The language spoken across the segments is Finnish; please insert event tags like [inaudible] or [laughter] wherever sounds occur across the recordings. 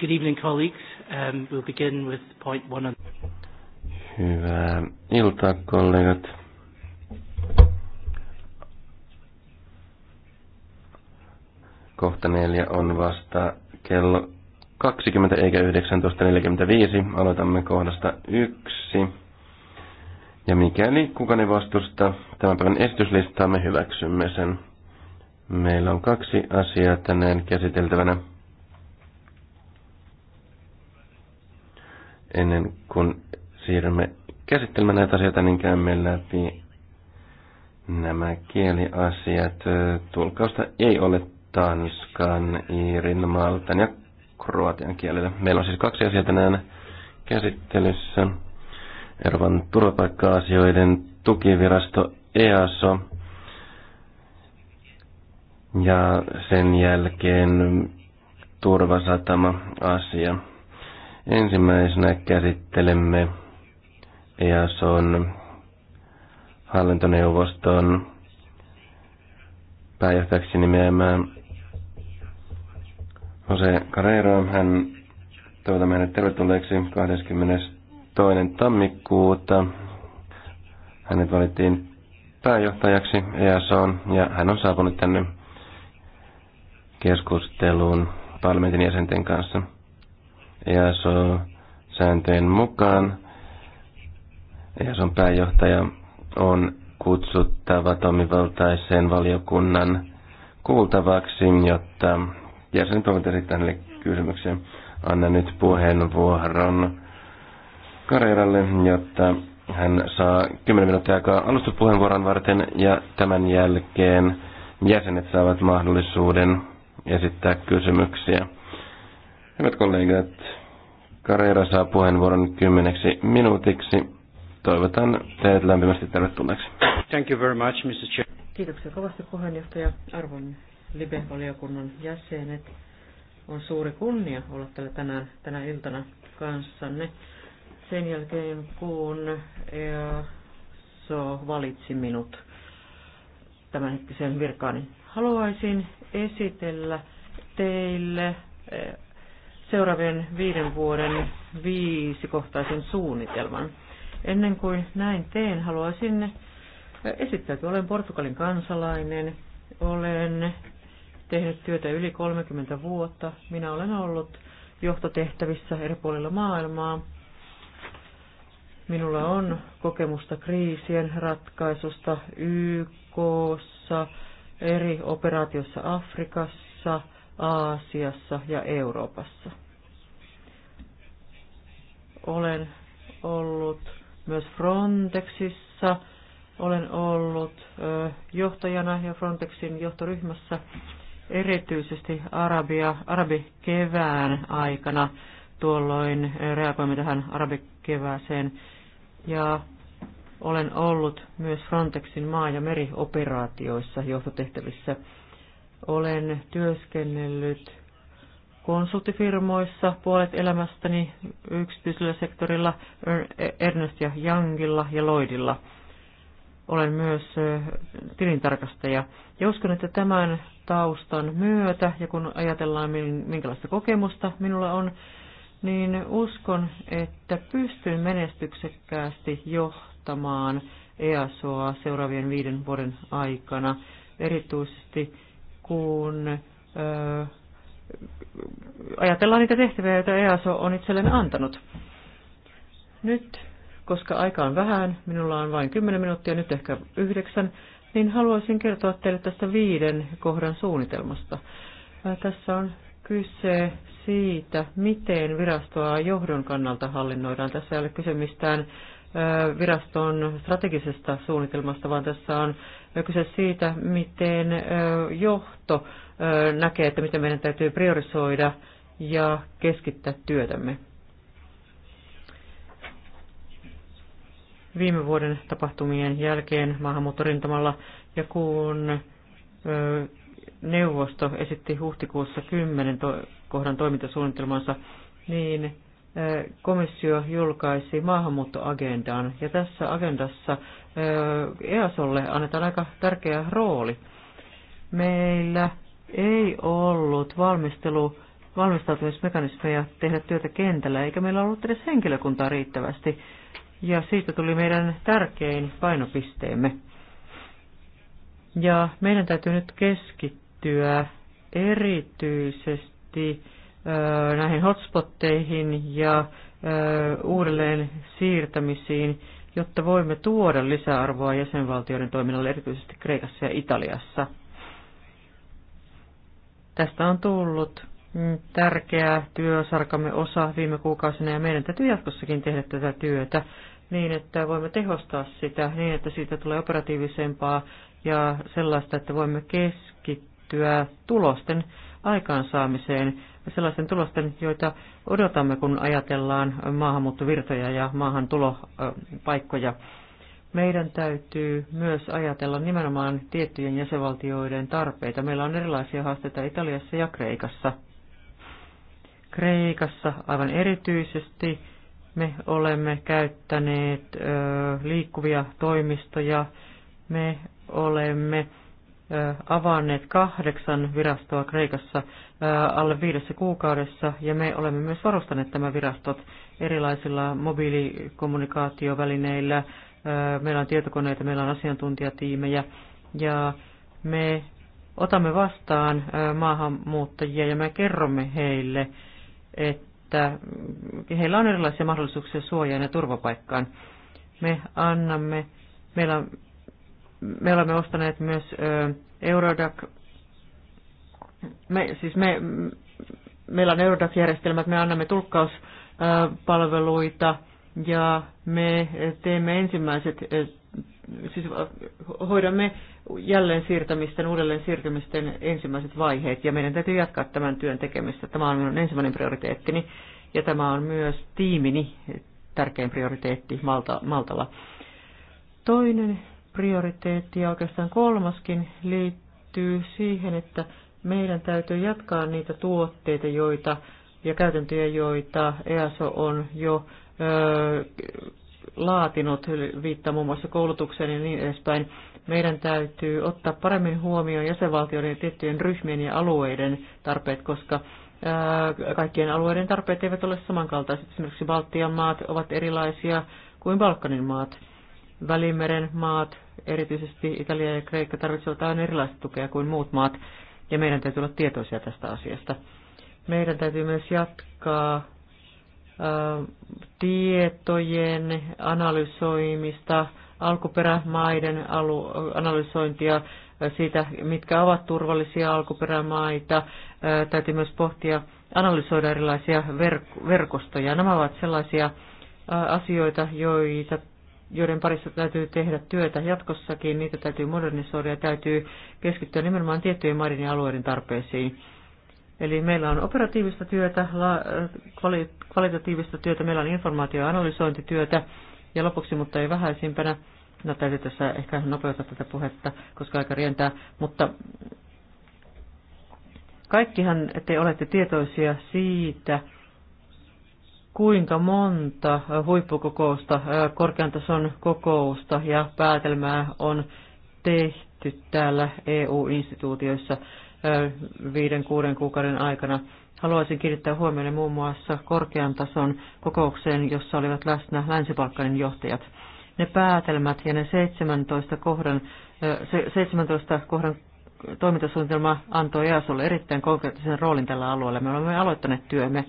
Good evening, colleagues. Um, we'll begin with point one on... Hyvää iltaa, kollegat. Kohta neljä on vasta kello 20 eikä 19.45. Aloitamme kohdasta yksi. Ja mikäli kukaan ei vastusta tämän päivän esityslistaa, me hyväksymme sen. Meillä on kaksi asiaa tänään käsiteltävänä. Ennen kuin siirrymme käsittelemään näitä asioita, niin käymme läpi nämä kieliasiat. Tulkausta ei ole tanskan, iirin, maltan ja kroatian kielellä. Meillä on siis kaksi asiaa tänään käsittelyssä. Euroopan turvapaikka-asioiden tukivirasto EASO ja sen jälkeen turvasatama-asia. Ensimmäisenä käsittelemme EASOn hallintoneuvoston pääjohtajaksi nimeämään Jose Carrero. Hän toivota meidät tervetulleeksi 22. tammikuuta. Hänet valittiin pääjohtajaksi EASOn ja hän on saapunut tänne keskusteluun parlamentin jäsenten kanssa easo säänteen mukaan EASOn pääjohtaja on kutsuttava toimivaltaisen valiokunnan kuultavaksi, jotta jäsenet voivat esittää hänelle kysymyksiä. Anna nyt puheenvuoron Kareralle, jotta hän saa 10 minuuttia aikaa alustuspuheenvuoron varten ja tämän jälkeen jäsenet saavat mahdollisuuden esittää kysymyksiä. Hyvät kollegat, Carrera saa puheenvuoron kymmeneksi minuutiksi. Toivotan teidät lämpimästi tervetulleeksi. Thank you very much, Mr. Chair. Kiitoksia kovasti puheenjohtaja Arvon Libe-valiokunnan jäsenet. On suuri kunnia olla täällä tänään, tänä iltana kanssanne. Sen jälkeen, kun EASO valitsi minut tämänhetkisen virkaani, haluaisin esitellä teille seuraavien viiden vuoden viisikohtaisen suunnitelman. Ennen kuin näin teen, haluaisin että Olen Portugalin kansalainen, olen tehnyt työtä yli 30 vuotta. Minä olen ollut johtotehtävissä eri puolilla maailmaa. Minulla on kokemusta kriisien ratkaisusta YKssa, eri operaatiossa Afrikassa – Aasiassa ja Euroopassa. Olen ollut myös Frontexissa, olen ollut johtajana ja Frontexin johtoryhmässä erityisesti Arabia, arabikevään aikana. Tuolloin reagoimme tähän arabikevääseen ja olen ollut myös Frontexin maa- ja merioperaatioissa johtotehtävissä. Olen työskennellyt konsulttifirmoissa puolet elämästäni yksityisellä sektorilla, Ernest ja Youngilla ja Lloydilla. Olen myös tilintarkastaja ja uskon, että tämän taustan myötä ja kun ajatellaan minkälaista kokemusta minulla on, niin uskon, että pystyn menestyksekkäästi johtamaan EASOa seuraavien viiden vuoden aikana, erityisesti kun ö, ajatellaan niitä tehtäviä, joita EASO on itselleen antanut. Nyt, koska aika on vähän, minulla on vain 10 minuuttia, nyt ehkä yhdeksän, niin haluaisin kertoa teille tästä viiden kohdan suunnitelmasta. Tässä on kyse siitä, miten virastoa johdon kannalta hallinnoidaan. Tässä ei ole kyse mistään viraston strategisesta suunnitelmasta, vaan tässä on kyse siitä, miten johto näkee, että miten meidän täytyy priorisoida ja keskittää työtämme. Viime vuoden tapahtumien jälkeen maahanmuuttorintamalla ja kun neuvosto esitti huhtikuussa 10 kohdan toimintasuunnitelmansa, niin komissio julkaisi maahanmuuttoagendan, ja tässä agendassa EASOlle annetaan aika tärkeä rooli. Meillä ei ollut valmistelu, valmistautumismekanismeja tehdä työtä kentällä, eikä meillä ollut edes henkilökuntaa riittävästi, ja siitä tuli meidän tärkein painopisteemme. Ja meidän täytyy nyt keskittyä erityisesti näihin hotspotteihin ja uudelleen siirtämisiin, jotta voimme tuoda lisäarvoa jäsenvaltioiden toiminnalle, erityisesti Kreikassa ja Italiassa. Tästä on tullut tärkeä työsarkamme osa viime kuukausina ja meidän täytyy jatkossakin tehdä tätä työtä niin, että voimme tehostaa sitä niin, että siitä tulee operatiivisempaa ja sellaista, että voimme keskittyä tulosten aikaansaamiseen sellaisten tulosten, joita odotamme, kun ajatellaan maahanmuuttovirtoja ja maahantulopaikkoja. Meidän täytyy myös ajatella nimenomaan tiettyjen jäsenvaltioiden tarpeita. Meillä on erilaisia haasteita Italiassa ja Kreikassa. Kreikassa aivan erityisesti me olemme käyttäneet ö, liikkuvia toimistoja, me olemme avanneet kahdeksan virastoa Kreikassa alle viidessä kuukaudessa, ja me olemme myös varustaneet tämä virastot erilaisilla mobiilikommunikaatiovälineillä. Meillä on tietokoneita, meillä on asiantuntijatiimejä, ja me otamme vastaan maahanmuuttajia ja me kerromme heille, että heillä on erilaisia mahdollisuuksia suojaan ja turvapaikkaan. Me annamme, meillä on me olemme ostaneet myös Eurodac, me, siis me, meillä on Eurodac-järjestelmät, me annamme tulkkauspalveluita ja me teemme ensimmäiset, siis hoidamme jälleen siirtämisten, uudelleen siirtymisten ensimmäiset vaiheet ja meidän täytyy jatkaa tämän työn tekemistä. Tämä on minun ensimmäinen prioriteettini ja tämä on myös tiimini tärkein prioriteetti Malta, Maltalla. Toinen prioriteetti ja oikeastaan kolmaskin liittyy siihen, että meidän täytyy jatkaa niitä tuotteita joita, ja käytäntöjä, joita EASO on jo ö, laatinut, viittaa muun muassa koulutukseen ja niin edespäin. Meidän täytyy ottaa paremmin huomioon jäsenvaltioiden ja tiettyjen ryhmien ja alueiden tarpeet, koska kaikkien alueiden tarpeet eivät ole samankaltaiset. Esimerkiksi Baltian maat ovat erilaisia kuin Balkanin maat. Välimeren maat erityisesti Italia ja Kreikka tarvitsevat aivan erilaista tukea kuin muut maat, ja meidän täytyy olla tietoisia tästä asiasta. Meidän täytyy myös jatkaa tietojen analysoimista, alkuperämaiden alu, analysointia, siitä, mitkä ovat turvallisia alkuperämaita. Täytyy myös pohtia, analysoida erilaisia verkostoja. Nämä ovat sellaisia asioita, joita joiden parissa täytyy tehdä työtä jatkossakin. Niitä täytyy modernisoida ja täytyy keskittyä nimenomaan tiettyjen maiden ja alueiden tarpeisiin. Eli meillä on operatiivista työtä, kvalitatiivista työtä, meillä on informaatio- ja analysointityötä ja lopuksi, mutta ei vähäisimpänä, no täytyy tässä ehkä nopeuttaa tätä puhetta, koska aika rientää, mutta kaikkihan te olette tietoisia siitä, kuinka monta huippukokousta, korkean tason kokousta ja päätelmää on tehty täällä EU-instituutioissa viiden, kuuden kuukauden aikana. Haluaisin kiinnittää huomioon muun muassa korkean tason kokoukseen, jossa olivat läsnä länsi johtajat. Ne päätelmät ja ne 17 kohdan, 17 kohdan toimintasuunnitelma antoi EASOlle erittäin konkreettisen roolin tällä alueella. Me olemme aloittaneet työmme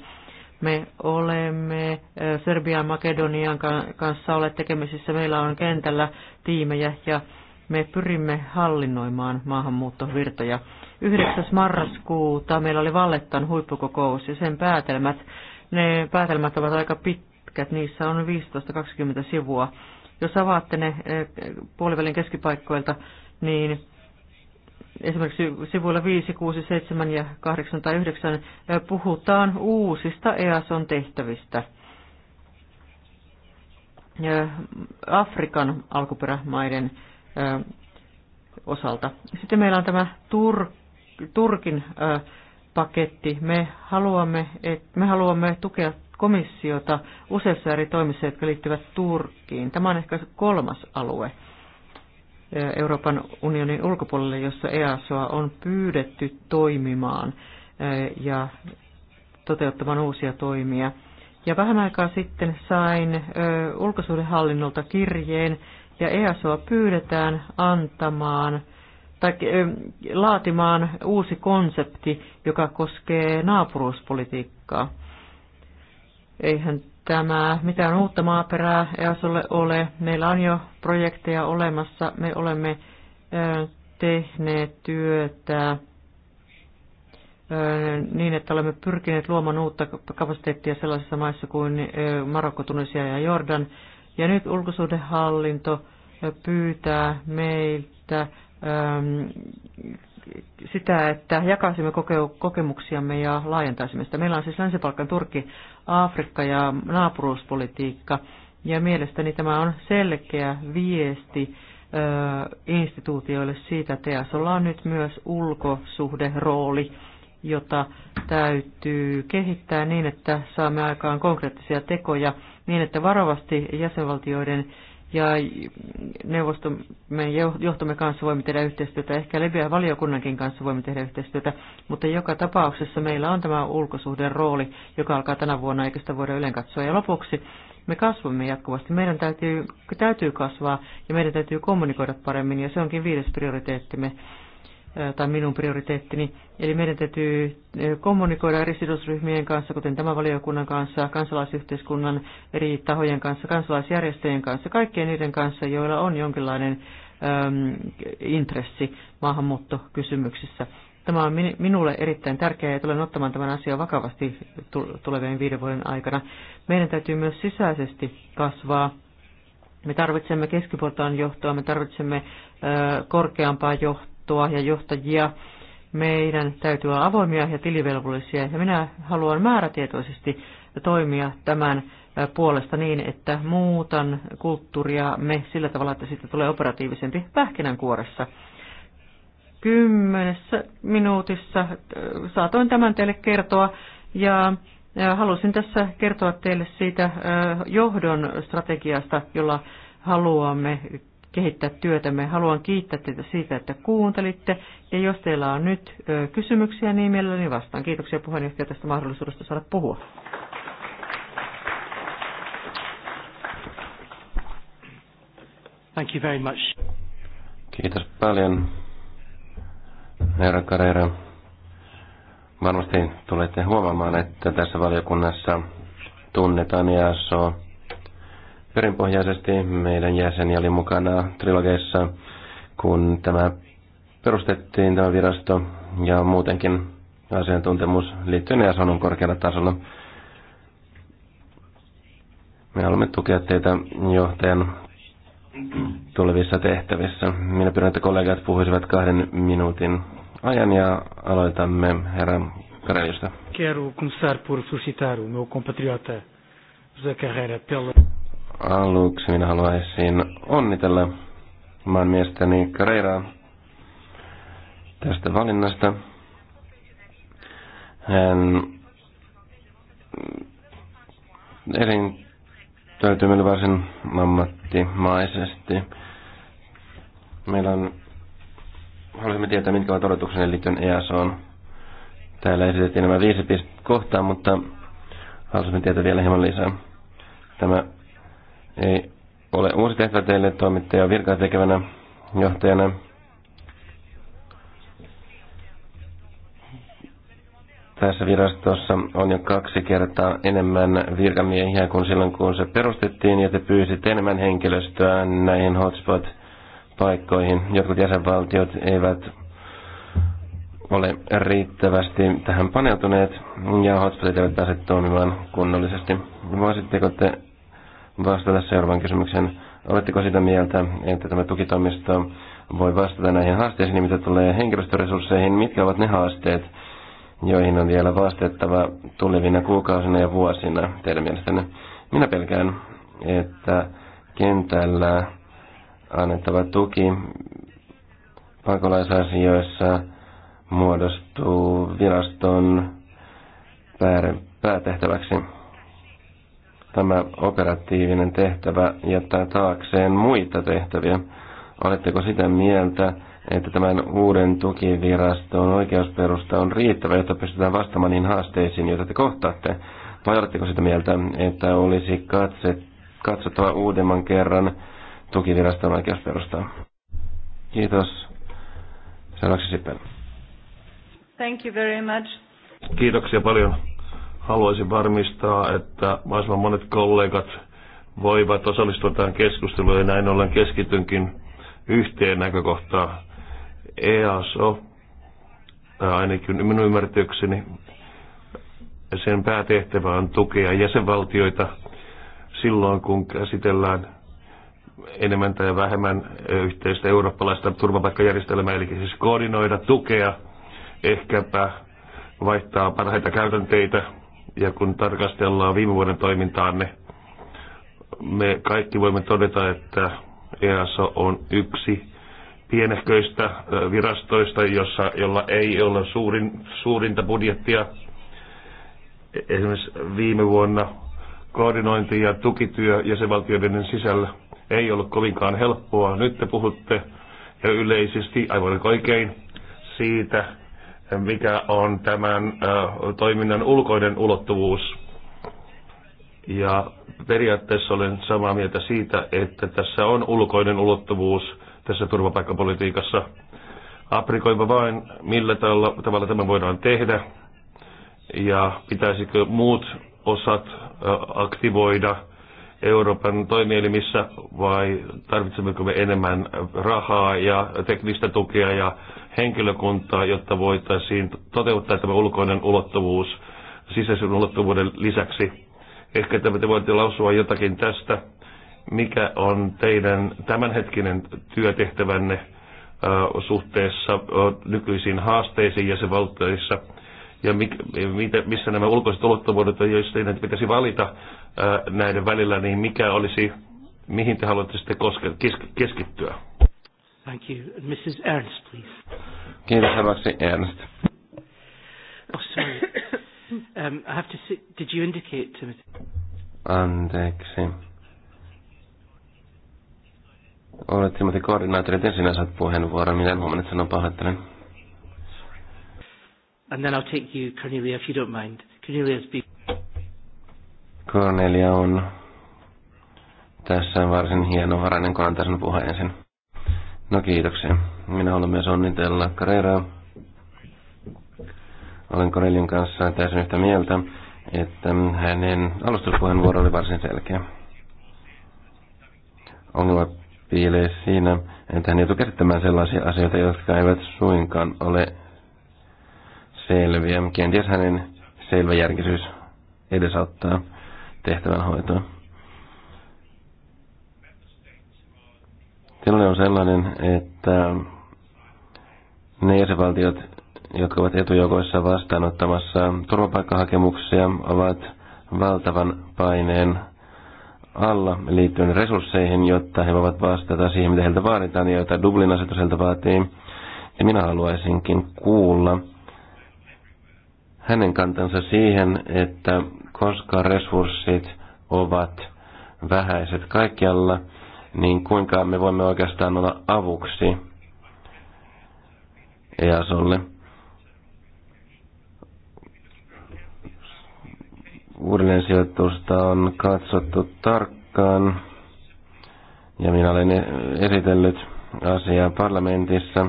me olemme Serbian Makedonian kanssa ole tekemisissä. Meillä on kentällä tiimejä ja me pyrimme hallinnoimaan maahanmuuttovirtoja. 9. marraskuuta meillä oli Vallettan huippukokous ja sen päätelmät, ne päätelmät ovat aika pitkät, niissä on 15-20 sivua. Jos avaatte ne puolivälin keskipaikkoilta, niin esimerkiksi sivuilla 5, 6, 7 ja 8 tai 9 puhutaan uusista EASON tehtävistä. Afrikan alkuperämaiden osalta. Sitten meillä on tämä Tur- Turkin paketti. Me haluamme, et, me haluamme tukea komissiota useissa eri toimissa, jotka liittyvät Turkkiin. Tämä on ehkä kolmas alue. Euroopan unionin ulkopuolelle, jossa EASOa on pyydetty toimimaan ja toteuttamaan uusia toimia. Ja vähän aikaa sitten sain ulkosuhdehallinnolta kirjeen ja EASOa pyydetään antamaan tai laatimaan uusi konsepti, joka koskee naapuruuspolitiikkaa. Eihän tämä mitään uutta maaperää EASOlle ole. Meillä on jo projekteja olemassa. Me olemme tehneet työtä niin, että olemme pyrkineet luomaan uutta kapasiteettia sellaisissa maissa kuin Marokko, Tunisia ja Jordan. Ja nyt ulkosuhdehallinto pyytää meiltä sitä, että jakaisimme kokemuksiamme ja laajentaisimme sitä. Meillä on siis länsi Turkki Afrikka ja naapuruuspolitiikka. Ja mielestäni tämä on selkeä viesti instituutioille siitä, että EASOlla on nyt myös ulkosuhderooli, jota täytyy kehittää niin, että saamme aikaan konkreettisia tekoja niin, että varovasti jäsenvaltioiden ja neuvostomme johtomme kanssa voimme tehdä yhteistyötä, ehkä Libyan valiokunnankin kanssa voimme tehdä yhteistyötä, mutta joka tapauksessa meillä on tämä ulkosuhden rooli, joka alkaa tänä vuonna, eikä sitä voida ylen katsoa. Ja lopuksi me kasvamme jatkuvasti. Meidän täytyy, täytyy kasvaa ja meidän täytyy kommunikoida paremmin ja se onkin viides prioriteettimme tai minun prioriteettini. Eli meidän täytyy kommunikoida eri sidosryhmien kanssa, kuten tämän valiokunnan kanssa, kansalaisyhteiskunnan eri tahojen kanssa, kansalaisjärjestöjen kanssa, kaikkien niiden kanssa, joilla on jonkinlainen ähm, intressi maahanmuuttokysymyksissä. Tämä on minulle erittäin tärkeää ja tulen ottamaan tämän asian vakavasti tulevien viiden vuoden aikana. Meidän täytyy myös sisäisesti kasvaa me tarvitsemme keskipuoltaan johtoa, me tarvitsemme ö, korkeampaa johtoa johtoa ja johtajia. Meidän täytyy olla avoimia ja tilivelvollisia ja minä haluan määrätietoisesti toimia tämän puolesta niin, että muutan kulttuuria me sillä tavalla, että siitä tulee operatiivisempi pähkinänkuoressa. Kymmenessä minuutissa saatoin tämän teille kertoa ja halusin tässä kertoa teille siitä johdon strategiasta, jolla haluamme kehittää työtämme. Haluan kiittää teitä siitä, että kuuntelitte. Ja jos teillä on nyt kysymyksiä, niin mielelläni vastaan. Kiitoksia puheenjohtaja tästä mahdollisuudesta saada puhua. Thank you very much. Kiitos paljon, herra Carrera. Varmasti tulette huomaamaan, että tässä valiokunnassa tunnetaan on perinpohjaisesti. Meidän jäseni oli mukana trilogeissa, kun tämä perustettiin tämä virasto ja muutenkin asiantuntemus liittyen ja e sanon korkealla tasolla. Me haluamme tukea teitä johtajan tulevissa tehtävissä. Minä pyydän, että kollegat puhuisivat kahden minuutin ajan ja aloitamme herran Karelista. Quero começar por felicitar o meu compatriota José Carreira pela aluksi minä haluaisin onnitella oman miestäni Carreraa tästä valinnasta. Hän esiintyy meille varsin ammattimaisesti. Meillä on, haluaisimme tietää, mitkä ovat odotuksenne liittyen EASOon. Täällä esitettiin nämä viisi kohtaa, mutta haluaisimme tietää vielä hieman lisää. Tämä ei ole uusi tehtävä teille toimittaja virkaa tekevänä johtajana. Tässä virastossa on jo kaksi kertaa enemmän virkamiehiä kuin silloin, kun se perustettiin, ja te pyysitte enemmän henkilöstöä näihin hotspot-paikkoihin. Jotkut jäsenvaltiot eivät ole riittävästi tähän paneutuneet ja hotspotit eivät pääse toimimaan kunnollisesti. Voisitteko te vastata seuraavan kysymyksen. Oletteko sitä mieltä, että tämä tukitoimisto voi vastata näihin haasteisiin, mitä tulee henkilöstöresursseihin? Mitkä ovat ne haasteet, joihin on vielä vastattava tulevina kuukausina ja vuosina teidän mielestänne? Minä pelkään, että kentällä annettava tuki pakolaisasioissa muodostuu viraston päätehtäväksi tämä operatiivinen tehtävä jättää taakseen muita tehtäviä. Oletteko sitä mieltä, että tämän uuden tukiviraston oikeusperusta on riittävä, jotta pystytään vastaamaan niin haasteisiin, joita te kohtaatte? Vai oletteko sitä mieltä, että olisi katse, katsottava uudemman kerran tukiviraston oikeusperustaa? Kiitos. Seuraavaksi sitten. Thank you very much. Kiitoksia paljon Haluaisin varmistaa, että mahdollisimman monet kollegat voivat osallistua tähän keskusteluun ja näin ollen keskitynkin yhteen näkökohtaan. EASO, ainakin minun ymmärtykseni, sen päätehtävä on tukea jäsenvaltioita silloin, kun käsitellään enemmän tai vähemmän yhteistä eurooppalaista turvapaikkajärjestelmää, eli siis koordinoida, tukea, ehkäpä vaihtaa parhaita käytänteitä ja kun tarkastellaan viime vuoden toimintaanne, me kaikki voimme todeta, että EASO on yksi pienehköistä virastoista, jossa, jolla ei ole suurin, suurinta budjettia. E, esimerkiksi viime vuonna koordinointi ja tukityö jäsenvaltioiden sisällä ei ollut kovinkaan helppoa. Nyt te puhutte ja yleisesti, aivan oikein, siitä, mikä on tämän toiminnan ulkoinen ulottuvuus. Ja periaatteessa olen samaa mieltä siitä, että tässä on ulkoinen ulottuvuus tässä turvapaikkapolitiikassa. Aprikoiva vain, millä tavalla tämä voidaan tehdä ja pitäisikö muut osat aktivoida – Euroopan toimielimissä vai tarvitsemmeko me enemmän rahaa ja teknistä tukea ja henkilökuntaa, jotta voitaisiin toteuttaa tämä ulkoinen ulottuvuus sisäisen ulottuvuuden lisäksi. Ehkä te voitte lausua jotakin tästä. Mikä on teidän tämänhetkinen työtehtävänne suhteessa nykyisiin haasteisiin jäsenvaltioissa – ja mitä, missä nämä ulkoiset ulottuvuudet, joista teidän pitäisi valita näiden välillä, niin mikä olisi, mihin te haluatte sitten koske, keskittyä? Thank you. Mrs. Ernst, please. Kiitos, herra Ernst. Oh, sorry. um, I have to say, did you indicate to me? Anteeksi. Olet Timothy koordinaattori, ensin saat puheenvuoron. Minä en huomannut sanoa pahoittelen. And then I'll take you, Cornelia, if you don't mind. Cornelia's been... Cornelia on tässä varsin hienovarainen, kun antaa puheen ensin. No kiitoksia. Minä haluan myös onnitella Carreraa. Olen Cornelian kanssa täysin yhtä mieltä, että hänen alustuspuheenvuoro oli varsin selkeä. Ongelma piilee siinä, että hän joutuu käsittämään sellaisia asioita, jotka eivät suinkaan ole selviä. Kenties hänen selväjärkisyys edesauttaa tehtävän hoitoa. Tilanne on sellainen, että ne jäsenvaltiot, jotka ovat etujoukoissa vastaanottamassa turvapaikkahakemuksia, ovat valtavan paineen alla liittyen resursseihin, jotta he voivat vastata siihen, mitä heiltä vaaditaan ja jota Dublin asetus heiltä vaatii. Ja minä haluaisinkin kuulla, hänen kantansa siihen, että koska resurssit ovat vähäiset kaikkialla, niin kuinka me voimme oikeastaan olla avuksi EASOlle. Uudelleen sijoitusta on katsottu tarkkaan ja minä olen esitellyt asiaa parlamentissa.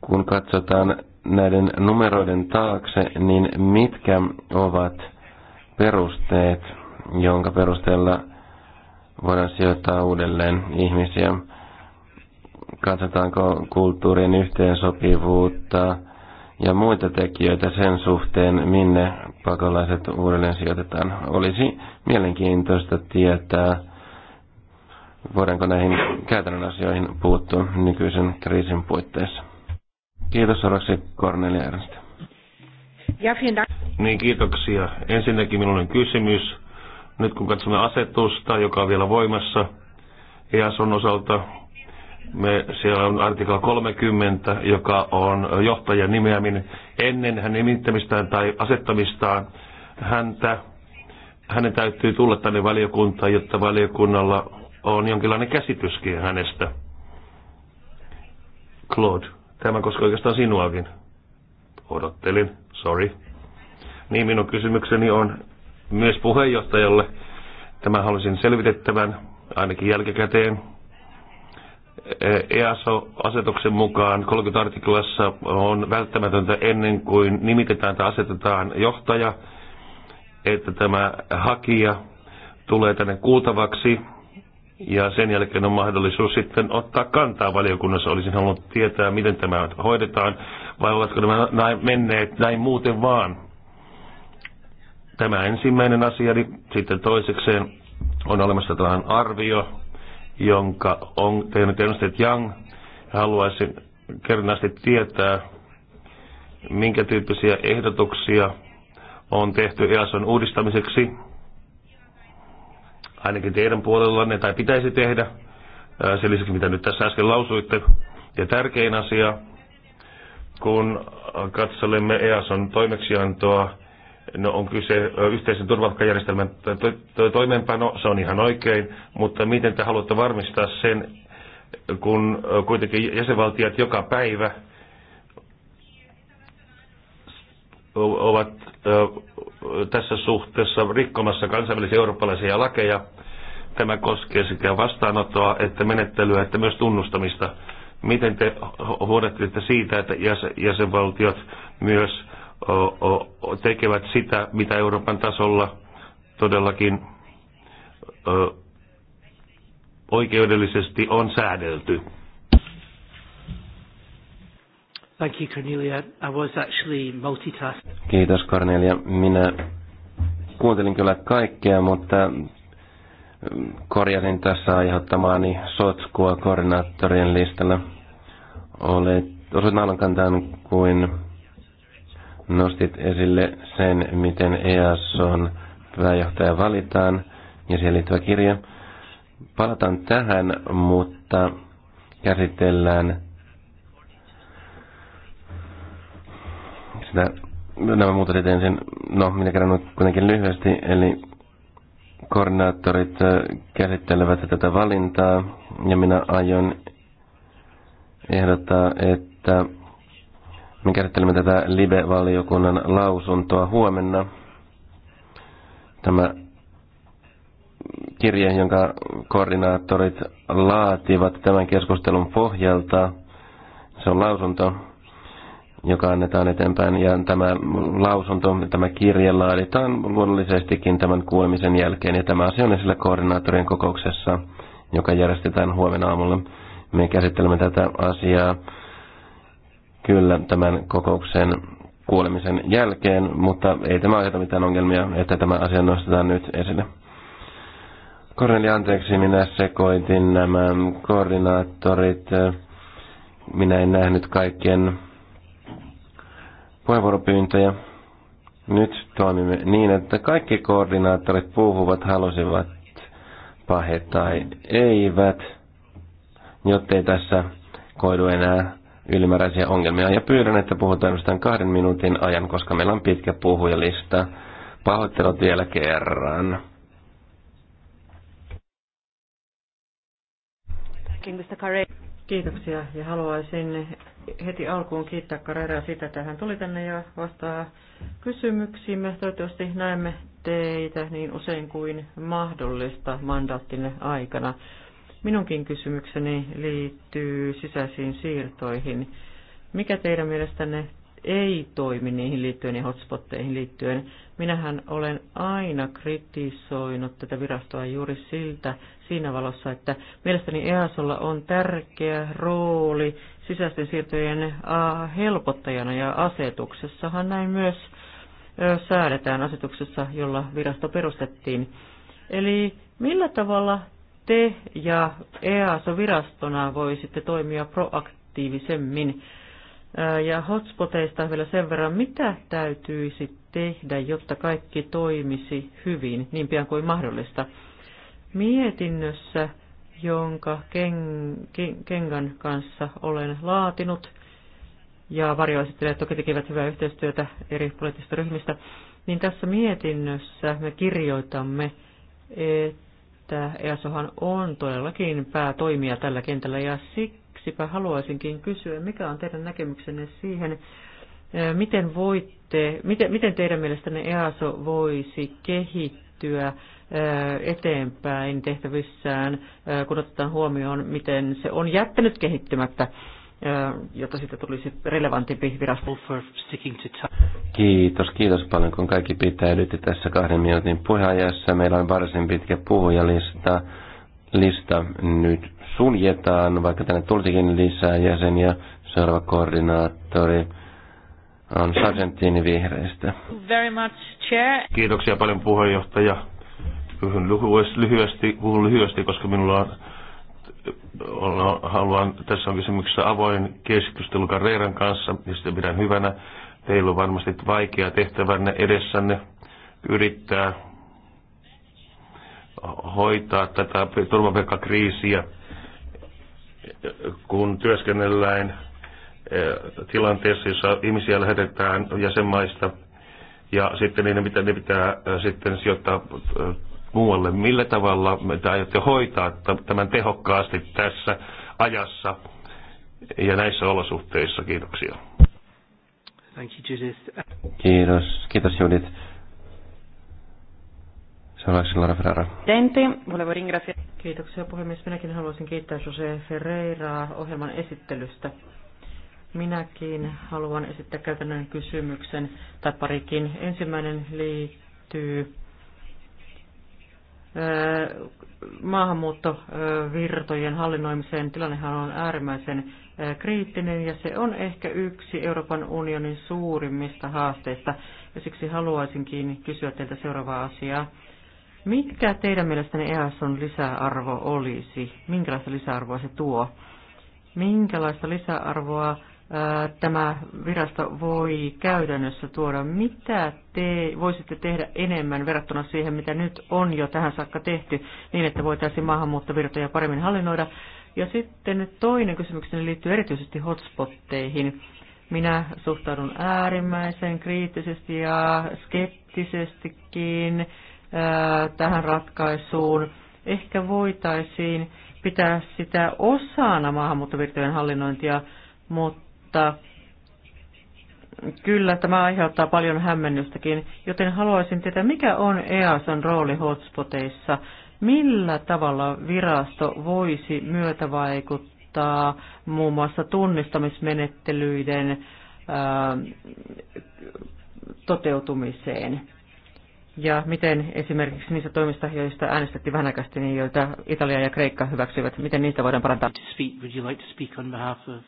Kun katsotaan näiden numeroiden taakse, niin mitkä ovat perusteet, jonka perusteella voidaan sijoittaa uudelleen ihmisiä? Katsotaanko kulttuurin yhteensopivuutta ja muita tekijöitä sen suhteen, minne pakolaiset uudelleen sijoitetaan? Olisi mielenkiintoista tietää, voidaanko näihin käytännön asioihin puuttua nykyisen kriisin puitteissa. Kiitos Rossi Kornelia Ernst. Niin, kiitoksia. Ensinnäkin minulla on kysymys. Nyt kun katsomme asetusta, joka on vielä voimassa, EASON osalta, me, siellä on artikla 30, joka on johtajan nimeäminen ennen hänen nimittämistään tai asettamistaan. Häntä, hänen täytyy tulla tänne valiokuntaan, jotta valiokunnalla on jonkinlainen käsityskin hänestä. Claude. Tämä koskee oikeastaan sinuakin. Odottelin, sorry. Niin minun kysymykseni on myös puheenjohtajalle. Tämä halusin selvitettävän ainakin jälkikäteen. EASO-asetuksen e mukaan 30 artiklassa on välttämätöntä ennen kuin nimitetään tai asetetaan johtaja, että tämä hakija tulee tänne kuultavaksi ja sen jälkeen on mahdollisuus sitten ottaa kantaa valiokunnassa. Olisin halunnut tietää, miten tämä hoidetaan, vai ovatko nämä näin menneet näin muuten vaan. Tämä ensimmäinen asia, niin sitten toisekseen on olemassa tällainen arvio, jonka on tehnyt Ernst Young. Haluaisin kernaasti tietää, minkä tyyppisiä ehdotuksia on tehty EASON uudistamiseksi ainakin teidän puolellanne, tai pitäisi tehdä, sen lisäksi mitä nyt tässä äsken lausuitte. Ja tärkein asia, kun katselemme EASON toimeksiantoa, no on kyse yhteisen turvapaikkajärjestelmän to- toimeenpano, se on ihan oikein, mutta miten te haluatte varmistaa sen, kun kuitenkin jäsenvaltiot joka päivä ovat tässä suhteessa rikkomassa kansainvälisiä eurooppalaisia lakeja. Tämä koskee sekä vastaanottoa että menettelyä että myös tunnustamista. Miten te huolehtitte siitä, että jäsenvaltiot myös tekevät sitä, mitä Euroopan tasolla todellakin oikeudellisesti on säädelty? Thank you, Cornelia. I was actually multitasking. Kiitos, Cornelia. Minä kuuntelin kyllä kaikkea, mutta mm, korjasin tässä aiheuttamaani sotkua koordinaattorien listalla. Olet osut naalankantaan kuin nostit esille sen, miten EASOn pääjohtaja valitaan ja siihen liittyvä kirja. Palataan tähän, mutta käsitellään sitä, nämä muutokset ensin, no minä kerron kuitenkin lyhyesti, eli koordinaattorit äh, käsittelevät tätä valintaa ja minä aion ehdottaa, että me käsittelemme tätä live-valiokunnan lausuntoa huomenna. Tämä kirje, jonka koordinaattorit laativat tämän keskustelun pohjalta, se on lausunto, joka annetaan eteenpäin. Ja tämä lausunto, tämä kirje laaditaan luonnollisestikin tämän kuulemisen jälkeen. Ja tämä asia on esillä koordinaattorien kokouksessa, joka järjestetään huomenna aamulla. Me käsittelemme tätä asiaa kyllä tämän kokouksen kuulemisen jälkeen, mutta ei tämä aiheuta mitään ongelmia, että tämä asia nostetaan nyt esille. Korneli, anteeksi, minä sekoitin nämä koordinaattorit. Minä en nähnyt kaikkien puheenvuoropyyntöjä. Nyt toimimme niin, että kaikki koordinaattorit puhuvat, halusivat pahe tai eivät, jottei tässä koidu enää ylimääräisiä ongelmia. Ja pyydän, että puhutaan ainoastaan kahden minuutin ajan, koska meillä on pitkä puhujalista. Pahoittelut vielä kerran. Kiitoksia ja haluaisin heti alkuun kiittää Karerea siitä, että hän tuli tänne ja vastaa Me Toivottavasti näemme teitä niin usein kuin mahdollista mandaattinne aikana. Minunkin kysymykseni liittyy sisäisiin siirtoihin. Mikä teidän mielestänne ei toimi niihin liittyen ja hotspotteihin liittyen. Minähän olen aina kritisoinut tätä virastoa juuri siltä siinä valossa, että mielestäni EASolla on tärkeä rooli sisäisten siirtojen helpottajana ja asetuksessahan näin myös säädetään asetuksessa, jolla virasto perustettiin. Eli millä tavalla te ja EASO-virastona voisitte toimia proaktiivisemmin ja hotspoteista vielä sen verran, mitä täytyisi tehdä, jotta kaikki toimisi hyvin niin pian kuin mahdollista. Mietinnössä, jonka Ken, Ken, Kengan kanssa olen laatinut, ja varjoesittelijät toki tekevät hyvää yhteistyötä eri poliittisista ryhmistä, niin tässä mietinnössä me kirjoitamme, että EASOhan on todellakin päätoimija tällä kentällä ja siksi, siksipä haluaisinkin kysyä, mikä on teidän näkemyksenne siihen, miten, voitte, miten, miten teidän mielestänne EASO voisi kehittyä eteenpäin tehtävissään, kun otetaan huomioon, miten se on jättänyt kehittymättä, jotta siitä tulisi relevantimpi virasto. Kiitos, kiitos paljon, kun kaikki pitää pitäydytte tässä kahden minuutin puheajassa. Meillä on varsin pitkä puhujalista lista nyt suljetaan, vaikka tänne tulisikin lisää jäseniä. Seuraava koordinaattori on Sargentini vihreistä. Very much, chair. Kiitoksia paljon puheenjohtaja. Puhun lyhyesti, puhun lyhyesti koska minulla on haluan, tässä on kysymyksessä avoin keskustelu Carreran kanssa, ja sitä pidän hyvänä. Teillä on varmasti vaikea tehtävänne edessänne yrittää hoitaa tätä turvaverkkakriisiä kun työskennellään eh, tilanteessa, jossa ihmisiä lähetetään jäsenmaista ja sitten niin ne, pitää, ne pitää eh, sitten sijoittaa eh, muualle. Millä tavalla te aiotte hoitaa tämän tehokkaasti tässä ajassa ja näissä olosuhteissa? Kiitoksia. Kiitos, kiitos Judith. Silvana Ferreira. Tenti, volevo ringraziare. Kiitoksia puhemies. Minäkin haluaisin kiittää Jose Ferreiraa ohjelman esittelystä. Minäkin haluan esittää käytännön kysymyksen tai parikin. Ensimmäinen liittyy maahanmuuttovirtojen hallinnoimiseen. Tilannehan on äärimmäisen kriittinen ja se on ehkä yksi Euroopan unionin suurimmista haasteista. Ja siksi haluaisinkin kysyä teiltä seuraavaa asiaa. Mitkä teidän mielestänne EASOn lisäarvo olisi? Minkälaista lisäarvoa se tuo? Minkälaista lisäarvoa ää, tämä virasto voi käytännössä tuoda? Mitä te voisitte tehdä enemmän verrattuna siihen, mitä nyt on jo tähän saakka tehty, niin että voitaisiin maahanmuuttovirtoja paremmin hallinnoida? Ja sitten toinen kysymykseni liittyy erityisesti hotspotteihin. Minä suhtaudun äärimmäisen kriittisesti ja skeptisestikin tähän ratkaisuun. Ehkä voitaisiin pitää sitä osana maahanmuuttovirtojen hallinnointia, mutta kyllä tämä aiheuttaa paljon hämmennystäkin, joten haluaisin tietää, mikä on EASon rooli hotspoteissa, millä tavalla virasto voisi myötävaikuttaa muun muassa tunnistamismenettelyiden toteutumiseen ja miten esimerkiksi niistä toimista, joista äänestettiin vähän aikaisesti, niin joita Italia ja Kreikka hyväksyivät, miten niistä voidaan parantaa? Uh,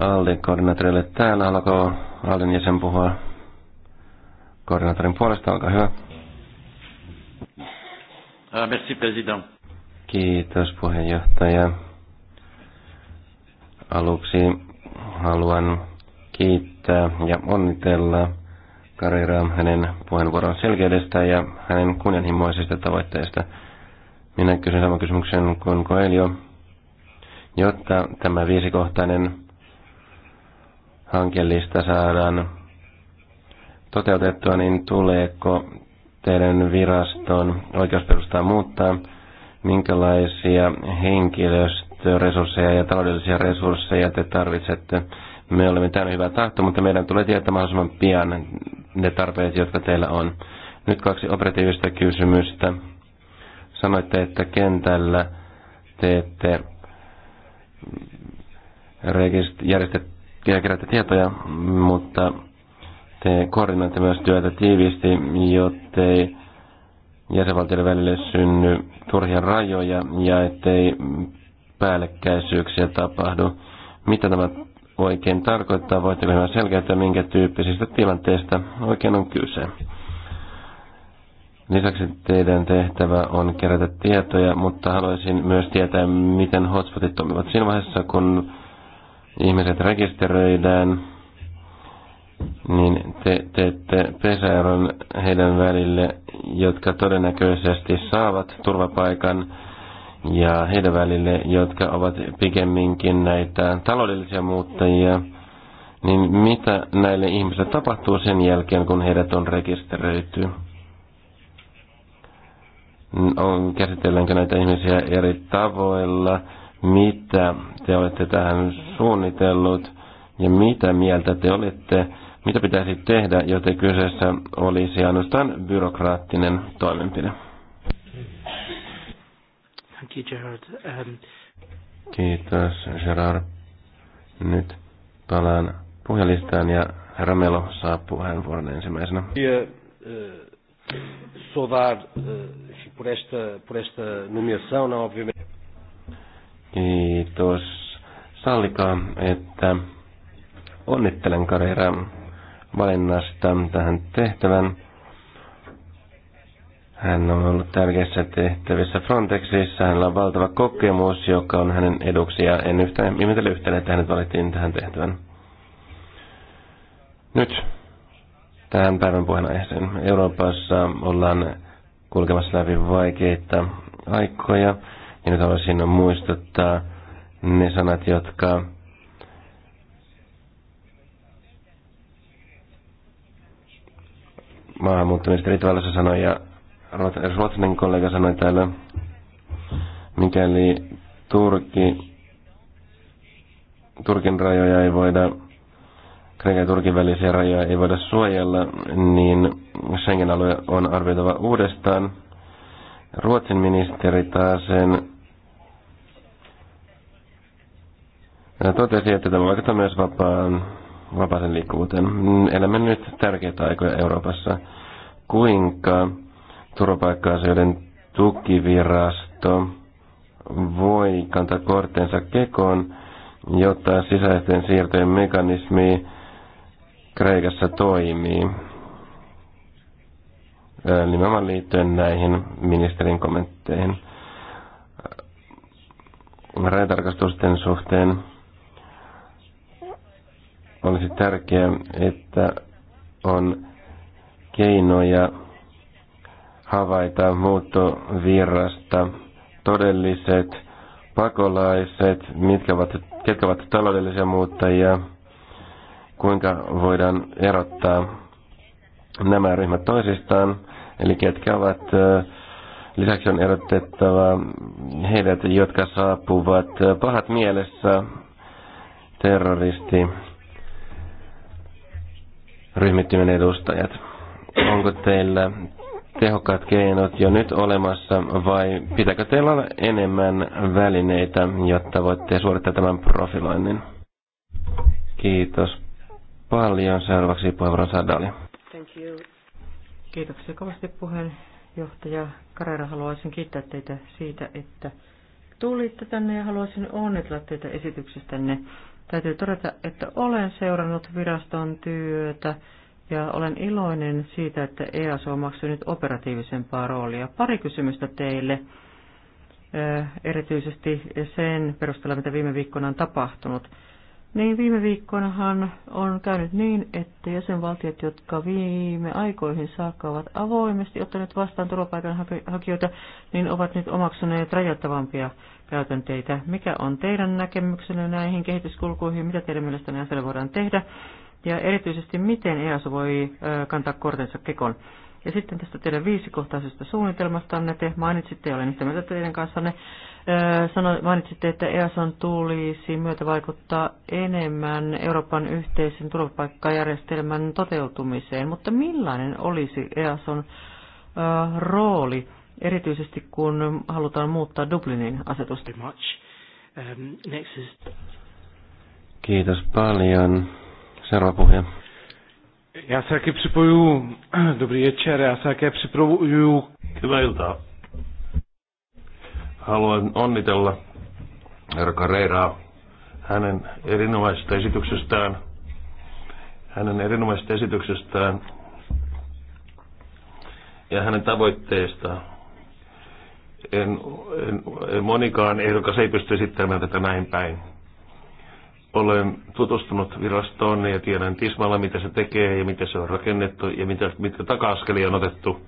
Aldin koordinaattorille täällä, alkoi Aldin jäsen puhua koordinaattorin puolesta, olkaa hyvä. Uh, merci, president. Kiitos puheenjohtaja. Aluksi haluan kiittää ja onnitella Carrera hänen puheenvuoron selkeydestä ja hänen kunnianhimoisesta tavoitteista. Minä kysyn saman kysymyksen kuin Coelho, jotta tämä viisikohtainen hankelista saadaan toteutettua, niin tuleeko teidän viraston oikeusperustaa muuttaa? Minkälaisia henkilöstöresursseja ja taloudellisia resursseja te tarvitsette? Me olemme täynnä hyvää tahtoa, mutta meidän tulee tietää mahdollisimman pian ne tarpeet, jotka teillä on. Nyt kaksi operatiivista kysymystä. Sanoitte, että kentällä teette järjestet, kerätä tietoja, mutta te koordinoitte myös työtä tiiviisti, jottei jäsenvaltioiden välille synny turhia rajoja ja ettei päällekkäisyyksiä tapahdu. Mitä tämä oikein tarkoittaa? Voitteko vielä selkeyttää, minkä tyyppisistä tilanteista oikein on kyse? Lisäksi teidän tehtävä on kerätä tietoja, mutta haluaisin myös tietää, miten hotspotit toimivat. Siinä vaiheessa, kun ihmiset rekisteröidään, niin te teette pesäeron heidän välille, jotka todennäköisesti saavat turvapaikan ja heidän välille, jotka ovat pikemminkin näitä taloudellisia muuttajia, niin mitä näille ihmisille tapahtuu sen jälkeen, kun heidät on rekisteröity? On, käsitelläänkö näitä ihmisiä eri tavoilla? Mitä te olette tähän suunnitellut? Ja mitä mieltä te olette? Mitä pitäisi tehdä, joten kyseessä olisi ainoastaan byrokraattinen toimenpide? Thank you, Gerard. Um... Kiitos, Gerard. Nyt palaan puhelistaan ja herra Melo saa puheenvuoron ensimmäisenä. Kiitos. Sallikaa, että onnittelen Karera valinnasta tähän tehtävän. Hän on ollut tärkeissä tehtävissä Frontexissa, hänellä on valtava kokemus, joka on hänen eduksi, ja en yhtään ihmetellä yhtään, että hänet valittiin tähän tehtävän. Nyt tähän päivän puheenaiheeseen. Euroopassa ollaan kulkemassa läpi vaikeita aikoja, ja nyt haluaisin muistuttaa ne sanat, jotka maahanmuuttoministeri Tavallassa sanoi, ja ruotsalainen kollega sanoi täällä, mikäli Turkki, Turkin rajoja ei voida, Kreikan ja Turkin välisiä rajoja ei voida suojella, niin Schengen-alue on arvioitava uudestaan. Ruotsin ministeri taas sen totesi, että tämä vaikuttaa myös vapaan, vapaaseen liikkuvuuteen. Elämme nyt tärkeitä aikoja Euroopassa. Kuinka turvapaikka-asioiden tukivirasto voi kantaa kortensa kekoon, jotta sisäisten siirtojen mekanismi Kreikassa toimii. Nimenomaan liittyen näihin ministerin kommentteihin. Rajatarkastusten suhteen olisi tärkeää, että on keinoja havaita muuttovirrasta todelliset pakolaiset, mitkä ovat, ketkä ovat taloudellisia muuttajia, kuinka voidaan erottaa nämä ryhmät toisistaan, eli ketkä ovat lisäksi on erotettava heidät, jotka saapuvat pahat mielessä terroristi ryhmittymän edustajat. Onko teillä tehokkaat keinot jo nyt olemassa vai pitääkö teillä olla enemmän välineitä, jotta voitte suorittaa tämän profiloinnin? Kiitos paljon. Seuraavaksi puheenvuoron Sadali. Kiitoksia kovasti puheenjohtaja Karera. Haluaisin kiittää teitä siitä, että tulitte tänne ja haluaisin onnitella teitä esityksestänne. Täytyy todeta, että olen seurannut viraston työtä ja olen iloinen siitä, että EASO on maksanut operatiivisempaa roolia. Pari kysymystä teille, erityisesti sen perusteella, mitä viime viikkoina on tapahtunut. Niin viime viikkoinahan on käynyt niin, että jäsenvaltiot, jotka viime aikoihin saakka ovat avoimesti ottaneet vastaan turvapaikanhakijoita, niin ovat nyt omaksuneet rajoittavampia käytänteitä. Mikä on teidän näkemyksenne näihin kehityskulkuihin? Mitä teidän mielestänne asialle voidaan tehdä? ja erityisesti miten EASO voi kantaa kortensa kekon. Ja sitten tästä teidän viisikohtaisesta suunnitelmastanne te mainitsitte, ja olen yhtä mieltä teidän kanssanne, sano, mainitsitte, että EASON tulisi myötä vaikuttaa enemmän Euroopan yhteisen turvapaikkajärjestelmän toteutumiseen, mutta millainen olisi EASON rooli, erityisesti kun halutaan muuttaa Dublinin asetusta? Um, Kiitos paljon. Seuraava puhuja. Já se také připoju, [clears throat] dobrý večer, já se také připojuju. Hyvää iltaa. Haluan onnitella herra Carreraa hänen erinomaisesta esityksestään. Hänen erinomaisesta esityksestään ja hänen tavoitteestaan. En, en, en monikaan ehdokas ei pysty esittämään tätä näin päin olen tutustunut virastoon ja tiedän tismalla, mitä se tekee ja miten se on rakennettu ja mitä, mitkä taka-askelia on otettu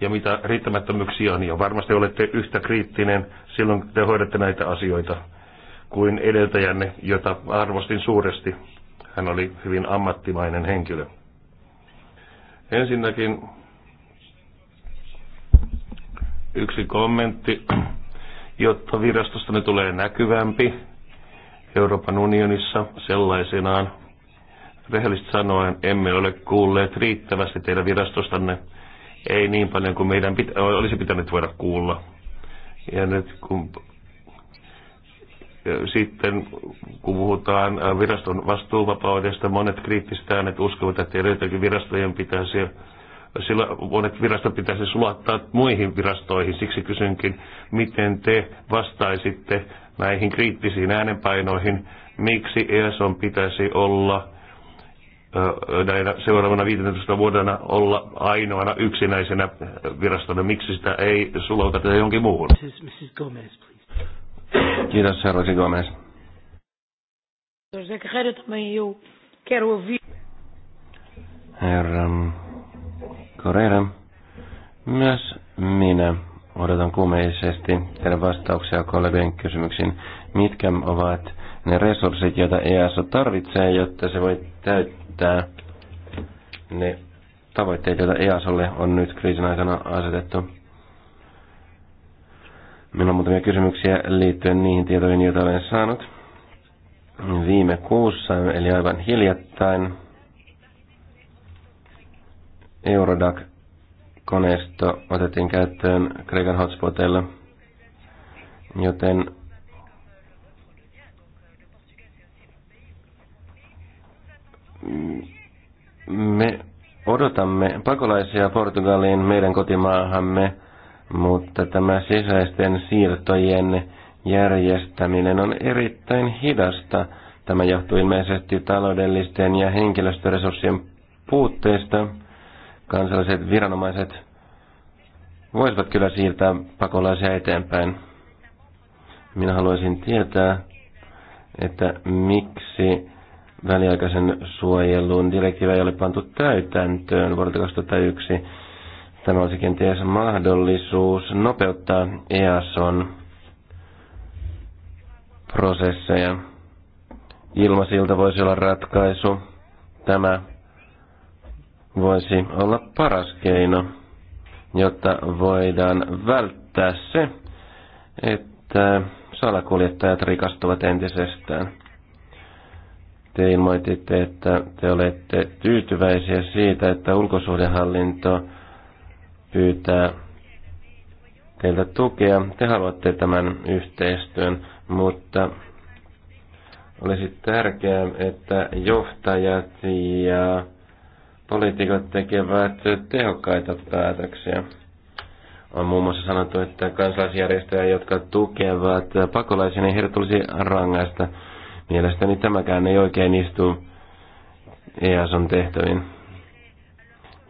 ja mitä riittämättömyyksiä on. Ja varmasti olette yhtä kriittinen silloin, kun te hoidatte näitä asioita kuin edeltäjänne, jota arvostin suuresti. Hän oli hyvin ammattimainen henkilö. Ensinnäkin yksi kommentti, jotta virastosta ne tulee näkyvämpi Euroopan unionissa sellaisenaan. Rehellisesti sanoen emme ole kuulleet riittävästi teidän virastostanne, ei niin paljon kuin meidän pitä- olisi pitänyt voida kuulla. Ja nyt kun sitten kun puhutaan äh, viraston vastuuvapaudesta, monet kriittiset äänet uskovat, että joitakin virastojen pitäisi, sillä monet virastot pitäisi sulattaa muihin virastoihin. Siksi kysynkin, miten te vastaisitte näihin kriittisiin äänenpainoihin, miksi ESOn pitäisi olla näinä seuraavana 15 vuodena olla ainoana yksinäisenä virastona. Miksi sitä ei sulauteta johonkin muuhun? Gomez, Kiitos, arvoisa Gomez. Herra Correa, myös minä odotan kuumeisesti teidän vastauksia kollegien kysymyksiin. Mitkä ovat ne resurssit, joita EASO tarvitsee, jotta se voi täyttää ne tavoitteet, joita EASOlle on nyt kriisin aikana asetettu? Minulla on muutamia kysymyksiä liittyen niihin tietoihin, joita olen saanut viime kuussa, eli aivan hiljattain. Eurodac koneisto otettiin käyttöön Kreikan hotspoteilla, joten me odotamme pakolaisia Portugaliin meidän kotimaahamme, mutta tämä sisäisten siirtojen järjestäminen on erittäin hidasta. Tämä johtuu ilmeisesti taloudellisten ja henkilöstöresurssien puutteista kansalliset viranomaiset voisivat kyllä siirtää pakolaisia eteenpäin. Minä haluaisin tietää, että miksi väliaikaisen suojelun direktiivi ei ole pantu täytäntöön vuodelta 2001. Tämä olisi kenties mahdollisuus nopeuttaa EASON prosesseja. Ilmasilta voisi olla ratkaisu. Tämä voisi olla paras keino, jotta voidaan välttää se, että salakuljettajat rikastuvat entisestään. Te ilmoititte, että te olette tyytyväisiä siitä, että ulkosuhdehallinto pyytää teiltä tukea. Te haluatte tämän yhteistyön, mutta olisi tärkeää, että johtajat ja poliitikot tekevät tehokkaita päätöksiä. On muun muassa sanottu, että kansalaisjärjestöjä, jotka tukevat pakolaisia, niin heidät tulisi rangaista. Mielestäni tämäkään ei oikein istu EASon tehtäviin.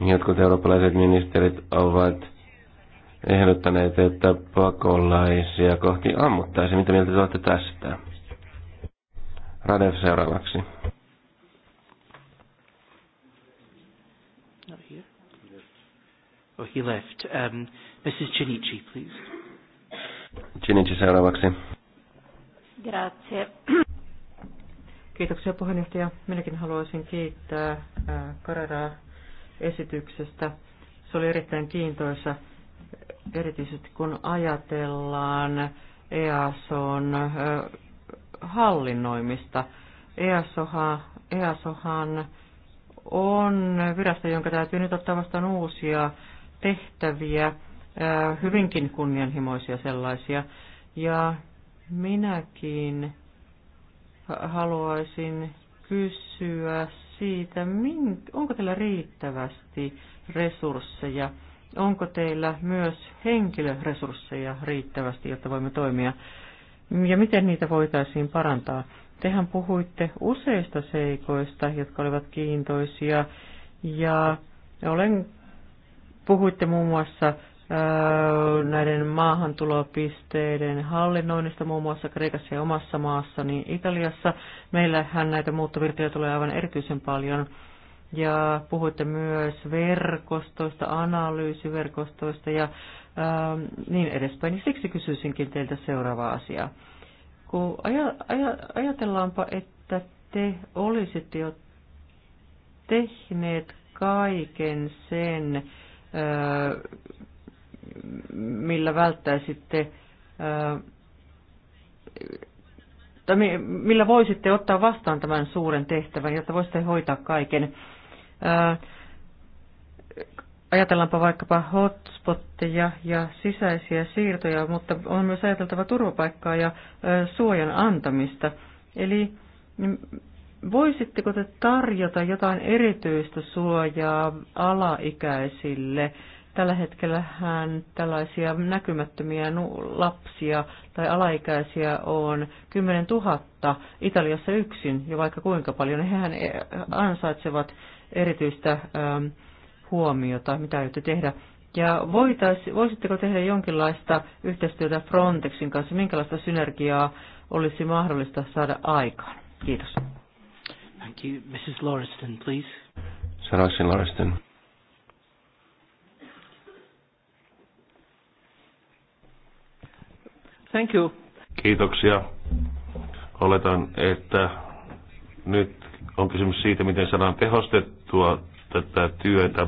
Jotkut eurooppalaiset ministerit ovat ehdottaneet, että pakolaisia kohti ammuttaisiin. Mitä mieltä te olette tästä? Radev seuraavaksi. Oh, he left. Um, Mrs. Chinichi, please. Chinichi seuraavaksi. Grazie. Kiitoksia puheenjohtaja. Minäkin haluaisin kiittää Kareraa esityksestä. Se oli erittäin kiintoisa, erityisesti kun ajatellaan EASOn hallinnoimista. EASOhan, e EASOhan on virasto, jonka täytyy nyt ottaa vastaan uusia tehtäviä, hyvinkin kunnianhimoisia sellaisia. Ja minäkin haluaisin kysyä siitä, onko teillä riittävästi resursseja, onko teillä myös henkilöresursseja riittävästi, jotta voimme toimia, ja miten niitä voitaisiin parantaa. Tehän puhuitte useista seikoista, jotka olivat kiintoisia, ja olen Puhuitte muun muassa äh, näiden maahantulopisteiden hallinnoinnista muun muassa Kreikassa ja omassa maassa, niin Italiassa meillähän näitä muuttovirtoja tulee aivan erityisen paljon. Ja puhuitte myös verkostoista, analyysiverkostoista ja ää, ähm, niin edespäin. Niin siksi kysyisinkin teiltä seuraavaa asiaa. Kun aja, aja, ajatellaanpa, että te olisitte jo tehneet kaiken sen, millä välttäisitte, tai millä voisitte ottaa vastaan tämän suuren tehtävän, jotta voisitte hoitaa kaiken. Ajatellaanpa vaikkapa hotspotteja ja sisäisiä siirtoja, mutta on myös ajateltava turvapaikkaa ja suojan antamista. Eli Voisitteko te tarjota jotain erityistä suojaa alaikäisille? Tällä hetkellä hän tällaisia näkymättömiä lapsia tai alaikäisiä on 10 000 Italiassa yksin, ja vaikka kuinka paljon. Niin hehän eh, ansaitsevat erityistä ähm, huomiota, mitä aiotte tehdä. Ja voitais, voisitteko tehdä jonkinlaista yhteistyötä Frontexin kanssa? Minkälaista synergiaa olisi mahdollista saada aikaan? Kiitos. Thank you. Mrs. Lauriston, please. Sarasin Lauriston. Thank you. Kiitoksia. Oletan, että nyt on kysymys siitä, miten saadaan tehostettua tätä työtä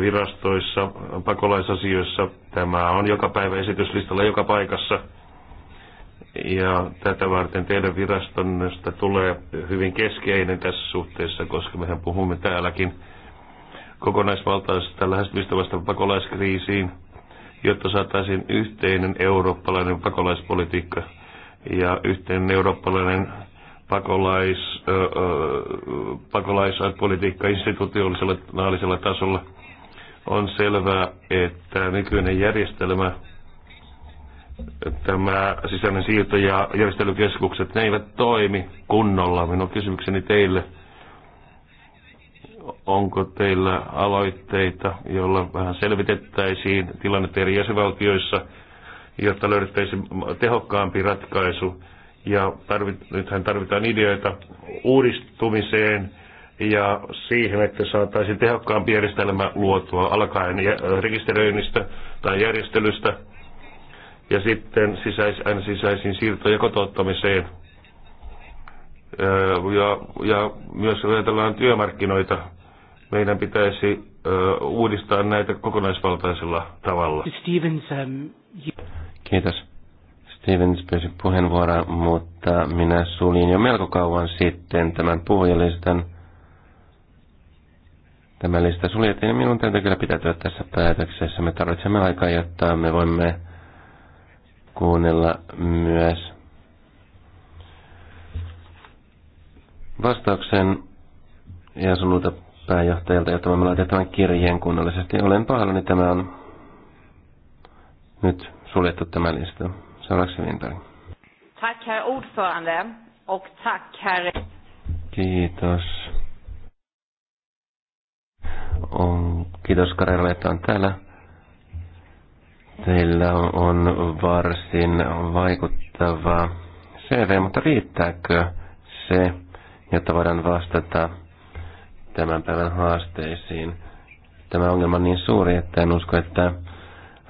virastoissa, pakolaisasioissa. Tämä on joka päivä esityslistalla joka paikassa ja tätä varten teidän virastonnosta tulee hyvin keskeinen tässä suhteessa, koska mehän puhumme täälläkin kokonaisvaltaisesta lähestymistavasta pakolaiskriisiin, jotta saataisiin yhteinen eurooppalainen pakolaispolitiikka ja yhteinen eurooppalainen pakolais, ö, ö, pakolaispolitiikka institutionaalisella tasolla. On selvää, että nykyinen järjestelmä tämä sisäinen siirto ja järjestelykeskukset, ne eivät toimi kunnolla. Minun kysymykseni teille, onko teillä aloitteita, joilla vähän selvitettäisiin tilannetta eri jäsenvaltioissa, jotta löydettäisiin tehokkaampi ratkaisu. Ja tarvit, nythän tarvitaan ideoita uudistumiseen ja siihen, että saataisiin tehokkaampi järjestelmä luotua alkaen rekisteröinnistä tai järjestelystä – ja sitten sisäis, sisäisiin siirto- ja kotouttamiseen. Ja, ja myös ajatellaan työmarkkinoita. Meidän pitäisi uudistaa näitä kokonaisvaltaisella tavalla. Stevens, um, you... Kiitos. Stevens pyysi puheenvuoroa, mutta minä suljin jo melko kauan sitten tämän puhujalistan. Tämä lista suljettiin ja minun täytyy kyllä pitäytyä tässä päätöksessä. Me tarvitsemme aikaa, jotta me voimme kuunnella myös vastauksen ja EASULulta pääjohtajalta, jotta me laitan tämän kirjeen kunnollisesti. Olen pahoillani, tämä on nyt suljettu tämä lista. Seuraavaksi Vintari. Tack herr ordförande och tack herr... Kiitos. On, kiitos Karjalle, että on täällä. Teillä on varsin vaikuttava CV, mutta riittääkö se, jotta voidaan vastata tämän päivän haasteisiin? Tämä ongelma on niin suuri, että en usko, että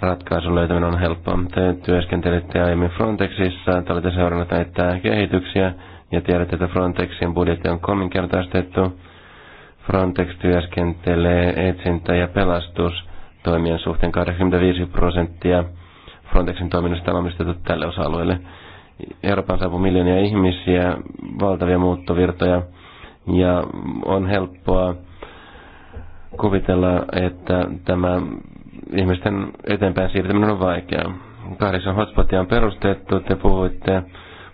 ratkaisun löytäminen on helppoa. Te työskentelitte aiemmin Frontexissa, te olette seurannut näitä kehityksiä ja tiedätte, että Frontexin budjetti on kolminkertaistettu. Frontex työskentelee etsintä- ja pelastus toimien suhteen 85 prosenttia Frontexin toiminnasta on omistettu tälle osa-alueelle. Euroopan saapuu miljoonia ihmisiä, valtavia muuttovirtoja ja on helppoa kuvitella, että tämä ihmisten eteenpäin siirtyminen on vaikeaa. Kahdeksan hotspotia on perustettu, te puhuitte,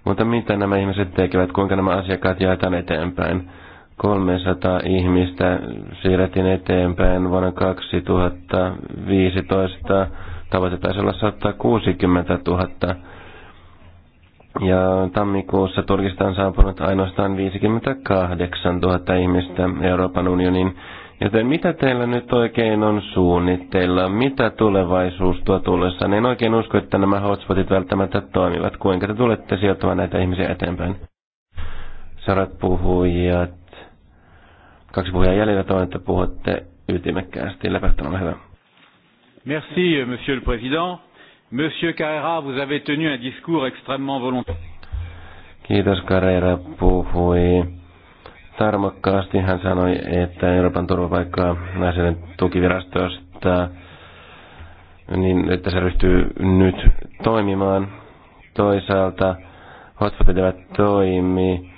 mutta mitä nämä ihmiset tekevät, kuinka nämä asiakkaat jaetaan eteenpäin? 300 ihmistä siirrettiin eteenpäin vuonna 2015. Tavoite taisi olla 160 000. Ja tammikuussa Turkista on saapunut ainoastaan 58 000 ihmistä Euroopan unionin. Joten mitä teillä nyt oikein on suunnitteilla? Mitä tulevaisuus tuo tullessa? En oikein usko, että nämä hotspotit välttämättä toimivat. Kuinka te tulette sijoittamaan näitä ihmisiä eteenpäin? Sarat puhujat Kaksi puhujaa jäljellä, toivon, että puhutte ytimekkäästi. Lepehtan, ole hyvä. Merci, euh, monsieur le président. Monsieur Carrera, vous avez tenu un discours extrêmement volontaire. Kiitos Carrera puhui tarmokkaasti. Hän sanoi, että Euroopan turvapaikkaa naisen tukivirastosta, niin että se ryhtyy nyt toimimaan. Toisaalta hotspot eivät toimi,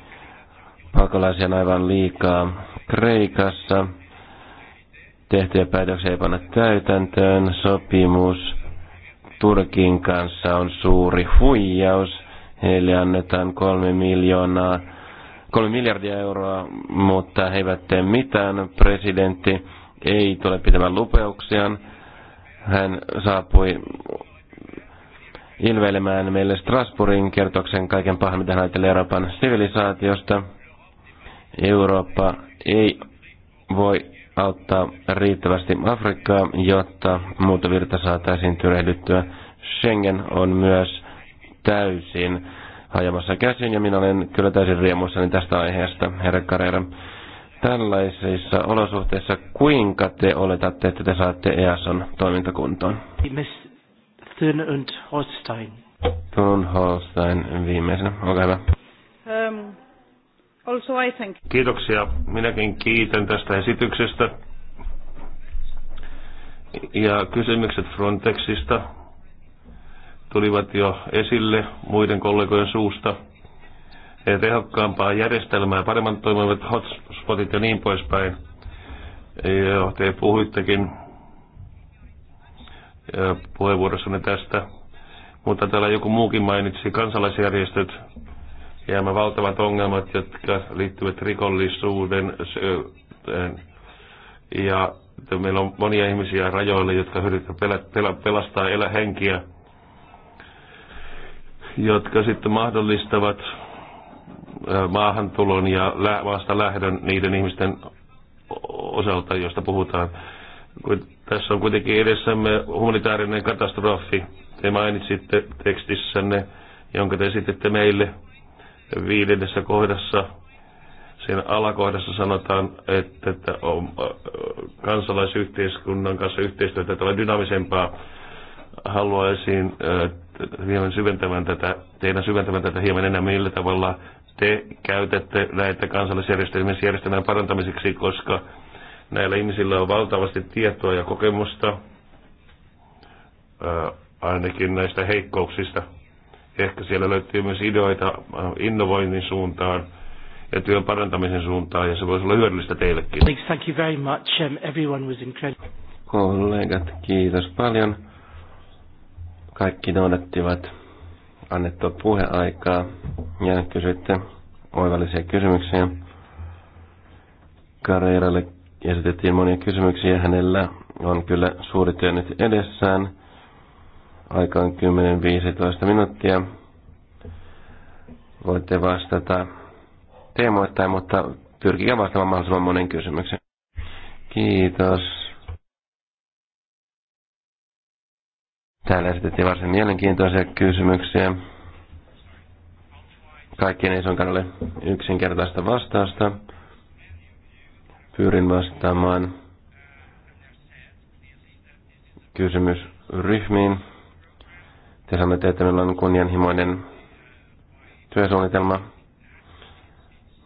pakolaisia on aivan liikaa Kreikassa tehtyjä päätöksiä ei panna täytäntöön. Sopimus Turkin kanssa on suuri huijaus. Heille annetaan kolme miljoonaa, kolme miljardia euroa, mutta he eivät tee mitään. Presidentti ei tule pitämään lupauksiaan. Hän saapui ilveilemään meille Strasbourgin kertoksen kaiken pahan, mitä hän ajattelee Euroopan sivilisaatiosta. Eurooppa ei voi auttaa riittävästi Afrikkaa, jotta muuttovirta saataisiin tyrehdyttyä. Schengen on myös täysin hajamassa käsin ja minä olen kyllä täysin riemuissani tästä aiheesta, herra Carrera. Tällaisissa olosuhteissa kuinka te oletatte, että te saatte EASon toimintakuntoon? Thun Thun Holstein viimeisenä, olkaa hyvä. Um. Also I thank. Kiitoksia. Minäkin kiitän tästä esityksestä. Ja kysymykset Frontexista tulivat jo esille muiden kollegojen suusta. Ja tehokkaampaa järjestelmää, paremmin toimivat hotspotit ja niin poispäin. Ja te puhuittekin puheenvuorossanne tästä, mutta täällä joku muukin mainitsi kansalaisjärjestöt ja me valtavat ongelmat, jotka liittyvät rikollisuuden ja meillä on monia ihmisiä rajoilla, jotka yrittävät pelastaa elä henkiä, jotka sitten mahdollistavat maahantulon ja maasta lähdön niiden ihmisten osalta, joista puhutaan. Tässä on kuitenkin edessämme humanitaarinen katastrofi. Te mainitsitte tekstissänne, jonka te esititte meille, viidennessä kohdassa, siinä alakohdassa sanotaan, että, että on äh, kansalaisyhteiskunnan kanssa yhteistyötä tällä dynaamisempaa. Haluaisin äh, hieman syventämään tätä, teidän syventämään tätä hieman enemmän, millä tavalla te käytätte näitä kansallisjärjestelmien järjestelmän parantamiseksi, koska näillä ihmisillä on valtavasti tietoa ja kokemusta, äh, ainakin näistä heikkouksista – Ehkä siellä löytyy myös ideoita äh, innovoinnin suuntaan ja työn parantamisen suuntaan, ja se voisi olla hyödyllistä teillekin. Thank you very much. Um, everyone was incredible. Kollegat, kiitos paljon. Kaikki noudattivat annettua puheaikaa ja kysyitte oivallisia kysymyksiä. Kareeralle esitettiin monia kysymyksiä. Hänellä on kyllä suuri työ nyt edessään. Aikaan 10-15 minuuttia. Voitte vastata teemoittain, mutta pyrkikää vastaamaan mahdollisimman monen kysymyksen. Kiitos. Täällä esitettiin varsin mielenkiintoisia kysymyksiä. Kaikkien ei suinkaan yksinkertaista vastausta. Pyrin vastaamaan kysymysryhmiin te sanoitte, että meillä on kunnianhimoinen työsuunnitelma.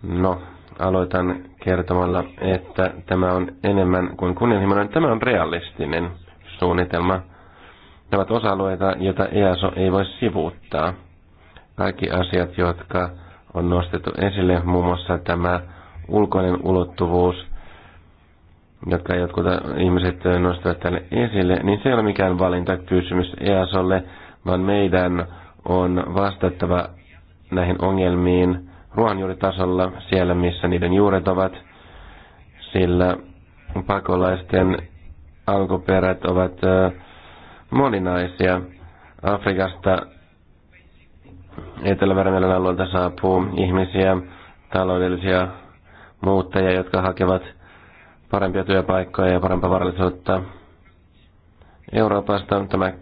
No, aloitan kertomalla, että tämä on enemmän kuin kunnianhimoinen. Tämä on realistinen suunnitelma. Ne ovat osa-alueita, joita EASO ei voi sivuuttaa. Kaikki asiat, jotka on nostettu esille, muun muassa tämä ulkoinen ulottuvuus, jotka jotkut ihmiset nostavat tänne esille, niin se ei ole mikään valintakysymys EASOlle vaan meidän on vastattava näihin ongelmiin ruohonjuuritasolla, siellä missä niiden juuret ovat, sillä pakolaisten alkuperät ovat moninaisia. Afrikasta etelä värmellä alueelta saapuu ihmisiä, taloudellisia muuttajia, jotka hakevat parempia työpaikkoja ja parempaa varallisuutta Euroopasta. Tämä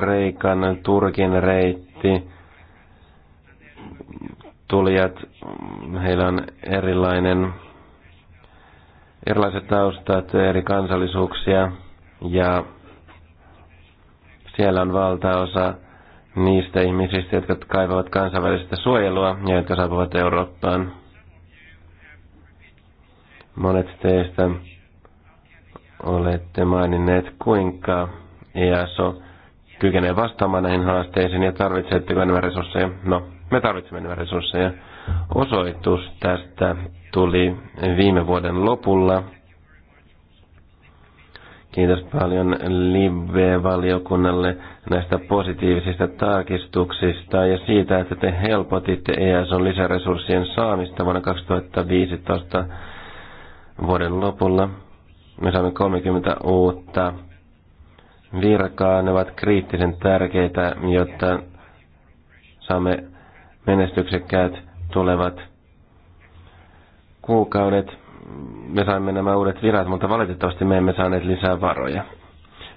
Kreikan, Turkin reitti. Tulijat, heillä on erilainen, erilaiset taustat, eri kansallisuuksia ja siellä on valtaosa niistä ihmisistä, jotka kaivavat kansainvälistä suojelua ja jotka saapuvat Eurooppaan. Monet teistä olette maininneet, kuinka EASO kykenee vastaamaan näihin haasteisiin ja tarvitsetteko enemmän resursseja? No, me tarvitsemme enemmän resursseja. Osoitus tästä tuli viime vuoden lopulla. Kiitos paljon Live-valiokunnalle näistä positiivisista tarkistuksista ja siitä, että te helpotitte EASOn lisäresurssien saamista vuonna 2015 vuoden lopulla. Me saamme 30 uutta virkaa. Ne ovat kriittisen tärkeitä, jotta saamme menestyksekkäät tulevat kuukaudet. Me saimme nämä uudet virat, mutta valitettavasti me emme saaneet lisää varoja.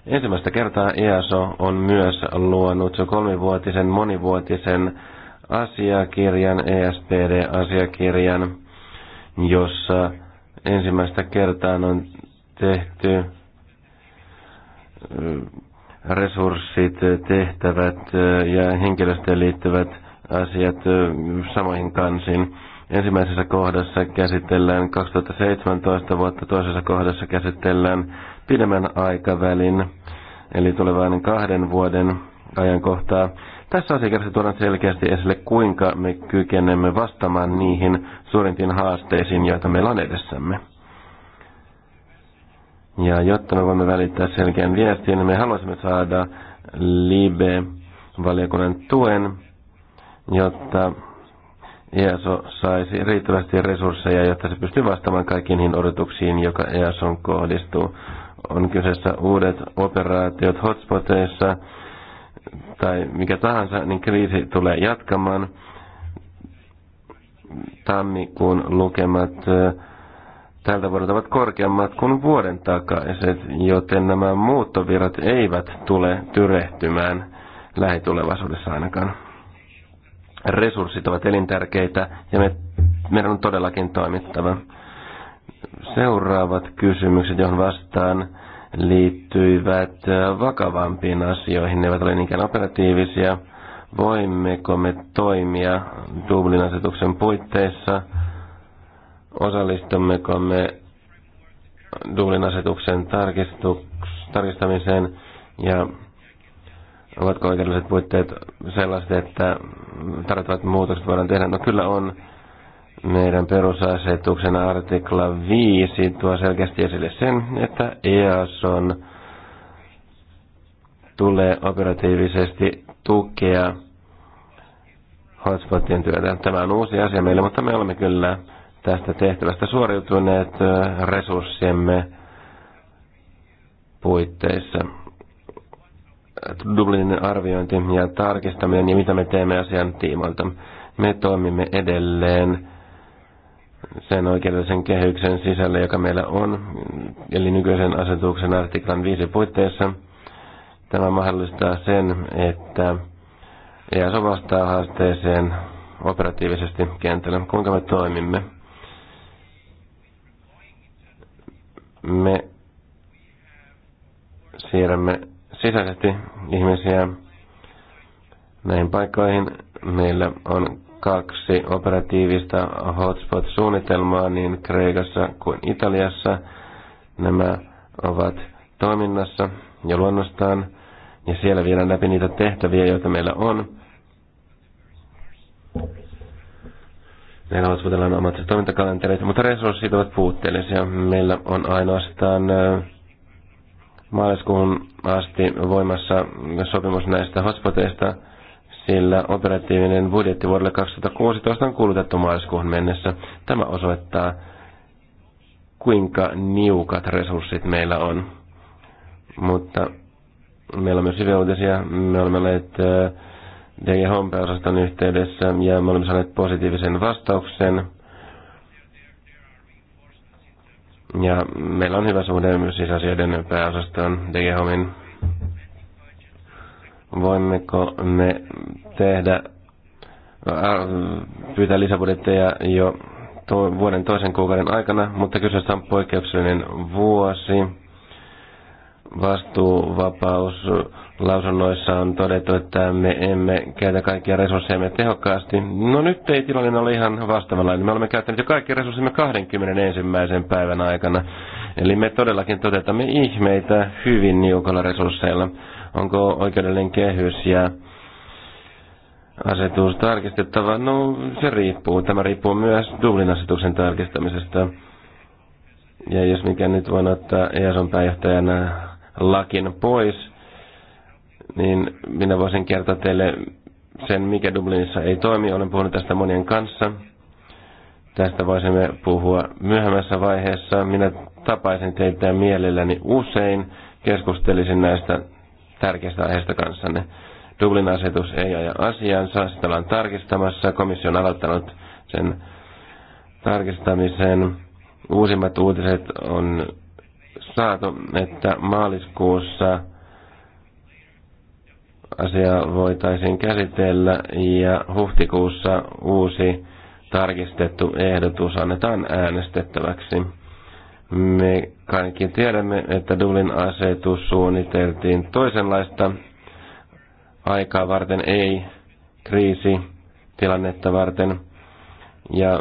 Ensimmäistä kertaa EASO on myös luonut kolmivuotisen monivuotisen asiakirjan, ESPD-asiakirjan, jossa ensimmäistä kertaa on tehty resurssit, tehtävät ja henkilöstöön liittyvät asiat samoihin kansiin. Ensimmäisessä kohdassa käsitellään 2017 vuotta, toisessa kohdassa käsitellään pidemmän aikavälin, eli tulevan kahden vuoden ajankohtaa. Tässä asiakirjassa tuodaan selkeästi esille, kuinka me kykenemme vastaamaan niihin suurimpiin haasteisiin, joita meillä on edessämme. Ja jotta me voimme välittää selkeän viestin, me haluaisimme saada LIBE-valiokunnan tuen, jotta EASO saisi riittävästi resursseja, jotta se pystyy vastaamaan kaikkiin odotuksiin, joka on kohdistuu. On kyseessä uudet operaatiot hotspoteissa tai mikä tahansa, niin kriisi tulee jatkamaan. Tammikuun lukemat tältä vuodelta ovat korkeammat kuin vuoden takaiset, joten nämä muuttovirrat eivät tule tyrehtymään lähitulevaisuudessa ainakaan. Resurssit ovat elintärkeitä ja me, meidän on todellakin toimittava. Seuraavat kysymykset, johon vastaan liittyivät vakavampiin asioihin. Ne eivät ole niinkään operatiivisia. Voimmeko me toimia Dublin asetuksen puitteissa – Osallistummeko me Duulin asetuksen tarkistamiseen ja ovatko oikeudelliset puitteet sellaiset, että tarvittavat muutokset voidaan tehdä? No kyllä on meidän perusasetuksen artikla 5 tuo selkeästi esille sen, että EASON tulee operatiivisesti tukea hotspotin työtä. Tämä on uusi asia meille, mutta me olemme kyllä tästä tehtävästä suoriutuneet resurssiemme puitteissa. Dublinin arviointi ja tarkistaminen ja mitä me teemme asian tiimoilta. Me toimimme edelleen sen oikeudellisen kehyksen sisällä, joka meillä on, eli nykyisen asetuksen artiklan 5 puitteissa. Tämä mahdollistaa sen, että EASO vastaa haasteeseen operatiivisesti kentällä. Kuinka me toimimme? Me siirrämme sisäisesti ihmisiä näihin paikkoihin. Meillä on kaksi operatiivista hotspot-suunnitelmaa niin Kreikassa kuin Italiassa. Nämä ovat toiminnassa ja luonnostaan, ja siellä viedään läpi niitä tehtäviä, joita meillä on. Meillä on suunnitellaan omat toimintakalenterit, mutta resurssit ovat puutteellisia. Meillä on ainoastaan maaliskuun asti voimassa sopimus näistä hotspoteista, sillä operatiivinen budjetti vuodelle 2016 on kulutettu maaliskuuhun mennessä. Tämä osoittaa, kuinka niukat resurssit meillä on. Mutta meillä on myös hyviä uutisia. Me olemme olleet äh, DG home yhteydessä ja me olemme saaneet positiivisen vastauksen. Ja meillä on hyvä suhde myös sisäasioiden pääosastoon DG homin Voimmeko me tehdä, äh, pyytää lisäbudjetteja jo to, vuoden toisen kuukauden aikana, mutta kyseessä on poikkeuksellinen vuosi. Vastuuvapaus lausunnoissa on todettu, että me emme käytä kaikkia resurssejamme tehokkaasti. No nyt ei tilanne ole ihan vastaavanlainen. Me olemme käyttäneet jo kaikki resurssimme 21. päivän aikana. Eli me todellakin toteutamme ihmeitä hyvin niukalla resursseilla. Onko oikeudellinen kehys ja asetus tarkistettava? No se riippuu. Tämä riippuu myös Dublin asetuksen tarkistamisesta. Ja jos mikä nyt voin ottaa EASOn pääjohtajana lakin pois, niin minä voisin kertoa teille sen, mikä Dublinissa ei toimi. Olen puhunut tästä monien kanssa. Tästä voisimme puhua myöhemmässä vaiheessa. Minä tapaisin teitä mielelläni usein, keskustelisin näistä tärkeistä aiheista kanssanne. Dublin-asetus ei aja asiansa, sitä ollaan tarkistamassa. Komissio on aloittanut sen tarkistamisen. Uusimmat uutiset on saatu, että maaliskuussa – asiaa voitaisiin käsitellä ja huhtikuussa uusi tarkistettu ehdotus annetaan äänestettäväksi. Me kaikki tiedämme, että Dublin asetus suunniteltiin toisenlaista aikaa varten, ei kriisi tilannetta varten. Ja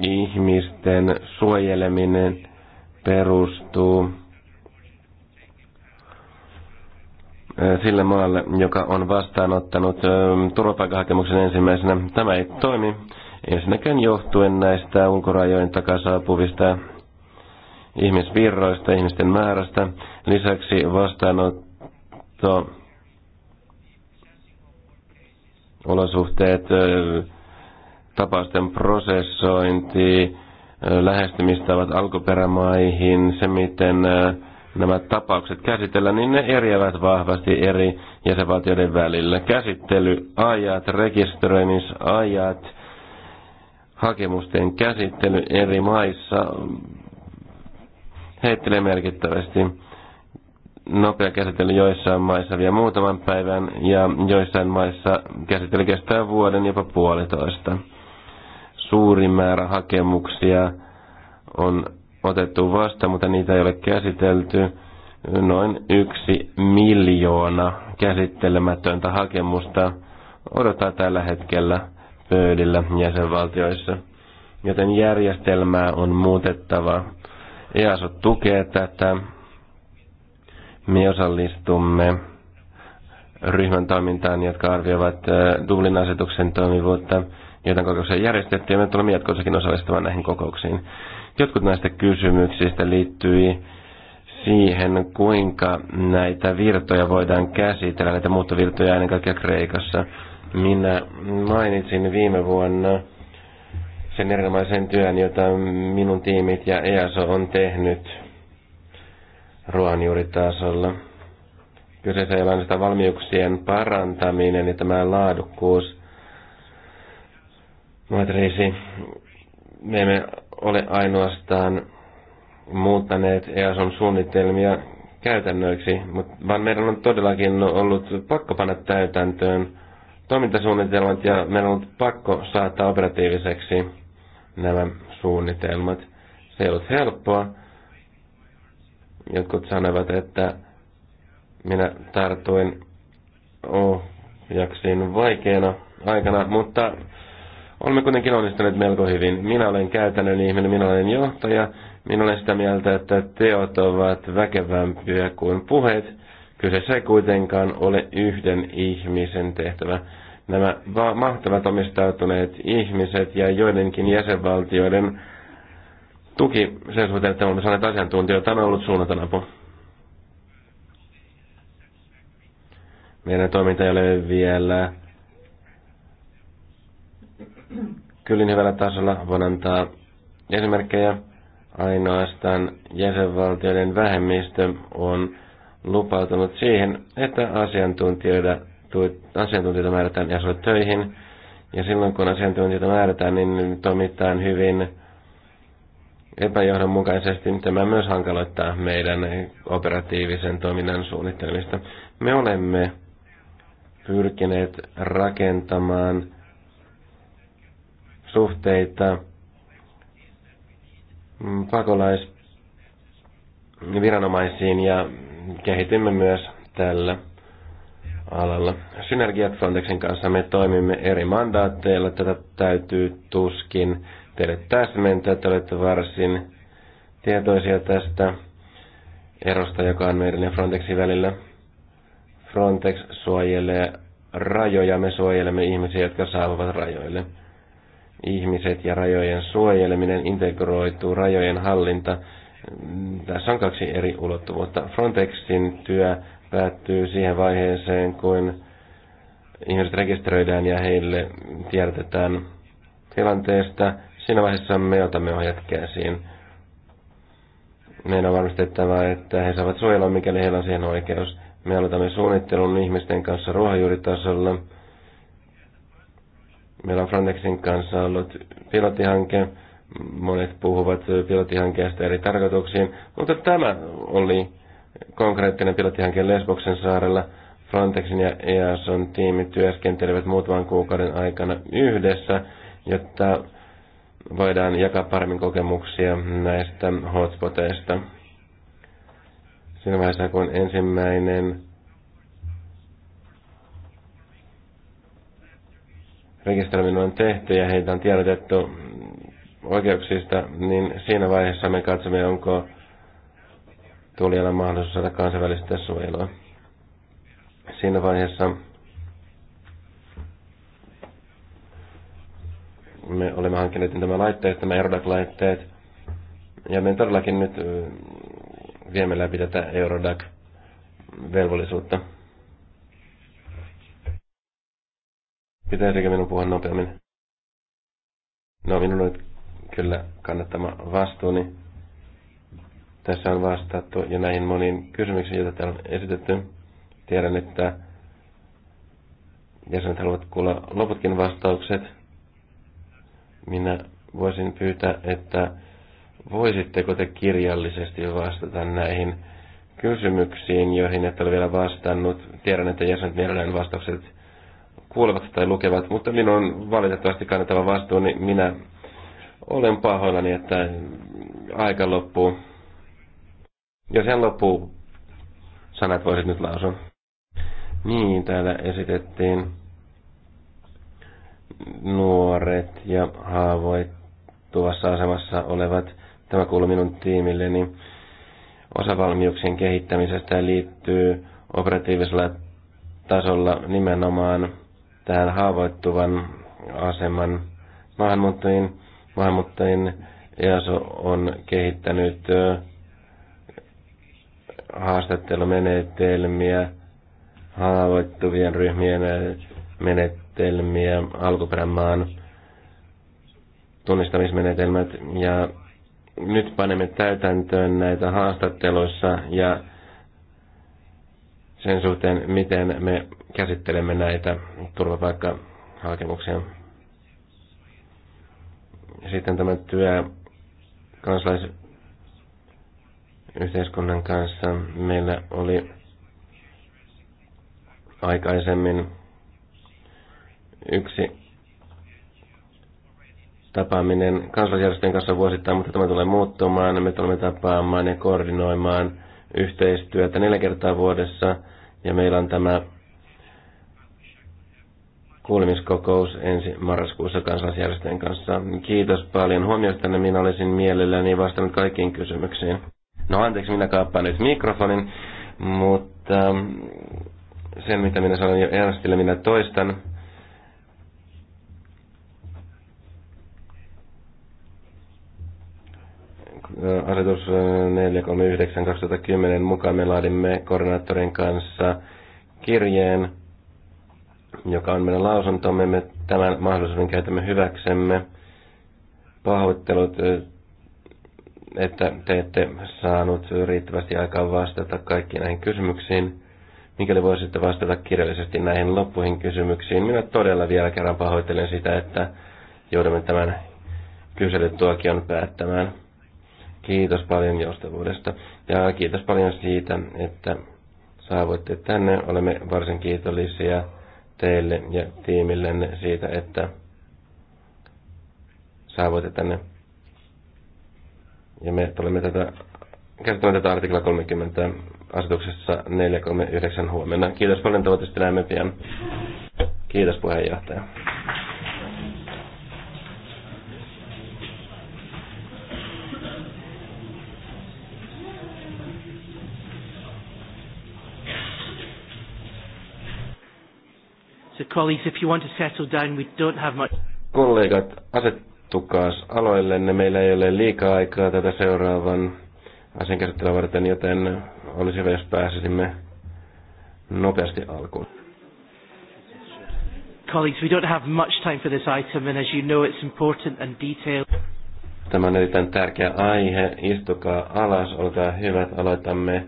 ihmisten suojeleminen perustuu sille maalle, joka on vastaanottanut turvapaikkahakemuksen ensimmäisenä. Tämä ei toimi ensinnäkin johtuen näistä ulkorajojen takaa saapuvista ihmisvirroista, ihmisten määrästä. Lisäksi vastaanotto olosuhteet, tapausten prosessointi, lähestymistavat alkuperämaihin, se miten nämä tapaukset käsitellä, niin ne eriävät vahvasti eri jäsenvaltioiden välillä. Käsittelyajat, rekisteröimisajat, hakemusten käsittely eri maissa heittelee merkittävästi. Nopea käsittely joissain maissa vielä muutaman päivän ja joissain maissa käsittely kestää vuoden jopa puolitoista. Suuri määrä hakemuksia on otettu vastaan, mutta niitä ei ole käsitelty. Noin yksi miljoona käsittelemätöntä hakemusta odottaa tällä hetkellä pöydillä jäsenvaltioissa. Joten järjestelmää on muutettava. EASO tukee tätä. Me osallistumme ryhmän toimintaan, jotka arvioivat äh, Dublin asetuksen toimivuutta, joten kokouksia järjestettiin ja me tulemme jatkossakin osallistumaan näihin kokouksiin. Jotkut näistä kysymyksistä liittyi siihen, kuinka näitä virtoja voidaan käsitellä, näitä muuttovirtoja ennen kaikkea Kreikassa. Minä mainitsin viime vuonna sen erinomaisen työn, jota minun tiimit ja EASO on tehnyt ruohonjuuritasolla. Kyseessä ei ole ainoastaan valmiuksien parantaminen ja tämä laadukkuus matriisi. Me emme ole ainoastaan muuttaneet EASON suunnitelmia käytännöiksi, vaan meidän on todellakin ollut pakko panna täytäntöön toimintasuunnitelmat ja meillä on ollut pakko saattaa operatiiviseksi nämä suunnitelmat. Se ei ollut helppoa. Jotkut sanovat, että minä tartuin ohjaksiin vaikeana aikana, mutta Olemme kuitenkin onnistuneet melko hyvin. Minä olen käytännön ihminen, minä olen johtaja. Minä olen sitä mieltä, että teot ovat väkevämpiä kuin puheet. Kyseessä ei kuitenkaan ole yhden ihmisen tehtävä. Nämä mahtavat omistautuneet ihmiset ja joidenkin jäsenvaltioiden tuki sen suhteen, että olemme saaneet asiantuntijoita, on ollut suunnaton apu. Meidän toiminta ei ole vielä kyllin hyvällä tasolla. Voin antaa esimerkkejä. Ainoastaan jäsenvaltioiden vähemmistö on lupautunut siihen, että asiantuntijoita, asiantuntijoita määrätään jäsenille töihin. Ja silloin kun asiantuntijoita määrätään, niin toimitaan hyvin epäjohdonmukaisesti. Tämä myös hankaloittaa meidän operatiivisen toiminnan suunnittelemista. Me olemme pyrkineet rakentamaan suhteita mm, pakolaisviranomaisiin ja kehitimme myös tällä alalla. Synergiat Frontexin kanssa me toimimme eri mandaatteilla. Tätä täytyy tuskin teille täsmentää. Te olette varsin tietoisia tästä erosta, joka on meidän ja Frontexin välillä. Frontex suojelee rajoja, me suojelemme ihmisiä, jotka saavat rajoille ihmiset ja rajojen suojeleminen, integroituu rajojen hallinta. Tässä on kaksi eri ulottuvuutta. Frontexin työ päättyy siihen vaiheeseen, kun ihmiset rekisteröidään ja heille tiedotetaan tilanteesta. Siinä vaiheessa me otamme ohjat käsiin. Meidän on varmistettava, että he saavat suojelua, mikäli heillä on siihen oikeus. Me aloitamme suunnittelun ihmisten kanssa ruohonjuuritasolla. Meillä on Frontexin kanssa ollut pilottihanke. Monet puhuvat pilottihankkeesta eri tarkoituksiin, mutta tämä oli konkreettinen pilottihanke Lesboksen saarella. Frontexin ja EASON tiimi työskentelevät muutaman kuukauden aikana yhdessä, jotta voidaan jakaa paremmin kokemuksia näistä hotspoteista. Siinä vaiheessa, kun ensimmäinen rekisteröimin on tehty ja heitä on tiedotettu oikeuksista, niin siinä vaiheessa me katsomme, onko tulijalla mahdollisuus saada kansainvälistä suojelua. Siinä vaiheessa me olemme hankkineet tämä laitteet, tämä Eurodac-laitteet, ja me todellakin nyt viemme läpi tätä Eurodac-velvollisuutta. Pitäisikö minun puhua nopeammin? No minun on kyllä kannattama vastuuni. Tässä on vastattu ja näihin moniin kysymyksiin, joita täällä on esitetty. Tiedän, että jäsenet haluavat kuulla loputkin vastaukset. Minä voisin pyytää, että voisitteko te kirjallisesti vastata näihin kysymyksiin, joihin et ole vielä vastannut. Tiedän, että jäsenet mielellään vastaukset kuulevat tai lukevat, mutta minun valitettavasti kannettava vastuu, niin minä olen pahoillani, että aika loppuu. Jos hän loppuu, sanat voisit nyt lausua. Niin, täällä esitettiin nuoret ja haavoittuvassa asemassa olevat. Tämä kuuluu minun tiimilleni. Osavalmiuksien kehittämisestä liittyy operatiivisella tasolla nimenomaan tähän haavoittuvan aseman maahanmuuttajien. Maahanmuuttajien EASO on kehittänyt haastattelumenetelmiä, haavoittuvien ryhmien menetelmiä, alkuperämaan tunnistamismenetelmät ja nyt panemme täytäntöön näitä haastatteluissa ja sen suhteen, miten me käsittelemme näitä turvapaikkahakemuksia. Sitten tämä työ kansalaisyhteiskunnan kanssa meillä oli aikaisemmin yksi tapaaminen kansalaisjärjestöjen kanssa vuosittain, mutta tämä tulee muuttumaan. Me tulemme tapaamaan ja koordinoimaan yhteistyötä neljä kertaa vuodessa – ja meillä on tämä kuulemiskokous ensi marraskuussa kansalaisjärjestöjen kanssa. Kiitos paljon huomiosta, minä olisin mielelläni vastannut kaikkiin kysymyksiin. No anteeksi, minä kaappaan nyt mikrofonin, mutta mm, sen mitä minä sanoin jo Ernstille, minä toistan. asetus 439-2010 mukaan me laadimme koordinaattorin kanssa kirjeen, joka on meidän lausuntomme. Me tämän mahdollisuuden käytämme hyväksemme. Pahoittelut, että te ette saanut riittävästi aikaa vastata kaikkiin näihin kysymyksiin. Mikäli voisitte vastata kirjallisesti näihin loppuihin kysymyksiin, minä todella vielä kerran pahoittelen sitä, että joudumme tämän kyselytuokion päättämään. Kiitos paljon joustavuudesta ja kiitos paljon siitä, että saavuitte tänne. Olemme varsin kiitollisia teille ja tiimillenne siitä, että saavuitte tänne. Ja me tulemme tätä, käsittämään tätä artikla 30 asetuksessa 439 huomenna. Kiitos paljon, toivottavasti näemme pian. Kiitos puheenjohtaja. Colleagues, if you want to settle down, we don't have much... Kollegat, asettukaas aloillenne. Meillä ei ole liikaa aikaa tätä seuraavan asian käsittelyä varten, joten olisi hyvä, jos pääsisimme nopeasti alkuun. Colleagues, we don't have much time for this item, and as you know, it's important and detailed. Tämä on erittäin tärkeä aihe. Istukaa alas, olkaa hyvät, aloitamme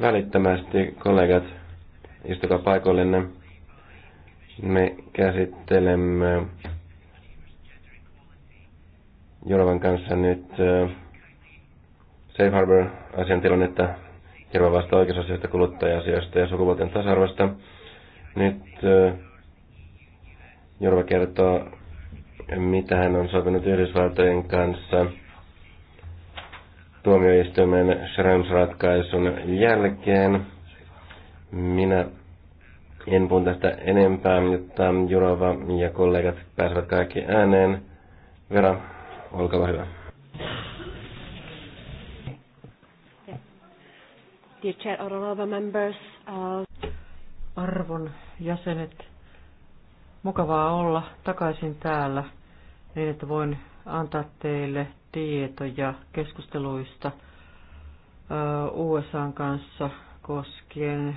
välittömästi. Kollegat, istukaa paikoillenne. Me käsittelemme Jorvan kanssa nyt Safe harbor asiantilannetta Jorva vastaa oikeusasioista, kuluttaja-asioista ja sukupuolten tasa-arvosta. Nyt Jorva kertoo, mitä hän on sopinut Yhdysvaltojen kanssa tuomioistuimen Schrems-ratkaisun jälkeen. Minä en puhu tästä enempää, jotta Jurova ja kollegat pääsevät kaikki ääneen. Vera, olkaa hyvä. Dear Chair, members, uh, Arvon jäsenet, mukavaa olla takaisin täällä niin, että voin antaa teille tietoja keskusteluista uh, USAn kanssa koskien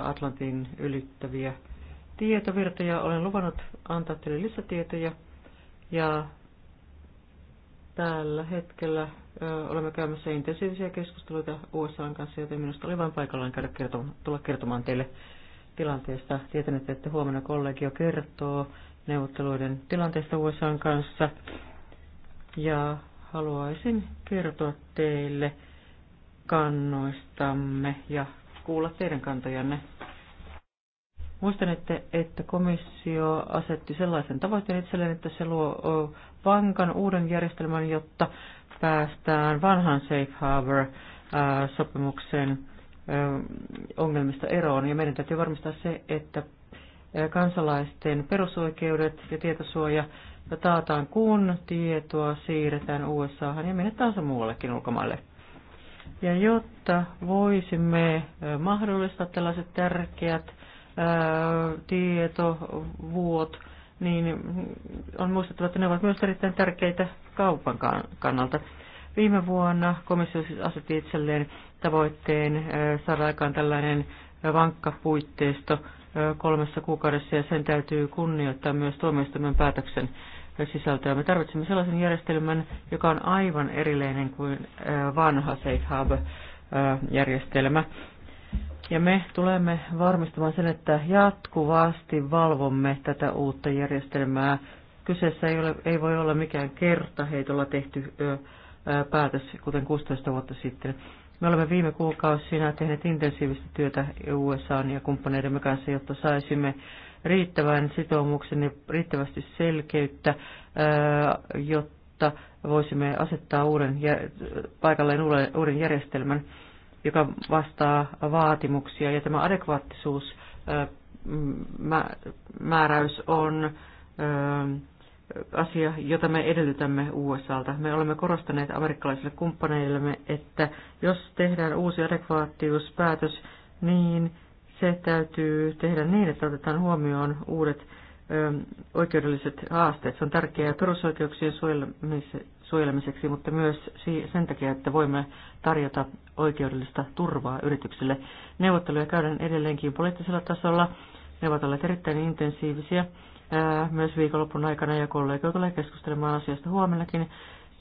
Atlantin ylittäviä tietovirtoja. Olen luvannut antaa teille lisätietoja ja tällä hetkellä olemme käymässä intensiivisiä keskusteluita USAn kanssa, joten minusta oli vain paikallaan käydä kertomaan, tulla kertomaan teille tilanteesta. Tietän, että huomenna kollegio kertoo neuvotteluiden tilanteesta USAn kanssa ja haluaisin kertoa teille kannoistamme ja kuulla teidän kantojanne. Muistan, että, että komissio asetti sellaisen tavoitteen itselleen, että se luo vankan uuden järjestelmän, jotta päästään vanhan safe harbor-sopimuksen ongelmista eroon. Ja meidän täytyy varmistaa se, että kansalaisten perusoikeudet ja tietosuoja taataan, kun tietoa siirretään USAhan ja minne tahansa muuallekin ulkomaille. Ja jotta voisimme mahdollistaa tällaiset tärkeät tietovuot, niin on muistettava, että ne ovat myös erittäin tärkeitä kaupan kannalta. Viime vuonna komissio siis asetti itselleen tavoitteen saada aikaan tällainen vankka puitteisto kolmessa kuukaudessa ja sen täytyy kunnioittaa myös tuomioistuimen päätöksen sisältöä. Me tarvitsemme sellaisen järjestelmän, joka on aivan erilainen kuin vanha Safe Hub-järjestelmä. Ja me tulemme varmistamaan sen, että jatkuvasti valvomme tätä uutta järjestelmää. Kyseessä ei, ole, ei voi olla mikään heitolla tehty ö, ö, päätös, kuten 16 vuotta sitten. Me olemme viime kuukausina tehneet intensiivistä työtä USA ja kumppaneidemme kanssa, jotta saisimme riittävän sitoumuksen ja riittävästi selkeyttä, jotta voisimme asettaa uuden, paikalleen uuden järjestelmän, joka vastaa vaatimuksia. Ja tämä adekvaattisuusmääräys on asia, jota me edellytämme USAlta. Me olemme korostaneet amerikkalaisille kumppaneillemme, että jos tehdään uusi adekvaattiuspäätös, niin se täytyy tehdä niin, että otetaan huomioon uudet oikeudelliset haasteet. Se on tärkeää perusoikeuksien suojelemiseksi, mutta myös sen takia, että voimme tarjota oikeudellista turvaa yrityksille. Neuvotteluja käydään edelleenkin poliittisella tasolla. Ne ovat olleet erittäin intensiivisiä myös viikonlopun aikana ja kollegio tulee keskustelemaan asiasta huomennakin,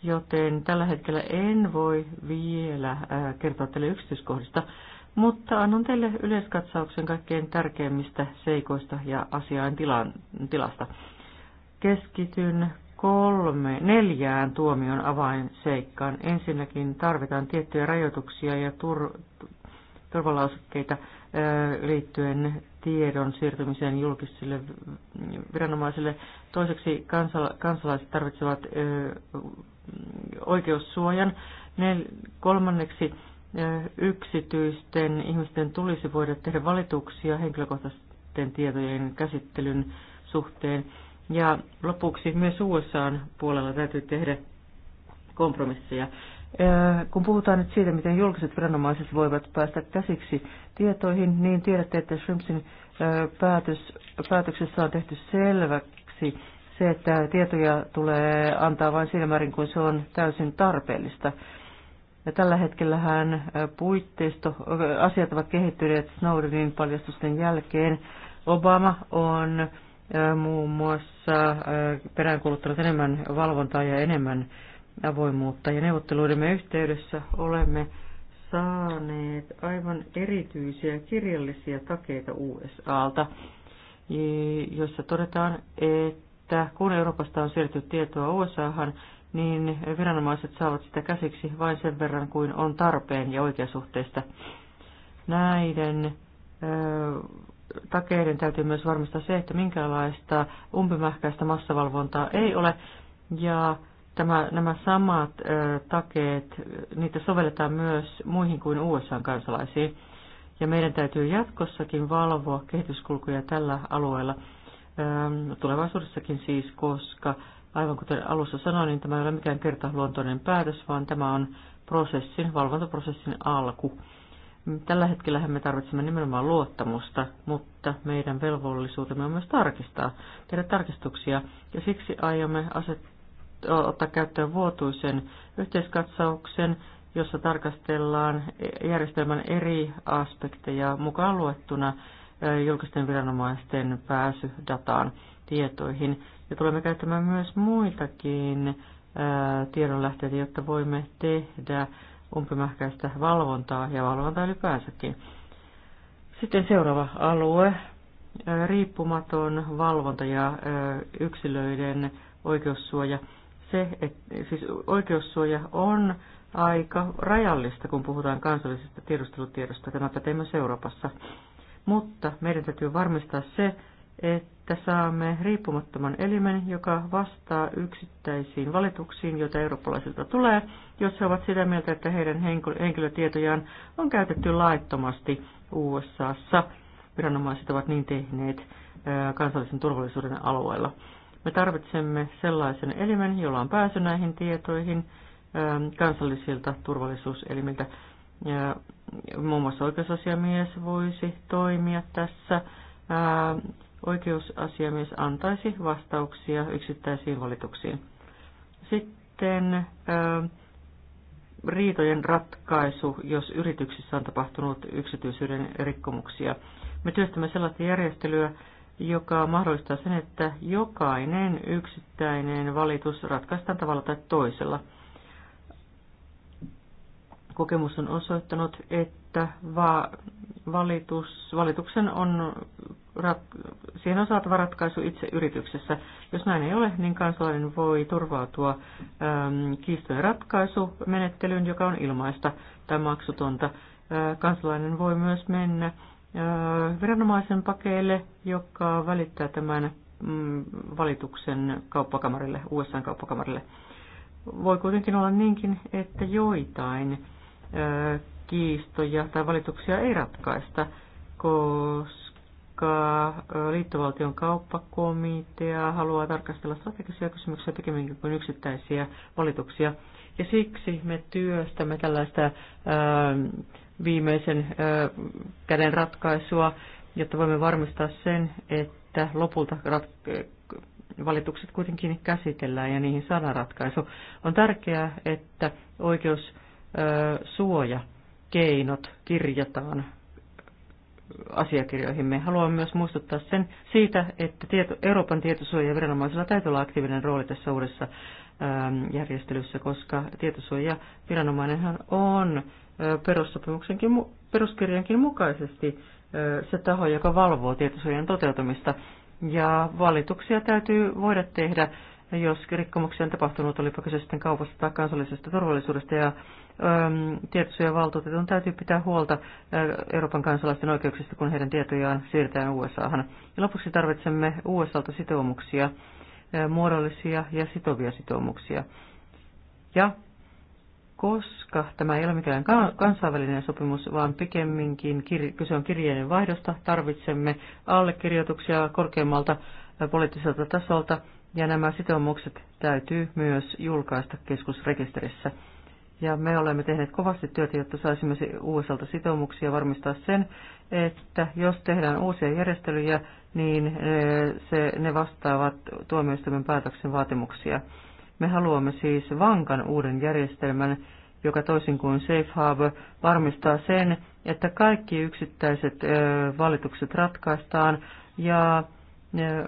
joten tällä hetkellä en voi vielä kertoa teille yksityiskohdista, mutta annan teille yleiskatsauksen kaikkein tärkeimmistä seikoista ja asiain tilan, tilasta. Keskityn kolme, neljään tuomion avainseikkaan. Ensinnäkin tarvitaan tiettyjä rajoituksia ja tur, turvalausekkeita liittyen tiedon siirtymiseen julkisille viranomaisille. Toiseksi kansala, kansalaiset tarvitsevat ö, oikeussuojan. Nel, kolmanneksi yksityisten ihmisten tulisi voida tehdä valituksia henkilökohtaisten tietojen käsittelyn suhteen. Ja lopuksi myös USA puolella täytyy tehdä kompromisseja. Kun puhutaan nyt siitä, miten julkiset viranomaiset voivat päästä käsiksi tietoihin, niin tiedätte, että Shrimpsin päätös, päätöksessä on tehty selväksi se, että tietoja tulee antaa vain siinä määrin, kun se on täysin tarpeellista. Ja tällä hetkellähän puitteisto, asiat ovat kehittyneet Snowdenin paljastusten jälkeen. Obama on muun muassa peräänkuuluttanut enemmän valvontaa ja enemmän avoimuutta. Ja neuvotteluidemme yhteydessä olemme saaneet aivan erityisiä kirjallisia takeita USAlta, jossa todetaan, että kun Euroopasta on siirtynyt tietoa USAhan, niin viranomaiset saavat sitä käsiksi vain sen verran kuin on tarpeen ja oikeasuhteista. Näiden takeiden täytyy myös varmistaa se, että minkälaista umpimähkäistä massavalvontaa ei ole. Ja tämä, nämä samat ö, takeet, niitä sovelletaan myös muihin kuin USA-kansalaisiin. Ja meidän täytyy jatkossakin valvoa kehityskulkuja tällä alueella ö, tulevaisuudessakin siis, koska Aivan kuten alussa sanoin, niin tämä ei ole mikään kertaluontoinen päätös, vaan tämä on prosessin, valvontaprosessin alku. Tällä hetkellä me tarvitsemme nimenomaan luottamusta, mutta meidän velvollisuutemme on myös tarkistaa, tehdä tarkistuksia, ja siksi aiomme aset- ottaa käyttöön vuotuisen yhteiskatsauksen, jossa tarkastellaan järjestelmän eri aspekteja mukaan luettuna julkisten viranomaisten pääsy dataan tietoihin. Ja tulemme käyttämään myös muitakin tiedonlähteitä, jotta voimme tehdä umpimähkäistä valvontaa ja valvontaa ylipäänsäkin. Sitten seuraava alue, riippumaton valvonta ja yksilöiden oikeussuoja. Se, et, siis oikeussuoja on aika rajallista, kun puhutaan kansallisesta tiedustelutiedosta. Tämä pätee myös Euroopassa. Mutta meidän täytyy varmistaa se, että saamme riippumattoman elimen, joka vastaa yksittäisiin valituksiin, joita eurooppalaisilta tulee, jos he ovat sitä mieltä, että heidän henkilötietojaan on käytetty laittomasti USAssa. Viranomaiset ovat niin tehneet kansallisen turvallisuuden alueella. Me tarvitsemme sellaisen elimen, jolla on pääsy näihin tietoihin kansallisilta turvallisuuselimiltä. Muun muassa oikeusasiamies voisi toimia tässä oikeusasiamies antaisi vastauksia yksittäisiin valituksiin. Sitten ää, riitojen ratkaisu, jos yrityksissä on tapahtunut yksityisyyden rikkomuksia. Me työstämme sellaista järjestelyä, joka mahdollistaa sen, että jokainen yksittäinen valitus ratkaistaan tavalla tai toisella. Kokemus on osoittanut, että va- valitus, valituksen on siihen on saatava ratkaisu itse yrityksessä. Jos näin ei ole, niin kansalainen voi turvautua äm, kiistojen ratkaisumenettelyyn, joka on ilmaista tai maksutonta. Ä, äh, kansalainen voi myös mennä ä, äh, viranomaisen pakeille, joka välittää tämän mm, valituksen kauppakamarille, USA kauppakamarille. Voi kuitenkin olla niinkin, että joitain ä, äh, kiistoja tai valituksia ei ratkaista, koska vaikka liittovaltion kauppakomitea haluaa tarkastella strategisia kysymyksiä pikemminkin kuin yksittäisiä valituksia. Ja siksi me työstämme tällaista ää, viimeisen ää, käden ratkaisua, jotta voimme varmistaa sen, että lopulta rat- valitukset kuitenkin käsitellään ja niihin saadaan ratkaisu. On tärkeää, että oikeussuoja keinot kirjataan asiakirjoihimme. haluamme myös muistuttaa sen siitä, että tieto, Euroopan tietosuojaviranomaisilla täytyy olla aktiivinen rooli tässä uudessa ähm, järjestelyssä, koska tietosuojaviranomainenhan on äh, perussopimuksenkin, peruskirjankin mukaisesti äh, se taho, joka valvoo tietosuojan toteutumista. Ja valituksia täytyy voida tehdä, jos rikkomuksia on tapahtunut, olipa kyse sitten kaupasta tai kansallisesta turvallisuudesta. Ja tietosuojavaltuutetun täytyy pitää huolta Euroopan kansalaisten oikeuksista, kun heidän tietojaan siirretään USAhan. Ja lopuksi tarvitsemme USAlta sitoumuksia, muodollisia ja sitovia sitoumuksia. Ja koska tämä ei ole mikään kansainvälinen sopimus, vaan pikemminkin kyse on kirjeiden vaihdosta, tarvitsemme allekirjoituksia korkeammalta poliittiselta tasolta, ja nämä sitoumukset täytyy myös julkaista keskusrekisterissä. Ja me olemme tehneet kovasti työtä, jotta saisimme USAlta sitoumuksia varmistaa sen, että jos tehdään uusia järjestelyjä, niin eh, se, ne vastaavat tuomioistuimen päätöksen vaatimuksia. Me haluamme siis vankan uuden järjestelmän, joka toisin kuin Safe Harbor varmistaa sen, että kaikki yksittäiset eh, valitukset ratkaistaan ja eh,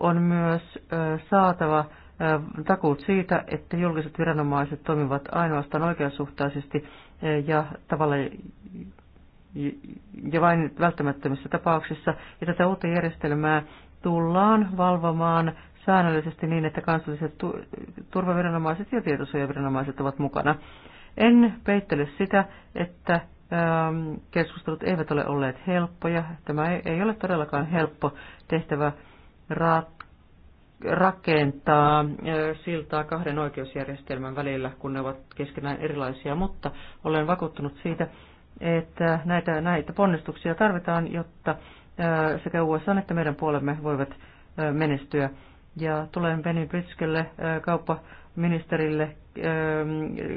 on myös saatava takuut siitä, että julkiset viranomaiset toimivat ainoastaan oikeasuhtaisesti ja tavalla ja vain välttämättömissä tapauksissa. Ja tätä uutta järjestelmää tullaan valvomaan säännöllisesti niin, että kansalliset turvaviranomaiset ja tietosuojaviranomaiset ovat mukana. En peittele sitä, että ähm, keskustelut eivät ole olleet helppoja. Tämä ei ole todellakaan helppo tehtävä ratkaista rakentaa siltaa kahden oikeusjärjestelmän välillä, kun ne ovat keskenään erilaisia, mutta olen vakuuttunut siitä, että näitä, näitä ponnistuksia tarvitaan, jotta sekä USA että meidän puolemme voivat menestyä. Ja tulen Benny Pritzkelle, kauppaministerille,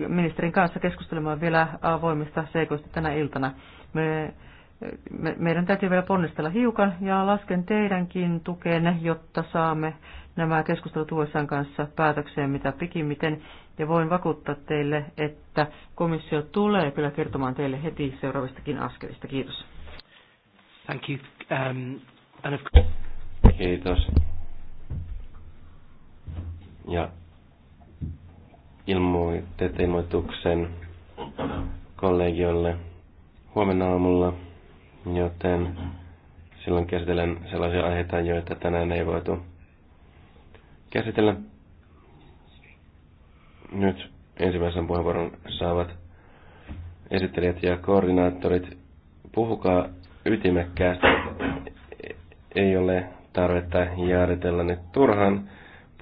ministerin kanssa keskustelemaan vielä avoimista seikoista tänä iltana. Me, me, meidän täytyy vielä ponnistella hiukan ja lasken teidänkin tukeen, jotta saamme nämä keskustelut USAn kanssa päätökseen mitä pikimmiten. Ja voin vakuuttaa teille, että komissio tulee kyllä kertomaan teille heti seuraavistakin askelista. Kiitos. Thank you. Um, and of... Kiitos. Ja ilmoitteet ilmoituksen kollegiolle huomenna aamulla, joten silloin käsitellen sellaisia aiheita, joita tänään ei voitu käsitellä. Nyt ensimmäisen puheenvuoron saavat esittelijät ja koordinaattorit. Puhukaa ytimekkäästi. Ei ole tarvetta jaaritella nyt turhan.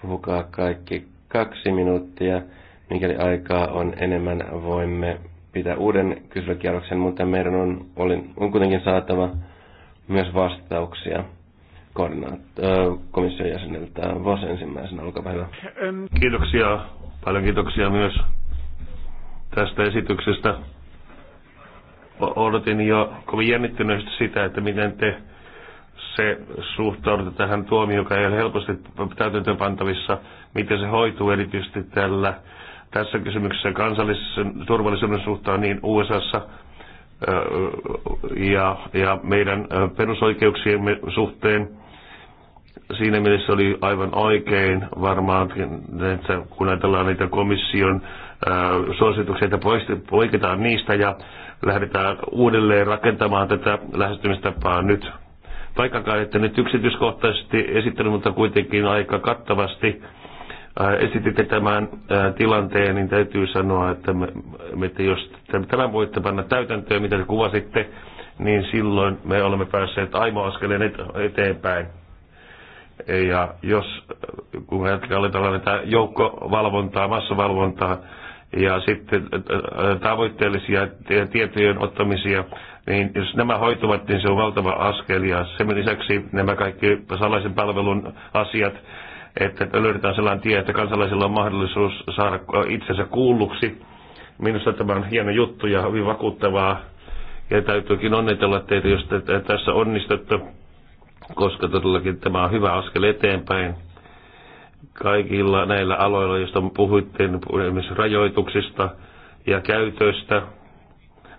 Puhukaa kaikki kaksi minuuttia. Mikäli aikaa on enemmän, voimme pitää uuden kyselykierroksen, mutta meidän on, on kuitenkin saatava myös vastauksia komission jäseneltä Vos ensimmäisenä, olkaa hyvä. Kiitoksia, paljon kiitoksia myös tästä esityksestä. Odotin jo kovin jännittyneesti sitä, että miten te se suhtaudutte tähän tuomioon, joka ei ole helposti täytäntöön miten se hoituu erityisesti tällä, tässä kysymyksessä kansallisen turvallisuuden suhtaan niin USAssa ja, ja meidän perusoikeuksiemme suhteen Siinä mielessä oli aivan oikein varmaankin, että kun ajatellaan niitä komission äh, suosituksia, että poiketaan niistä ja lähdetään uudelleen rakentamaan tätä lähestymistapaa nyt. Vaikkakaan että nyt yksityiskohtaisesti esittänyt, mutta kuitenkin aika kattavasti äh, esititte tämän äh, tilanteen, niin täytyy sanoa, että, me, että jos tämän voitte panna täytäntöön, mitä te kuvasitte, niin silloin me olemme päässeet aimo askeleen eteenpäin. Ja jos, kun oli tällainen tämä joukkovalvontaa, massavalvontaa ja sitten äh, äh, tavoitteellisia tietojen ottamisia, niin jos nämä hoituvat, niin se on valtava askel. Ja sen lisäksi nämä kaikki salaisen palvelun asiat, että löydetään sellainen tie, että kansalaisilla on mahdollisuus saada itsensä kuulluksi. Minusta tämä on hieno juttu ja hyvin vakuuttavaa. Ja täytyykin onnitella teitä, jos te tässä onnistutte koska todellakin tämä on hyvä askel eteenpäin kaikilla näillä aloilla, joista puhuitte, esimerkiksi rajoituksista ja käytöstä,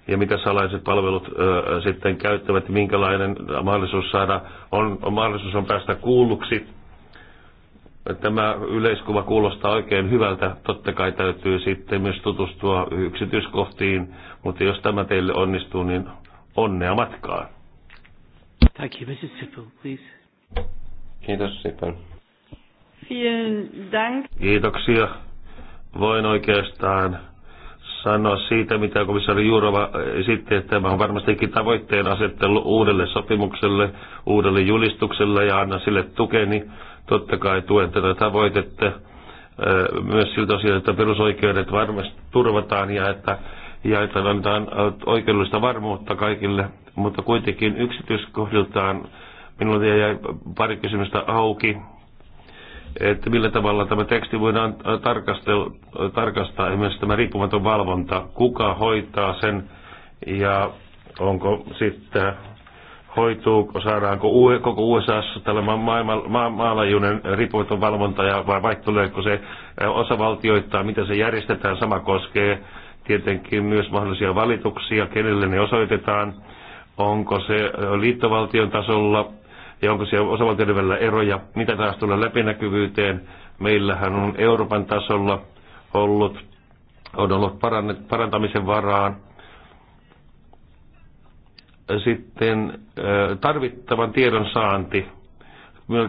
ja mitä salaiset palvelut ö, sitten käyttävät, minkälainen mahdollisuus saada, on, on mahdollisuus on päästä kuulluksi. Tämä yleiskuva kuulostaa oikein hyvältä. Totta kai täytyy sitten myös tutustua yksityiskohtiin, mutta jos tämä teille onnistuu, niin onnea matkaan. Thank you, Mrs. Sippel, please. Kiitos, Sippel. Vielen Dank. Kiitoksia. Voin oikeastaan sanoa siitä, mitä komissaari Jurova esitti, että mä olen varmastikin tavoitteen asettelu uudelle sopimukselle, uudelle julistukselle ja annan sille tukeni. Totta kai tuen tätä tavoitetta myös siltä osin, että perusoikeudet varmasti turvataan ja että ja että annetaan äh, oikeudellista varmuutta kaikille, mutta kuitenkin yksityiskohdiltaan minulla jäi pari kysymystä auki, että millä tavalla tämä teksti voidaan äh, äh, tarkastaa, esimerkiksi tämä riippumaton valvonta, kuka hoitaa sen ja onko sitten hoituu, saadaanko e, koko USA tällä ma- ma- maalajuinen riippumaton valvonta ja vai vaihtuleeko se osavaltioittaa, miten se järjestetään, sama koskee tietenkin myös mahdollisia valituksia, kenelle ne osoitetaan, onko se liittovaltion tasolla ja onko siellä osavaltioiden välillä eroja, mitä taas tulee läpinäkyvyyteen. Meillähän on Euroopan tasolla ollut, on ollut parantamisen varaan. Sitten tarvittavan tiedon saanti.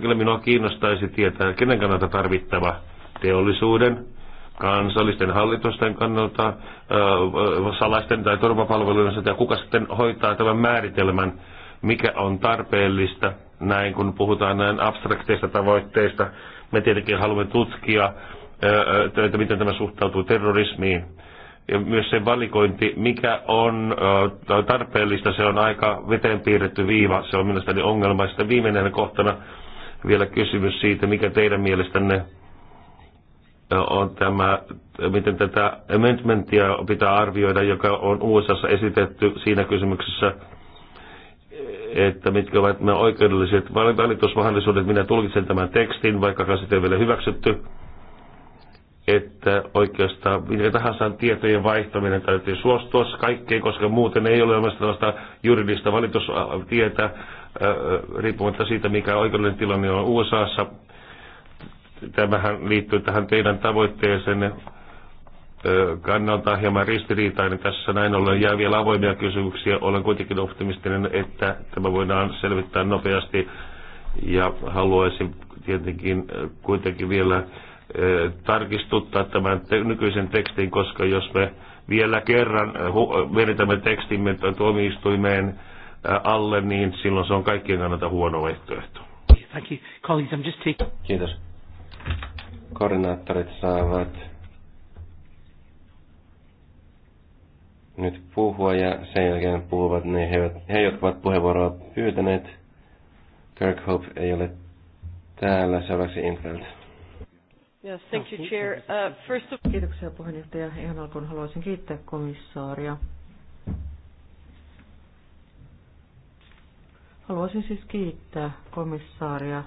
Kyllä minua kiinnostaisi tietää, kenen kannalta tarvittava teollisuuden, kansallisten hallitusten kannalta, äh, salaisten tai turvapalvelujen ja kuka sitten hoitaa tämän määritelmän, mikä on tarpeellista, näin kun puhutaan näin abstrakteista tavoitteista. Me tietenkin haluamme tutkia, äh, äh, että miten tämä suhtautuu terrorismiin. Ja myös se valikointi, mikä on tarpeellista, se on aika veteen piirretty viiva, se on mielestäni ongelma. Sitten viimeinen kohtana vielä kysymys siitä, mikä teidän mielestänne on tämä, miten tätä amendmentia pitää arvioida, joka on USAssa esitetty siinä kysymyksessä, että mitkä ovat nämä oikeudelliset valitusmahdollisuudet. Minä tulkitsen tämän tekstin, vaikka ei vielä hyväksytty, että oikeastaan minkä tahansa tietojen vaihtaminen täytyy suostua kaikkeen, koska muuten ei ole olemassa tällaista juridista valitustietä, äh, riippumatta siitä, mikä oikeudellinen tilanne on USAssa tämähän liittyy tähän teidän tavoitteeseen kannalta hieman ristiriitainen niin tässä. Näin ollen jää vielä avoimia kysymyksiä. Olen kuitenkin optimistinen, että tämä voidaan selvittää nopeasti. Ja haluaisin tietenkin kuitenkin vielä tarkistuttaa tämän te- nykyisen tekstin, koska jos me vielä kerran menetämme tekstimme tuomioistuimeen alle, niin silloin se on kaikkien kannalta huono vaihtoehto. Thank you. Colleagues, I'm just taking... Kiitos. Koordinaattorit saavat nyt puhua ja sen jälkeen puhuvat ne, he, he jotka ovat puheenvuoroa pyytäneet. Hope ei ole täällä, seuraavaksi Infeld. Yes, thank you, Chair. Uh, first of... Kiitoksia puheenjohtaja. Ihan alkuun haluaisin kiittää komissaaria. Haluaisin siis kiittää komissaaria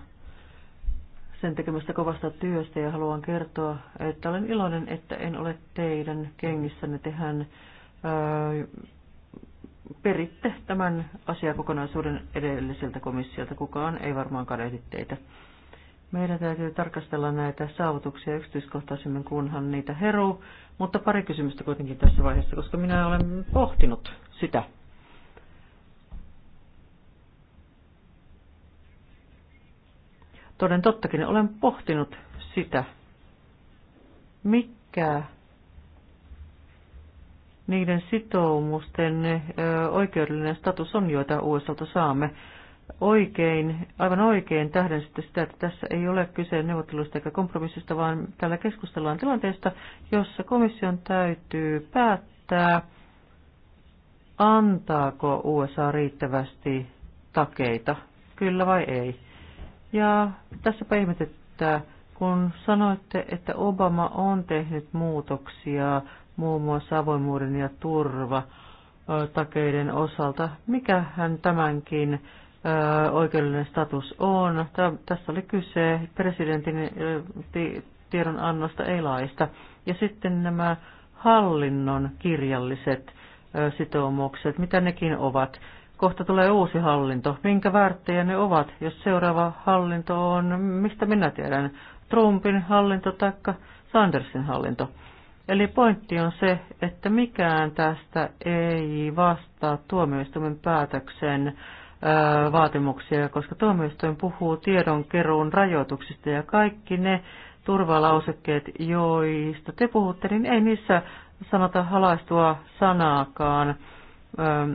sen tekemästä kovasta työstä ja haluan kertoa, että olen iloinen, että en ole teidän kengissänne. Tehän peritte tämän asiakokonaisuuden edelliseltä komissiolta. Kukaan ei varmaan kadehdi teitä. Meidän täytyy tarkastella näitä saavutuksia yksityiskohtaisemmin, kunhan niitä heruu, mutta pari kysymystä kuitenkin tässä vaiheessa, koska minä olen pohtinut sitä. Toden tottakin olen pohtinut sitä, mikä niiden sitoumusten oikeudellinen status on, joita USAlta saamme. Oikein, aivan oikein tähden sitten sitä, että tässä ei ole kyse neuvotteluista eikä kompromissista, vaan tällä keskustellaan tilanteesta, jossa komission täytyy päättää, antaako USA riittävästi takeita, kyllä vai ei. Ja tässä että kun sanoitte, että Obama on tehnyt muutoksia muun muassa avoimuuden ja turva takeiden osalta. hän tämänkin oikeudellinen status on? Tässä oli kyse presidentin tiedonannosta, ei laista. Ja sitten nämä hallinnon kirjalliset sitoumukset, mitä nekin ovat kohta tulee uusi hallinto. Minkä väärttejä ne ovat, jos seuraava hallinto on, mistä minä tiedän, Trumpin hallinto tai Sandersin hallinto. Eli pointti on se, että mikään tästä ei vastaa tuomioistuimen päätöksen vaatimuksia, koska tuomioistuin puhuu tiedonkeruun rajoituksista ja kaikki ne turvalausekkeet, joista te puhutte, niin ei niissä sanota halaistua sanaakaan Ähm,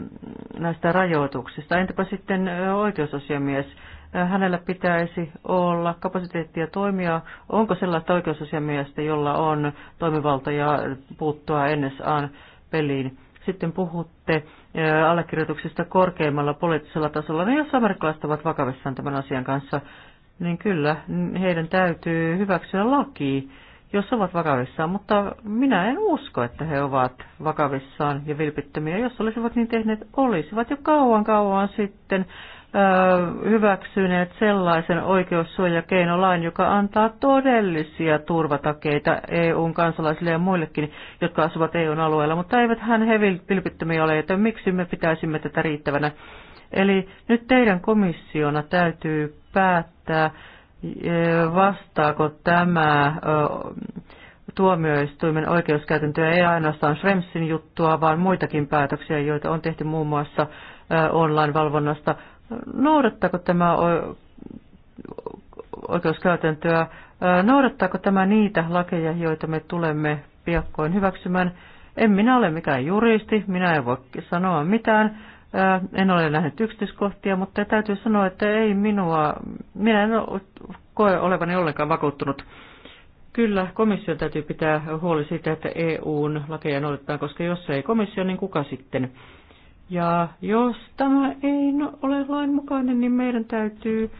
näistä rajoituksista. Entäpä sitten oikeusasiamies? Hänellä pitäisi olla kapasiteettia toimia. Onko sellaista oikeusasiamiestä, jolla on toimivalta ja puuttua NSAn peliin? Sitten puhutte allekirjoituksista korkeimmalla poliittisella tasolla. No jos amerikkalaiset ovat vakavissaan tämän asian kanssa, niin kyllä heidän täytyy hyväksyä laki jos ovat vakavissaan, mutta minä en usko, että he ovat vakavissaan ja vilpittömiä. Jos olisivat niin tehneet, olisivat jo kauan kauan sitten ö, hyväksyneet sellaisen oikeussuojakeinolain, joka antaa todellisia turvatakeita EUn kansalaisille ja muillekin, jotka asuvat EUn alueella, mutta eivät hän he vilpittömiä ole, joten miksi me pitäisimme tätä riittävänä. Eli nyt teidän komissiona täytyy päättää, vastaako tämä tuomioistuimen oikeuskäytäntöä, ei ainoastaan Schremsin juttua, vaan muitakin päätöksiä, joita on tehty muun muassa online-valvonnasta. Noudattaako tämä oikeuskäytäntöä, noudattaako tämä niitä lakeja, joita me tulemme piakkoin hyväksymään? En minä ole mikään juristi, minä en voi sanoa mitään en ole nähnyt yksityiskohtia, mutta täytyy sanoa, että ei minua, minä en koe olevani ollenkaan vakuuttunut. Kyllä, komission täytyy pitää huoli siitä, että EUn lakeja noudatetaan, koska jos ei komissio, niin kuka sitten? Ja jos tämä ei no, ole lainmukainen, niin meidän täytyy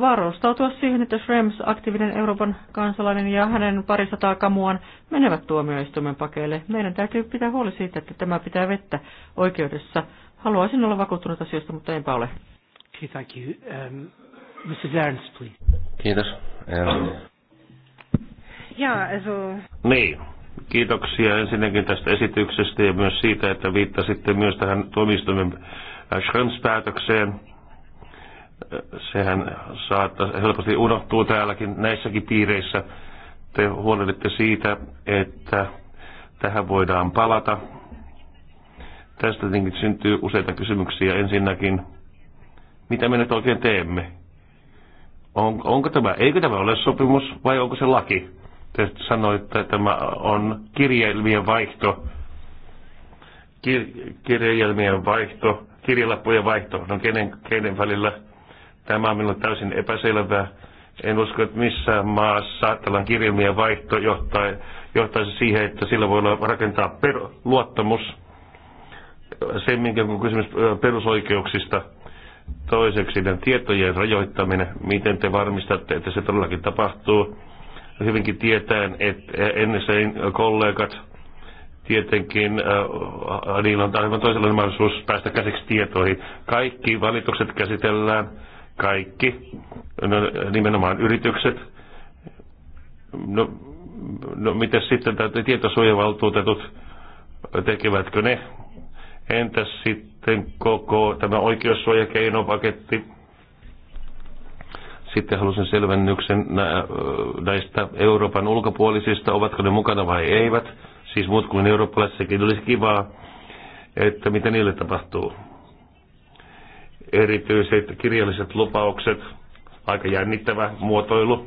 varustautua siihen, että Schrems, aktiivinen Euroopan kansalainen ja hänen parisataa kamuaan menevät tuomioistuimen pakeille. Meidän täytyy pitää huoli siitä, että tämä pitää vettä oikeudessa. Haluaisin olla vakuuttunut asioista, mutta enpä ole. Okay, thank you. Um, Mrs. Ernst, please. Kiitos. Ja, also... Niin. Kiitoksia ensinnäkin tästä esityksestä ja myös siitä, että viittasitte myös tähän tuomioistuimen äh, Schrems-päätökseen sehän saattaa helposti unohtua täälläkin näissäkin piireissä. Te huolehditte siitä, että tähän voidaan palata. Tästä tietenkin syntyy useita kysymyksiä. Ensinnäkin, mitä me nyt oikein teemme? On, onko tämä, eikö tämä ole sopimus vai onko se laki? Te sanoitte, että tämä on kirjelmien vaihto. Kir, kirjelmien vaihto, kirjelappujen vaihto. No kenen, kenen välillä? Tämä on minulle täysin epäselvää. En usko, että missään maassa tällainen kirjelmien vaihto johtaa, johtaisi siihen, että sillä voi olla rakentaa per, luottamus minkä on kysymys perusoikeuksista. Toiseksi tietojen rajoittaminen, miten te varmistatte, että se todellakin tapahtuu. Hyvinkin tietäen, että ennen kollegat tietenkin äh, niillä on aivan toisella mahdollisuus päästä käsiksi tietoihin. Kaikki valitukset käsitellään kaikki, no, nimenomaan yritykset. No, no miten sitten tietosuojavaltuutetut, tekevätkö ne? Entäs sitten koko tämä oikeussuojakeinopaketti? Sitten halusin selvennyksen näistä Euroopan ulkopuolisista, ovatko ne mukana vai eivät. Siis muut kuin eurooppalaiset, olisi kivaa, että mitä niille tapahtuu erityiset kirjalliset lupaukset, aika jännittävä muotoilu.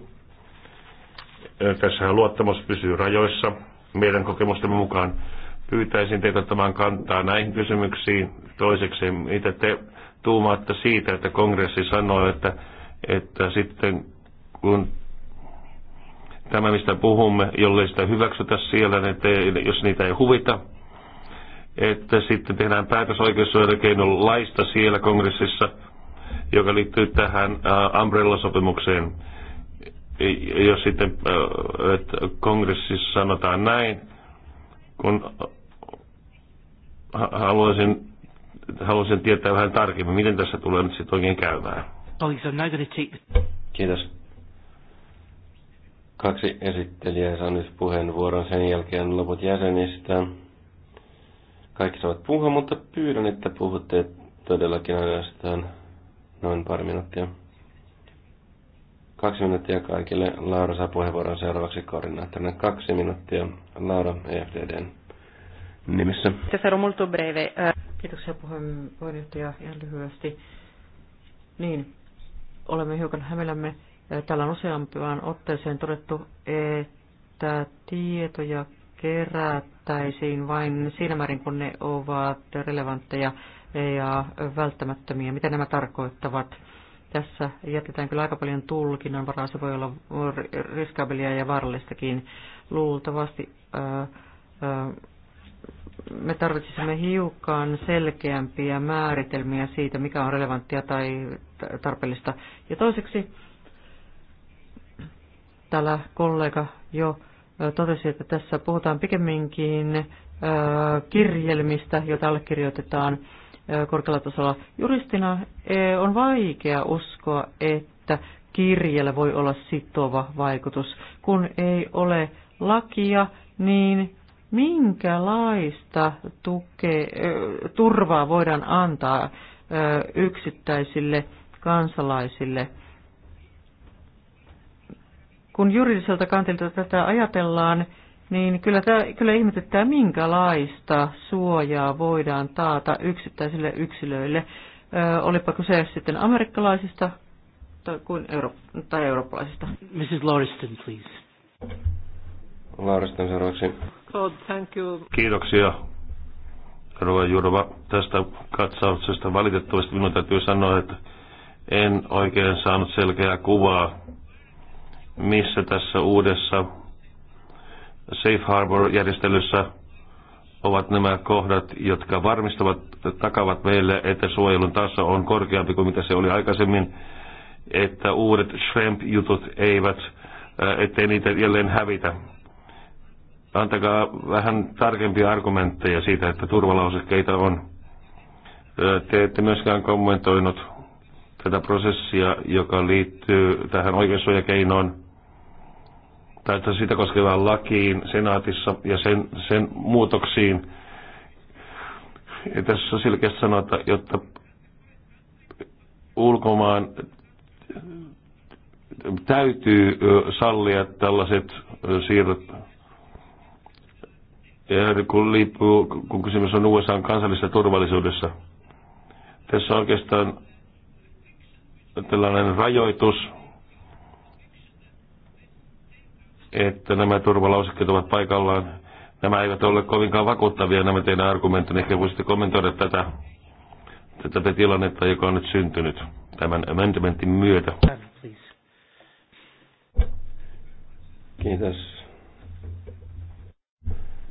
Tässä luottamus pysyy rajoissa meidän kokemustemme mukaan. Pyytäisin teitä ottamaan kantaa näihin kysymyksiin. Toiseksi, mitä te tuumaatte siitä, että kongressi sanoi, että, että sitten kun tämä, mistä puhumme, jollei sitä hyväksytä siellä, niin te, jos niitä ei huvita, että sitten tehdään päätös oikeussuojelukeinon laista siellä kongressissa, joka liittyy tähän äh, Umbrella-sopimukseen. Jos sitten äh, että kongressissa sanotaan näin, kun haluaisin, haluaisin tietää vähän tarkemmin, miten tässä tulee nyt sitten oikein käymään. Oh, Kiitos. Kaksi esittelijää saa nyt puheenvuoron sen jälkeen loput jäsenistä kaikki saavat puhua, mutta pyydän, että puhutte todellakin ainoastaan noin pari minuuttia. Kaksi minuuttia kaikille. Laura saa puheenvuoron seuraavaksi koordinaattorina. Kaksi minuuttia. Laura EFDDn nimissä. on molto breve. Kiitoksia puheenjohtaja ihan lyhyesti. Niin, olemme hiukan hämillämme. Täällä on useampaan otteeseen todettu, että tietoja kerätään käytettäisiin vain siinä määrin, kun ne ovat relevantteja ja välttämättömiä. Mitä nämä tarkoittavat? Tässä jätetään kyllä aika paljon varaa. Se voi olla riskaabelia ja vaarallistakin. Luultavasti ää, ää, me tarvitsisimme hiukan selkeämpiä määritelmiä siitä, mikä on relevanttia tai tarpeellista. Ja toiseksi täällä kollega jo totesi, että tässä puhutaan pikemminkin kirjelmistä, joita allekirjoitetaan korkealla tasolla. Juristina on vaikea uskoa, että kirjellä voi olla sitova vaikutus. Kun ei ole lakia, niin minkälaista tuke, turvaa voidaan antaa yksittäisille kansalaisille – kun juridiselta kantilta tätä ajatellaan, niin kyllä, tämä, kyllä ihmetyttää, minkälaista suojaa voidaan taata yksittäisille yksilöille, ö, olipa kyse sitten amerikkalaisista tai, kuin euro, tai eurooppalaisista. Mrs. Lauriston, please. Lauriston seuraavaksi. Claude, oh, thank you. Kiitoksia, Rova Jurva, tästä katsauksesta. Valitettavasti minun täytyy sanoa, että en oikein saanut selkeää kuvaa missä tässä uudessa Safe Harbor-järjestelyssä ovat nämä kohdat, jotka varmistavat, takavat meille, että suojelun taso on korkeampi kuin mitä se oli aikaisemmin, että uudet shrimp-jutut eivät, äh, ettei niitä jälleen hävitä. Antakaa vähän tarkempia argumentteja siitä, että turvalausekkeita on. Äh, te ette myöskään kommentoinut tätä prosessia, joka liittyy tähän oikeussuojakeinoon tai sitä koskevaan lakiin senaatissa ja sen, sen muutoksiin. Ja tässä selkeästi sanotaan, jotta ulkomaan täytyy sallia tällaiset siirrot, kun, liippuu, kun kysymys on USA kansallisessa turvallisuudessa. Tässä on oikeastaan tällainen rajoitus, että nämä turvalausekkeet ovat paikallaan. Nämä eivät ole kovinkaan vakuuttavia nämä teidän argumenttinne. Ehkä voisitte kommentoida tätä, tätä tilannetta, joka on nyt syntynyt tämän amendmentin myötä. Kiitos.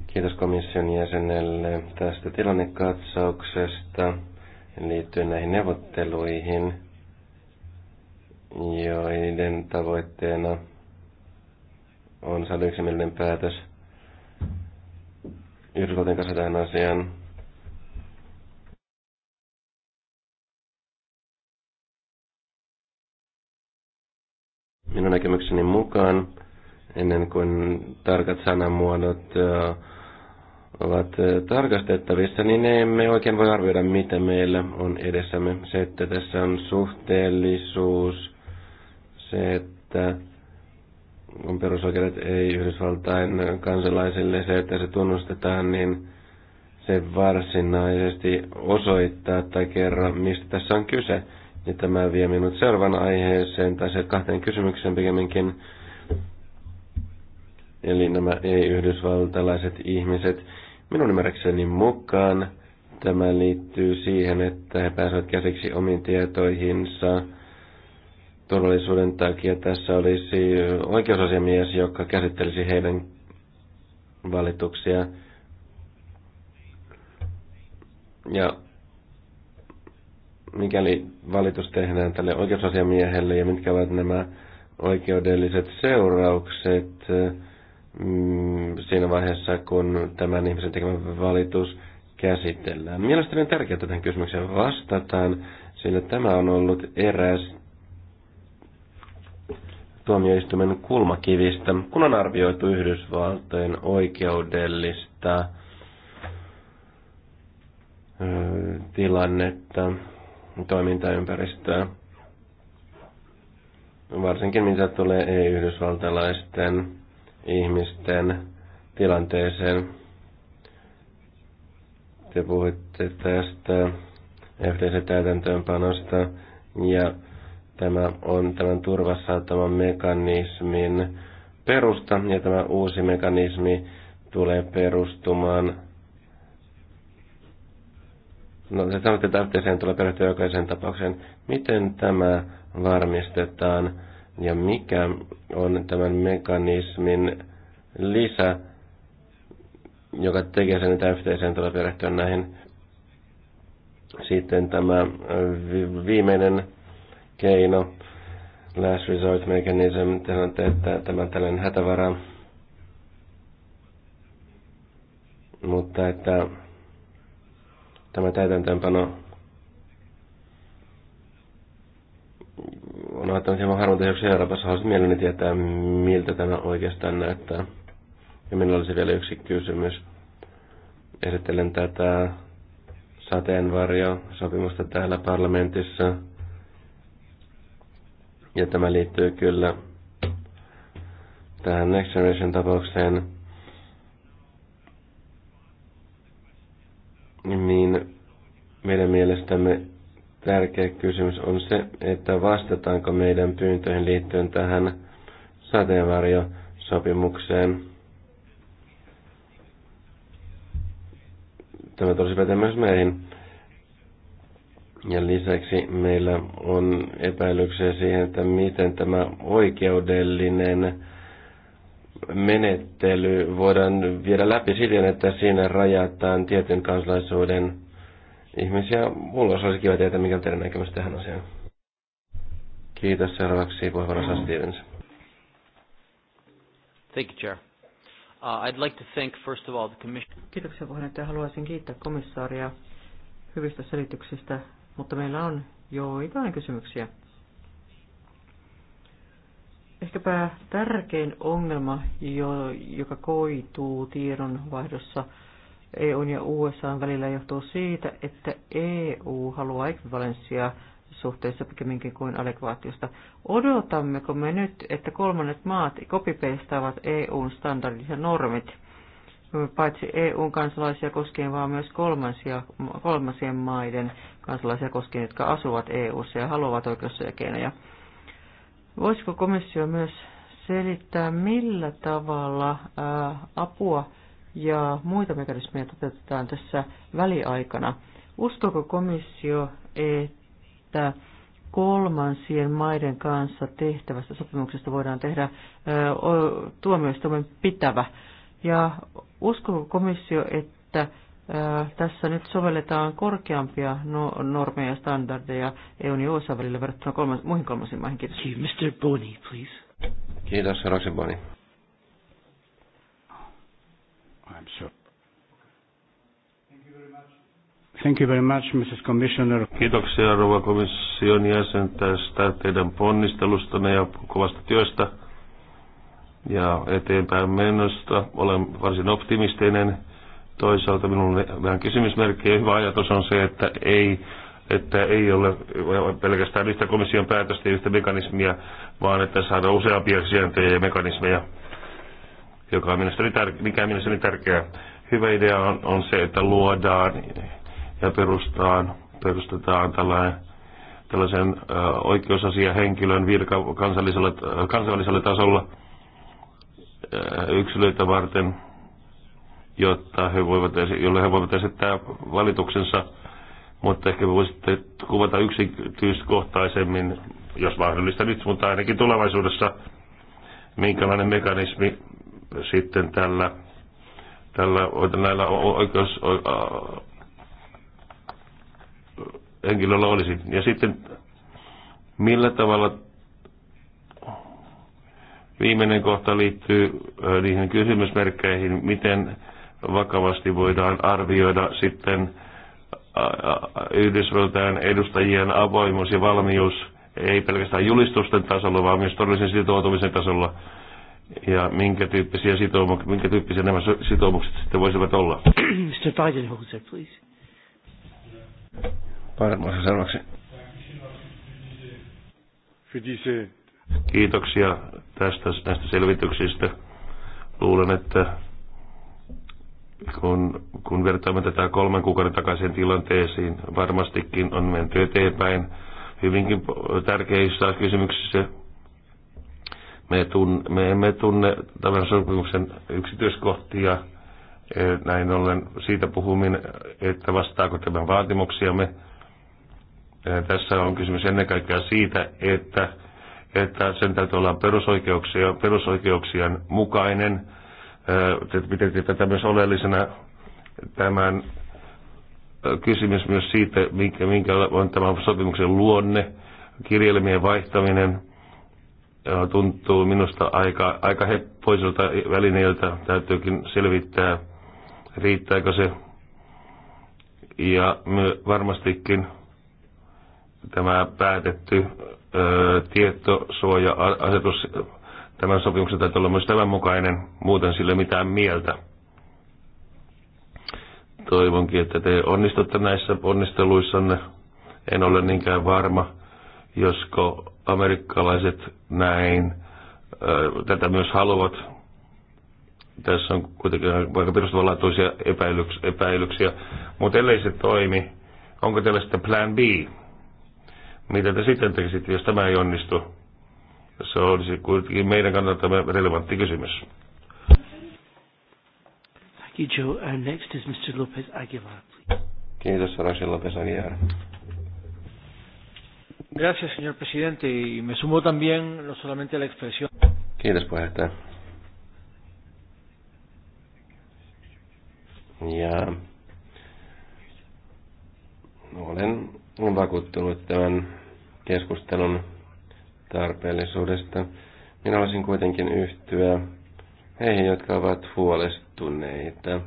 Kiitos komission jäsenelle tästä tilannekatsauksesta liittyen näihin neuvotteluihin, joiden tavoitteena on se yksimielinen päätös Yhdysvaltain kanssa tähän asiaan. Minun näkemykseni mukaan, ennen kuin tarkat sanamuodot äh, ovat äh, tarkastettavissa, niin emme oikein voi arvioida, mitä meillä on edessämme. Se, että tässä on suhteellisuus, se, että on perusoikeudet ei Yhdysvaltain kansalaisille. Se, että se tunnustetaan, niin se varsinaisesti osoittaa tai kerro, mistä tässä on kyse. Ja tämä vie minut seuraavan aiheeseen, tai se kahteen kysymykseen pikemminkin. Eli nämä ei-yhdysvaltalaiset ihmiset. Minun ymmärrykseni mukaan tämä liittyy siihen, että he pääsevät käsiksi omiin tietoihinsa – turvallisuuden takia tässä olisi oikeusasiamies, joka käsittelisi heidän valituksia. Ja mikäli valitus tehdään tälle oikeusasiamiehelle ja mitkä ovat nämä oikeudelliset seuraukset mm, siinä vaiheessa, kun tämän ihmisen tekemä valitus käsitellään. Mielestäni on tärkeää, tähän kysymykseen vastataan, sillä tämä on ollut eräs tuomioistuimen kulmakivistä, kun on arvioitu Yhdysvaltojen oikeudellista tilannetta, toimintaympäristöä, varsinkin mitä tulee ei-yhdysvaltalaisten ihmisten tilanteeseen. Te puhuitte tästä FTC-täytäntöönpanosta ja Tämä on tämän turvasauttaman mekanismin perusta ja tämä uusi mekanismi tulee perustumaan No se sanoo, että FTCn tulee perehtyä jokaisen tapaukseen. Miten tämä varmistetaan ja mikä on tämän mekanismin lisä, joka tekee sen, että yhteiseen tulee perehtyä näihin. Sitten tämä viimeinen keino. Last resort mechanism teettää tämä tällainen hätävara. Mutta että tämä täytäntöönpano on ottanut hieman harvoin Euroopassa. Haluaisin mielelläni tietää, miltä tämä oikeastaan näyttää. Ja minulla olisi vielä yksi kysymys. Esittelen tätä sateenvarjo-sopimusta täällä parlamentissa – ja tämä liittyy kyllä tähän Next Generation-tapaukseen, niin meidän mielestämme tärkeä kysymys on se, että vastataanko meidän pyyntöihin liittyen tähän sateenvarjosopimukseen. Tämä tosi pätee myös meihin. Ja lisäksi meillä on epäilyksiä siihen, että miten tämä oikeudellinen menettely voidaan viedä läpi siten, että siinä rajataan tietyn kansalaisuuden ihmisiä. Mulla olisi kiva tietää, mikä on teidän näkemys tähän asiaan. Kiitos. Seuraavaksi puheenvuoro Stevens. Thank you, Chair. Uh, I'd like to thank first of all the commission. Kiitoksia puheenjohtaja. Haluaisin kiittää komissaaria hyvistä selityksistä mutta meillä on joitain kysymyksiä. Ehkäpä tärkein ongelma, joka koituu tiedonvaihdossa EUn ja USAn välillä, johtuu siitä, että EU haluaa ekvivalenssia suhteessa pikemminkin kuin adekvaatiosta. Odotammeko me nyt, että kolmannet maat kopipeistaavat EUn standardit ja normit – paitsi eu kansalaisia koskien, vaan myös kolmansia, kolmansien maiden kansalaisia koskien, jotka asuvat EUssa ja haluavat keinoja. Voisiko komissio myös selittää, millä tavalla apua ja muita mekanismeja toteutetaan tässä väliaikana? Uskoko komissio, että kolmansien maiden kanssa tehtävästä sopimuksesta voidaan tehdä tuomioistuimen pitävä? Ja Uskoko komissio, että tässä nyt sovelletaan korkeampia no-, normeja ja standardeja EUn ja USA välillä verrattuna kolmas, muihin kolmansiin maihin. Kiitos. Mr. Boni, please. Kiitos, Roxy Boni. Oh, I'm sure. Thank you very much, Mrs. Commissioner. Kiitoksia, rouva komission jäsen, tästä teidän ponnistelustanne ja kovasta työstä ja eteenpäin menosta. Olen varsin optimistinen. Toisaalta minulla on vähän kysymysmerkki ja hyvä ajatus on se, että ei, että ei ole pelkästään yhtä komission päätöstä ja yhtä mekanismia, vaan että saadaan useampia sijaintoja ja mekanismeja, joka on mielestäni tär- mikä on mielestäni tärkeää. Hyvä idea on, on se, että luodaan ja perustaan, perustetaan tällainen tällaisen oikeusasiahenkilön virka kansallisella, kansainvälisellä tasolla – Äh, yksilöitä varten, jotta he voivat, jolle he voivat esittää valituksensa, mutta ehkä voisitte kuvata yksityiskohtaisemmin, jos mahdollista nyt, mutta ainakin tulevaisuudessa, minkälainen mekanismi sitten tällä, tällä näillä oikeus, henkilöllä olisi. Ja sitten millä tavalla Viimeinen kohta liittyy niihin kysymysmerkkeihin, miten vakavasti voidaan arvioida sitten Yhdysvaltain edustajien avoimuus ja valmius ei pelkästään julistusten tasolla, vaan myös todellisen sitoutumisen tasolla ja minkä tyyppisiä, sitoumuk- minkä tyyppisiä nämä sitoumukset sitten voisivat olla. [clears throat] Mr. Biden, Bidenholzer, please. Paremmin seuraavaksi. Kiitoksia tästä, näistä selvityksistä. Luulen, että kun, kun vertaamme tätä kolmen kuukauden takaisin tilanteisiin, varmastikin on menty eteenpäin hyvinkin tärkeissä kysymyksissä. Me, tun, me emme tunne tämän sopimuksen yksityiskohtia, e, näin ollen siitä puhuminen, että vastaako tämän vaatimuksiamme. E, tässä on kysymys ennen kaikkea siitä, että että sen täytyy olla perusoikeuksia, perusoikeuksien mukainen. Miten tätä myös oleellisena tämän kysymys myös siitä, minkä, minkä on tämän sopimuksen luonne, kirjelmien vaihtaminen tuntuu minusta aika, aika heppoisilta välineiltä. Täytyykin selvittää, riittääkö se. Ja varmastikin tämä päätetty tietosuoja-asetus tämän sopimuksen täytyy olla myös tämän mukainen, muuten sille mitään mieltä. Toivonkin, että te onnistutte näissä onnisteluissanne. En ole niinkään varma, josko amerikkalaiset näin tätä myös haluavat. Tässä on kuitenkin vaikka perustavanlaatuisia epäilyksiä, epäilyksiä. mutta ellei se toimi, onko teillä sitten plan B? Mitä te sitten tekisitte, jos tämä ei onnistu? Se olisi kuitenkin meidän kannaltamme relevantti kysymys. Thank you, Joe. next is Mr. Lopez Aguilar. Kiitos, Rashi Lopez Aguilar. Gracias, señor presidente. Y me sumo también, no solamente a la expresión. Kiitos, puheenjohtaja. Ja olen vakuuttunut tämän keskustelun tarpeellisuudesta. Minä olisin kuitenkin yhtyä heihin, jotka ovat huolestuneita.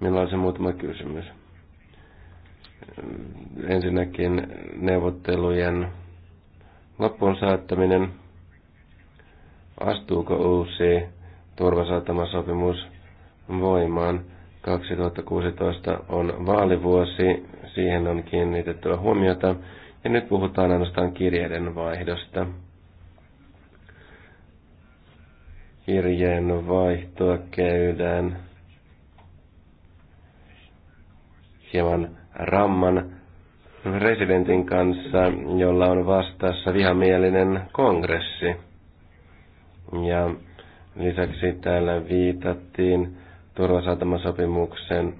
Minulla on se muutama kysymys. Ensinnäkin neuvottelujen loppuun saattaminen. Astuuko uusi turvasaatamasopimus voimaan? 2016 on vaalivuosi, siihen on kiinnitettävä huomiota. Ja nyt puhutaan ainoastaan kirjeiden vaihdosta. Kirjeen vaihtoa käydään hieman ramman residentin kanssa, jolla on vastassa vihamielinen kongressi. Ja lisäksi täällä viitattiin turvasatamasopimuksen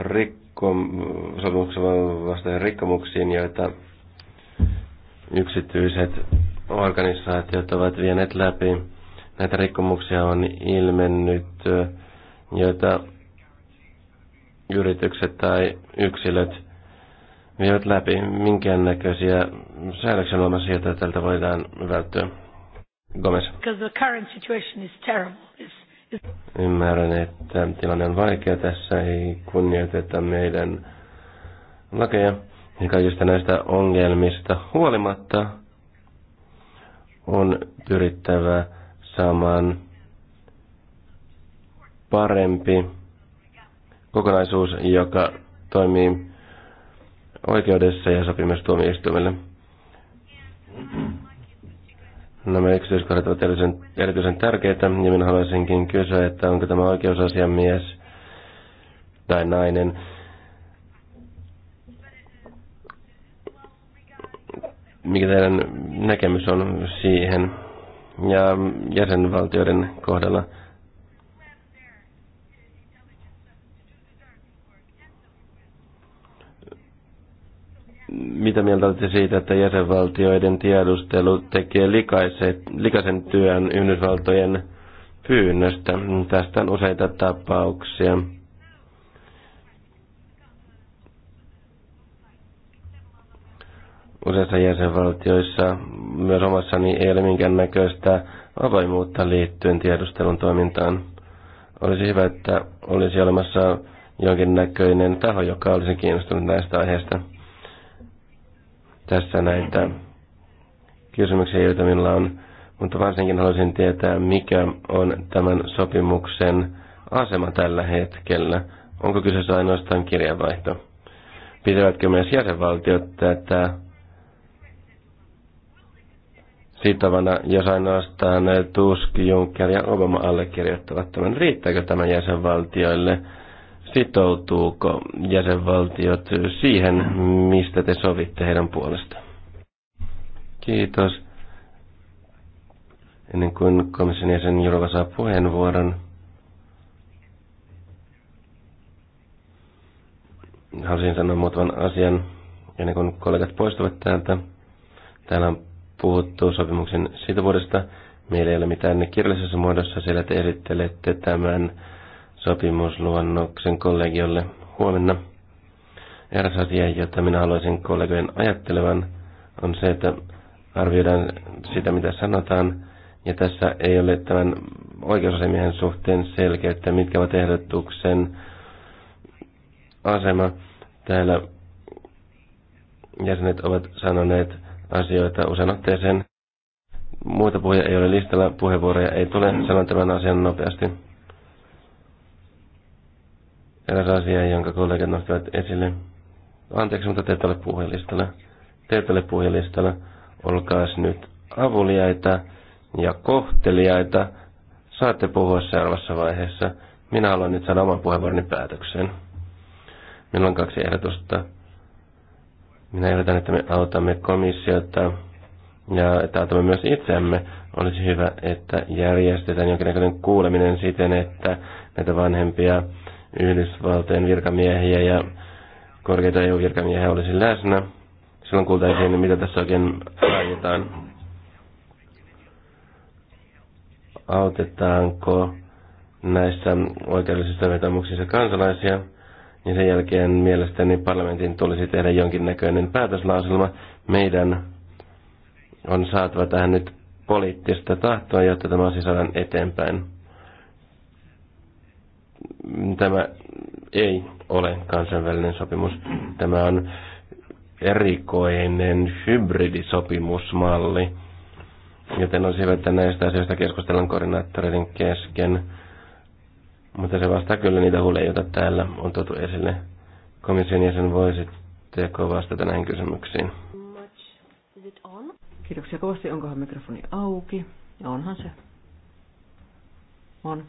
rik- rikkom, mm, sopimuksen vastoin rikkomuksiin, joita yksityiset organisaatiot ovat vieneet läpi. Näitä rikkomuksia on ilmennyt, joita yritykset tai yksilöt vievät läpi. Minkäännäköisiä säädöksiä on olemassa, tältä voidaan välttyä. Gomez. Because the current situation is terrible. Ymmärrän, että tilanne on vaikea. Tässä ei kunnioiteta meidän lakeja. Ja kaikista näistä ongelmista huolimatta on pyrittävä saamaan parempi kokonaisuus, joka toimii oikeudessa ja sopimustuomioistuimelle. Nämä yksityiskohdat ovat erityisen, erityisen tärkeitä, ja minä haluaisinkin kysyä, että onko tämä oikeusasiamies tai nainen. Mikä teidän näkemys on siihen ja jäsenvaltioiden kohdalla? mitä mieltä olette siitä, että jäsenvaltioiden tiedustelu tekee likaiset, likaisen työn Yhdysvaltojen pyynnöstä? Tästä on useita tapauksia. Useissa jäsenvaltioissa, myös omassani, ei ole minkäännäköistä avoimuutta liittyen tiedustelun toimintaan. Olisi hyvä, että olisi olemassa jonkinnäköinen taho, joka olisi kiinnostunut näistä aiheista. Tässä näitä kysymyksiä, joita minulla on, mutta varsinkin haluaisin tietää, mikä on tämän sopimuksen asema tällä hetkellä. Onko kyseessä ainoastaan kirjanvaihto? Pitävätkö myös jäsenvaltiot tätä sitovana, jos ainoastaan Tusk, Juncker ja Obama allekirjoittavat tämän. Riittääkö tämä jäsenvaltioille? Sitoutuuko jäsenvaltiot siihen, mistä te sovitte heidän puolestaan? Kiitos. Ennen kuin komission jäsen Jurova saa puheenvuoron, haluaisin sanoa muutaman asian ennen kuin kollegat poistuvat täältä. Täällä on puhuttu sopimuksen sitovuudesta. Meillä ei ole mitään kirjallisessa muodossa, sillä te esittelette tämän sopimusluonnoksen kollegiolle huomenna. Eräs asia, jota minä haluaisin kollegojen ajattelevan, on se, että arvioidaan sitä, mitä sanotaan, ja tässä ei ole tämän oikeusasemiehen suhteen selkeyttä, mitkä ovat ehdotuksen asema. Täällä jäsenet ovat sanoneet asioita usein otteeseen. Muita puhuja ei ole listalla, puheenvuoroja ei tule. Sanon tämän asian nopeasti eräs asia, jonka kollegat nostivat esille. Anteeksi, mutta te ette ole puhelistalla. Te ette ole puhelistalla. Olkaas nyt avuliaita ja kohteliaita. Saatte puhua seuraavassa vaiheessa. Minä haluan nyt saada oman puheenvuoroni päätökseen. Minulla on kaksi ehdotusta. Minä ehdotan, että me autamme komissiota ja että autamme myös itseämme. Olisi hyvä, että järjestetään jonkinnäköinen kuuleminen siten, että näitä vanhempia Yhdysvaltojen virkamiehiä ja korkeita EU-virkamiehiä olisi läsnä. Silloin kuultaisiin, mitä tässä oikein ajetaan. Autetaanko näissä oikeudellisissa vetomuksissa kansalaisia? Ja sen jälkeen mielestäni parlamentin tulisi tehdä jonkinnäköinen päätöslauselma. Meidän on saatava tähän nyt poliittista tahtoa, jotta tämä asia saadaan eteenpäin tämä ei ole kansainvälinen sopimus. Tämä on erikoinen hybridisopimusmalli. Joten on hyvä, että näistä asioista keskustellaan koordinaattoreiden kesken. Mutta se vastaa kyllä niitä huolia, joita täällä on tuotu esille. Komission jäsen sitten vastata näihin kysymyksiin? Kiitoksia kovasti. Onkohan mikrofoni auki? onhan se. On.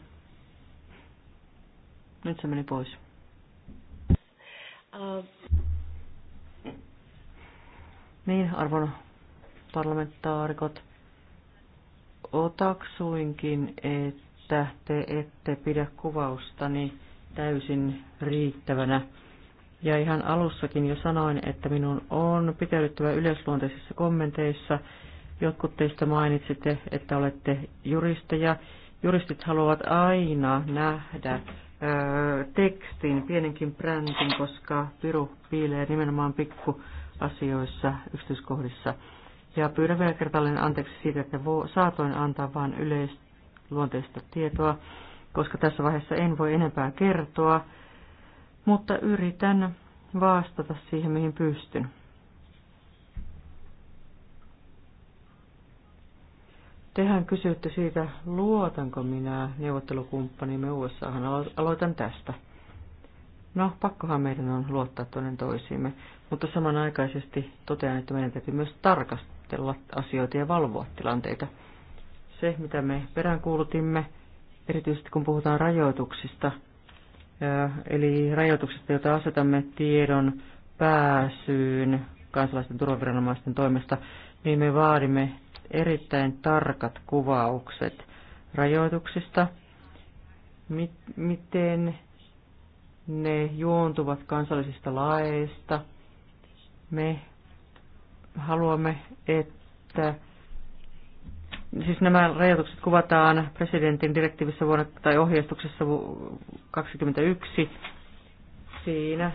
Nyt se meni pois. Niin, arvon parlamentaarikot, otaksuinkin, että te ette pidä kuvaustani täysin riittävänä. Ja ihan alussakin jo sanoin, että minun on pitäydyttävä yleisluonteisissa kommenteissa. Jotkut teistä mainitsitte, että olette juristeja. Juristit haluavat aina nähdä tekstin, pienenkin brändin, koska Piru piilee nimenomaan pikkuasioissa, yksityiskohdissa. Ja pyydän vielä kertaalleen anteeksi siitä, että saatoin antaa vain yleisluonteista tietoa, koska tässä vaiheessa en voi enempää kertoa, mutta yritän vastata siihen, mihin pystyn. Tehän kysytte siitä, luotanko minä neuvottelukumppanimme USAhan. Aloitan tästä. No, pakkohan meidän on luottaa toinen toisiimme, mutta samanaikaisesti totean, että meidän täytyy myös tarkastella asioita ja valvoa tilanteita. Se, mitä me peräänkuulutimme, erityisesti kun puhutaan rajoituksista, eli rajoituksista, joita asetamme tiedon pääsyyn kansalaisten turvaviranomaisten toimesta, niin me vaadimme erittäin tarkat kuvaukset rajoituksista, mit, miten ne juontuvat kansallisista laeista. Me haluamme, että siis nämä rajoitukset kuvataan presidentin direktiivissä vuonna, tai ohjeistuksessa 21. Siinä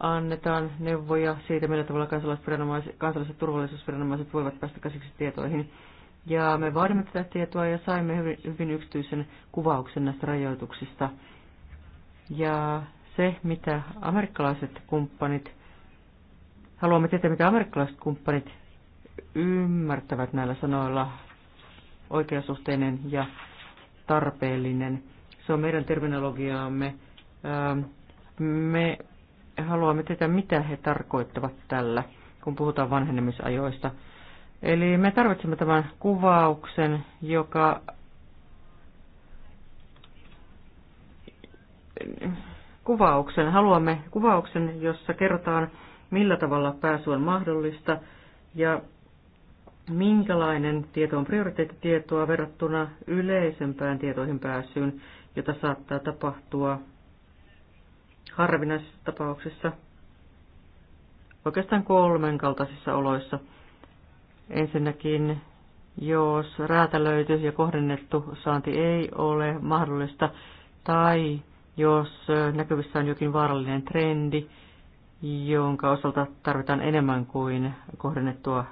annetaan neuvoja siitä, millä tavalla kansalaisviranomaiset, kansalliset turvallisuusviranomaiset voivat päästä käsiksi tietoihin. Ja me vaadimme tätä tietoa ja saimme hyvin, hyvin yksityisen kuvauksen näistä rajoituksista. Ja se, mitä amerikkalaiset kumppanit, haluamme tietää, mitä amerikkalaiset kumppanit ymmärtävät näillä sanoilla, oikeasuhteinen ja tarpeellinen. Se on meidän terminologiaamme. Öö, me haluamme tietää, mitä he tarkoittavat tällä, kun puhutaan vanhenemisajoista. Eli me tarvitsemme tämän kuvauksen, joka kuvauksen, haluamme kuvauksen, jossa kerrotaan, millä tavalla pääsy on mahdollista ja minkälainen tieto on prioriteettitietoa verrattuna yleisempään tietoihin pääsyyn, jota saattaa tapahtua harvinaisissa tapauksissa, oikeastaan kolmen kaltaisissa oloissa. Ensinnäkin, jos räätälöity ja kohdennettu saanti ei ole mahdollista, tai jos näkyvissä on jokin vaarallinen trendi, jonka osalta tarvitaan enemmän kuin kohdennettua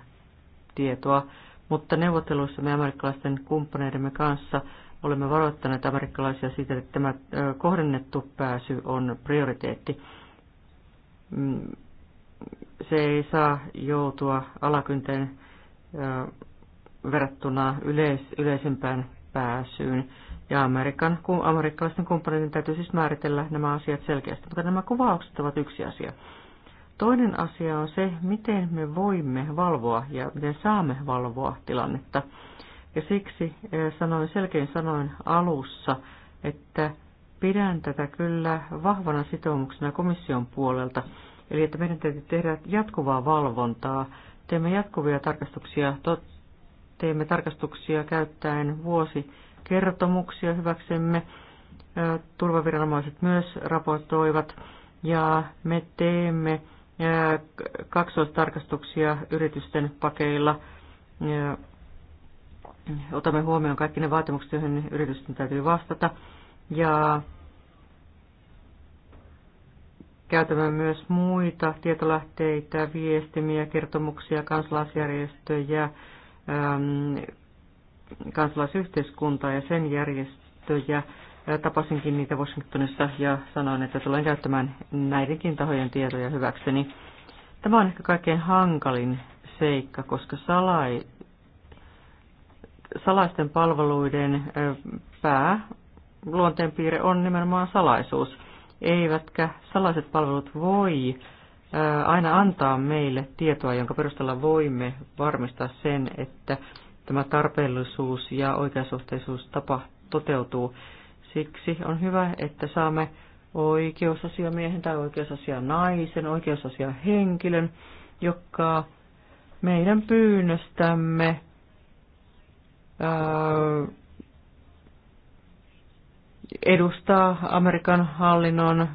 tietoa, mutta neuvotteluissa me amerikkalaisten kumppaneidemme kanssa Olemme varoittaneet amerikkalaisia siitä, että tämä kohdennettu pääsy on prioriteetti. Mm, se ei saa joutua alakynteen verrattuna yleis, yleisempään pääsyyn. Ja Amerikan, amerikkalaisten kumppaneiden täytyy siis määritellä nämä asiat selkeästi, mutta nämä kuvaukset ovat yksi asia. Toinen asia on se, miten me voimme valvoa ja miten saamme valvoa tilannetta. Ja siksi eh, sanoin selkein sanoin alussa, että pidän tätä kyllä vahvana sitoumuksena komission puolelta, eli että meidän täytyy tehdä jatkuvaa valvontaa, teemme jatkuvia tarkastuksia, teemme tarkastuksia käyttäen vuosikertomuksia hyväksemme, eh, turvaviranomaiset myös raportoivat, ja me teemme eh, kaksoistarkastuksia yritysten pakeilla, otamme huomioon kaikki ne vaatimukset, joihin yritysten täytyy vastata. Ja käytämme myös muita tietolähteitä, viestimiä, kertomuksia, kansalaisjärjestöjä, ähm, kansalaisyhteiskuntaa ja sen järjestöjä. Äh, tapasinkin niitä Washingtonissa ja sanoin, että tulen käyttämään näidenkin tahojen tietoja hyväkseni. Tämä on ehkä kaikkein hankalin seikka, koska salai, salaisten palveluiden pää piirre on nimenomaan salaisuus. Eivätkä salaiset palvelut voi aina antaa meille tietoa, jonka perusteella voimme varmistaa sen, että tämä tarpeellisuus ja oikeasuhteisuus tapa toteutuu. Siksi on hyvä, että saamme oikeusasiamiehen tai naisen oikeusasianaisen, henkilön, joka meidän pyynnöstämme edustaa Amerikan hallinnon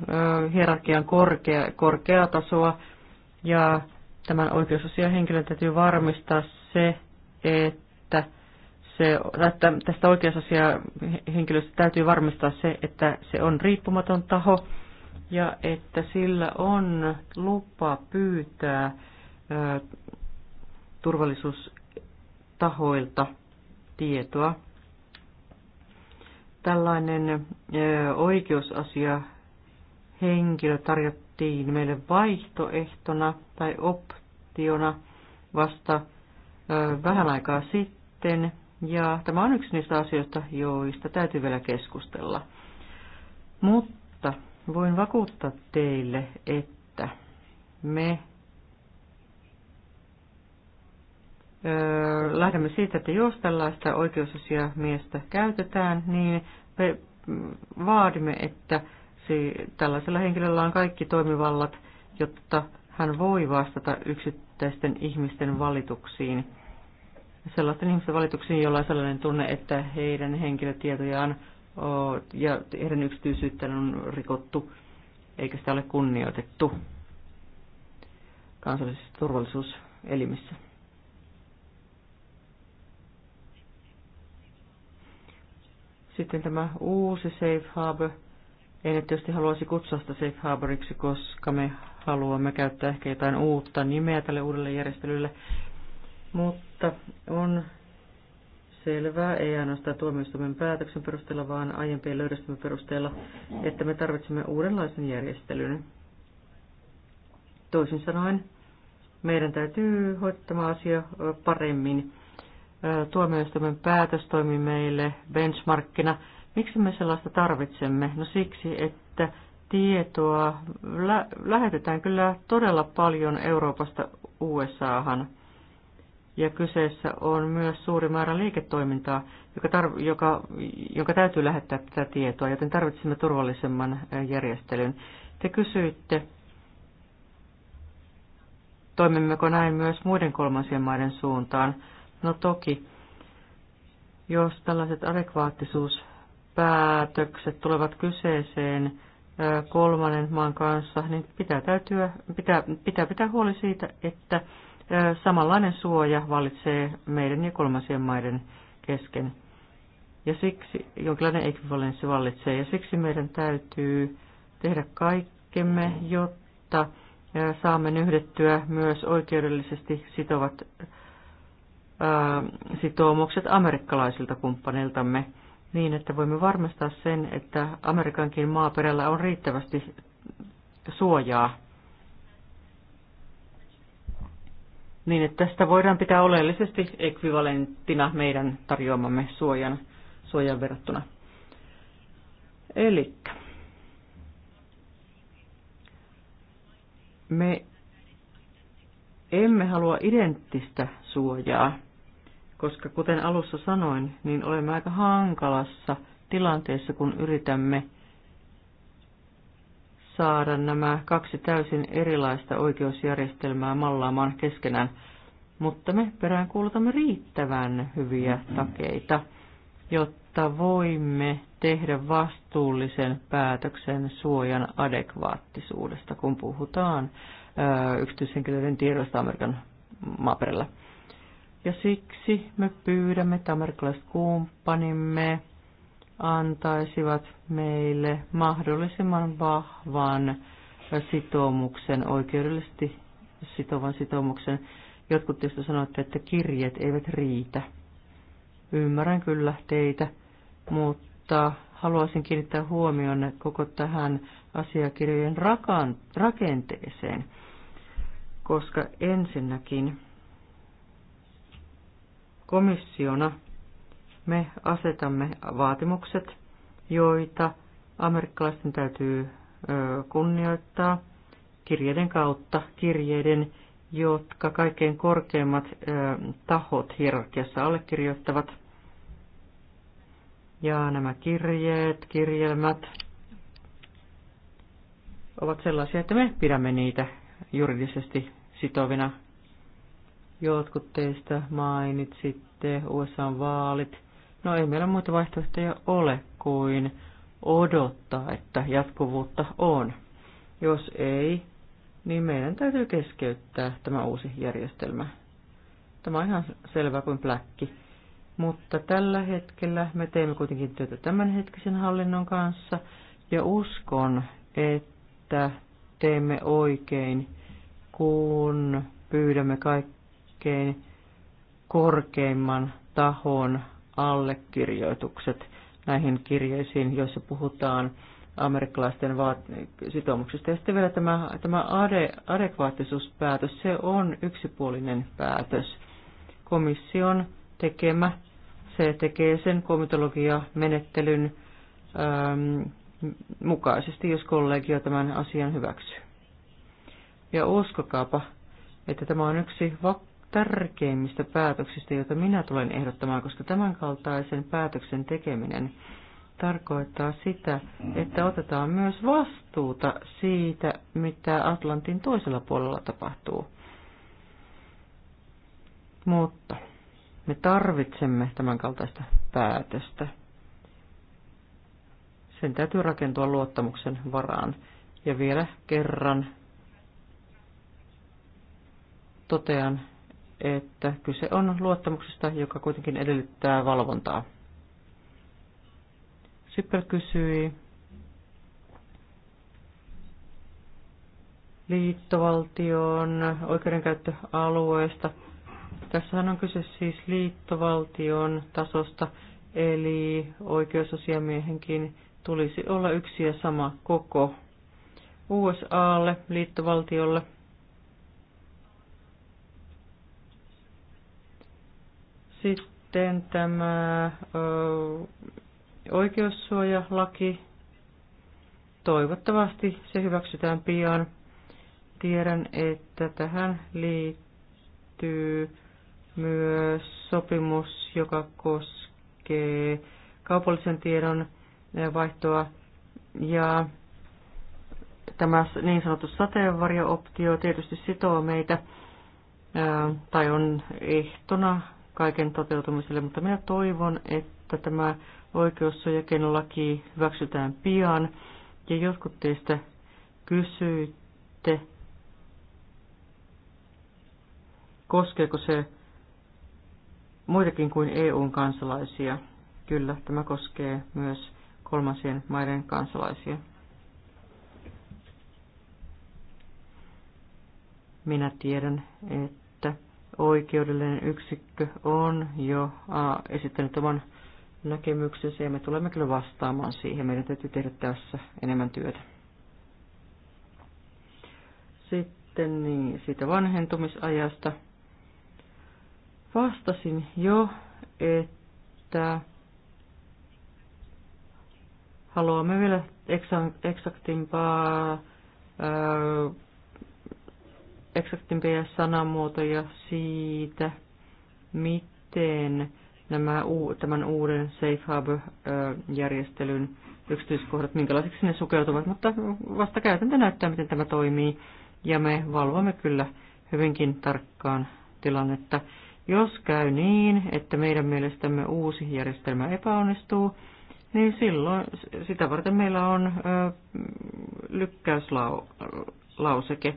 hierarkian korkea, korkeaa tasoa ja tämän henkilön täytyy varmistaa se, että se, että tästä henkilöstä täytyy varmistaa se, että se on riippumaton taho ja että sillä on lupa pyytää turvallisuustahoilta tietoa. Tällainen oikeusasia henkilö tarjottiin meille vaihtoehtona tai optiona vasta vähän aikaa sitten. Ja tämä on yksi niistä asioista, joista täytyy vielä keskustella. Mutta voin vakuuttaa teille, että me lähdemme siitä, että jos tällaista oikeusasiamiestä käytetään, niin me vaadimme, että tällaisella henkilöllä on kaikki toimivallat, jotta hän voi vastata yksittäisten ihmisten valituksiin. Sellaisten ihmisten valituksiin, joilla on sellainen tunne, että heidän henkilötietojaan ja heidän yksityisyyttään on rikottu, eikä sitä ole kunnioitettu kansallisessa turvallisuuselimissä. Sitten tämä uusi Safe Harbor. En tietysti haluaisi kutsua sitä Safe Harboriksi, koska me haluamme käyttää ehkä jotain uutta nimeä tälle uudelle järjestelylle. Mutta on selvää, ei ainoastaan tuomioistuimen päätöksen perusteella, vaan aiempien löydösten perusteella, että me tarvitsemme uudenlaisen järjestelyn. Toisin sanoen, meidän täytyy hoitaa asia paremmin tuomioistuimen päätös toimi meille benchmarkkina. Miksi me sellaista tarvitsemme? No siksi, että tietoa lä- lähetetään kyllä todella paljon Euroopasta USAhan. Ja kyseessä on myös suuri määrä liiketoimintaa, joka tar- joka, jonka täytyy lähettää tätä tietoa, joten tarvitsemme turvallisemman järjestelyn. Te kysyitte, toimimmeko näin myös muiden kolmansien maiden suuntaan. No toki, jos tällaiset adekvaattisuuspäätökset tulevat kyseeseen kolmannen maan kanssa, niin pitää, täytyä, pitää, pitää pitää huoli siitä, että samanlainen suoja vallitsee meidän ja kolmansien maiden kesken. Ja siksi jonkinlainen ekvivalenssi vallitsee, ja siksi meidän täytyy tehdä kaikkemme, jotta saamme nyhdettyä myös oikeudellisesti sitovat sitoumukset amerikkalaisilta kumppaneiltamme niin, että voimme varmistaa sen, että Amerikankin maaperällä on riittävästi suojaa niin, että tästä voidaan pitää oleellisesti ekvivalenttina meidän tarjoamamme suojan, suojan verrattuna. Eli me emme halua identtistä suojaa koska kuten alussa sanoin, niin olemme aika hankalassa tilanteessa, kun yritämme saada nämä kaksi täysin erilaista oikeusjärjestelmää mallaamaan keskenään, mutta me peräänkuulutamme riittävän hyviä takeita, jotta voimme tehdä vastuullisen päätöksen suojan adekvaattisuudesta, kun puhutaan yksityishenkilöiden tiedosta Amerikan maaperällä. Ja siksi me pyydämme, että kumppanimme antaisivat meille mahdollisimman vahvan sitoumuksen, oikeudellisesti sitovan sitoumuksen. Jotkut teistä sanoitte, että kirjeet eivät riitä. Ymmärrän kyllä teitä, mutta haluaisin kiinnittää huomioon koko tähän asiakirjojen rakenteeseen, koska ensinnäkin Komissiona me asetamme vaatimukset, joita amerikkalaisten täytyy kunnioittaa kirjeiden kautta, kirjeiden, jotka kaikkein korkeimmat tahot hierarkiassa allekirjoittavat. Ja nämä kirjeet, kirjelmät ovat sellaisia, että me pidämme niitä juridisesti sitovina Jotkut teistä mainitsitte USA-vaalit. No ei meillä muita vaihtoehtoja ole kuin odottaa, että jatkuvuutta on. Jos ei, niin meidän täytyy keskeyttää tämä uusi järjestelmä. Tämä on ihan selvä kuin pläkki. Mutta tällä hetkellä me teemme kuitenkin työtä tämänhetkisen hallinnon kanssa ja uskon, että teemme oikein, kun pyydämme kaikki kaikkein korkeimman tahon allekirjoitukset näihin kirjeisiin, joissa puhutaan amerikkalaisten vaat- sitoumuksista. Ja sitten vielä tämä, tämä ade- adekvaattisuuspäätös, se on yksipuolinen päätös. Komission tekemä, se tekee sen komitologiamenettelyn äm, mukaisesti, jos kollegio tämän asian hyväksyy. Ja uskokaapa, että tämä on yksi vak- tärkeimmistä päätöksistä, joita minä tulen ehdottamaan, koska tämänkaltaisen päätöksen tekeminen tarkoittaa sitä, että otetaan myös vastuuta siitä, mitä Atlantin toisella puolella tapahtuu. Mutta me tarvitsemme tämänkaltaista päätöstä. Sen täytyy rakentua luottamuksen varaan. Ja vielä kerran totean, että kyse on luottamuksesta, joka kuitenkin edellyttää valvontaa. Sippel kysyi liittovaltion oikeudenkäyttöalueesta. Tässähän on kyse siis liittovaltion tasosta, eli oikeusasiamiehenkin tulisi olla yksi ja sama koko USAlle, liittovaltiolle – Sitten tämä oikeussuojalaki. Toivottavasti se hyväksytään pian. Tiedän, että tähän liittyy myös sopimus, joka koskee kaupallisen tiedon vaihtoa ja tämä niin sanottu sateenvarjo-optio tietysti sitoo meitä tai on ehtona kaiken toteutumiselle, mutta minä toivon, että tämä laki hyväksytään pian. Ja jotkut teistä kysyitte, koskeeko se muitakin kuin EUn kansalaisia. Kyllä, tämä koskee myös kolmansien maiden kansalaisia. Minä tiedän, että oikeudellinen yksikkö on jo esittänyt oman näkemyksensä ja me tulemme kyllä vastaamaan siihen. Meidän täytyy tehdä tässä enemmän työtä. Sitten niin, siitä vanhentumisajasta. Vastasin jo, että haluamme vielä eksaktimpaa eksaktimpia sanamuotoja siitä, miten nämä tämän uuden Safe Harbor-järjestelyn yksityiskohdat, minkälaisiksi ne sukeutuvat, mutta vasta käytäntö näyttää, miten tämä toimii, ja me valvomme kyllä hyvinkin tarkkaan tilannetta. Jos käy niin, että meidän mielestämme uusi järjestelmä epäonnistuu, niin silloin sitä varten meillä on ö, lykkäyslauseke.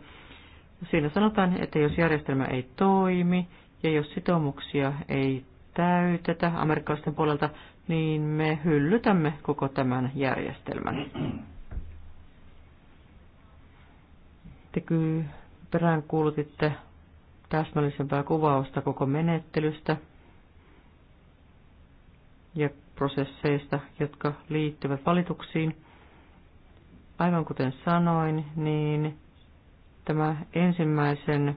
Siinä sanotaan, että jos järjestelmä ei toimi ja jos sitoumuksia ei täytetä amerikkalaisten puolelta, niin me hyllytämme koko tämän järjestelmän. Te peräänkuulutitte täsmällisempää kuvausta koko menettelystä ja prosesseista, jotka liittyvät valituksiin. Aivan kuten sanoin, niin Tämä ensimmäisen,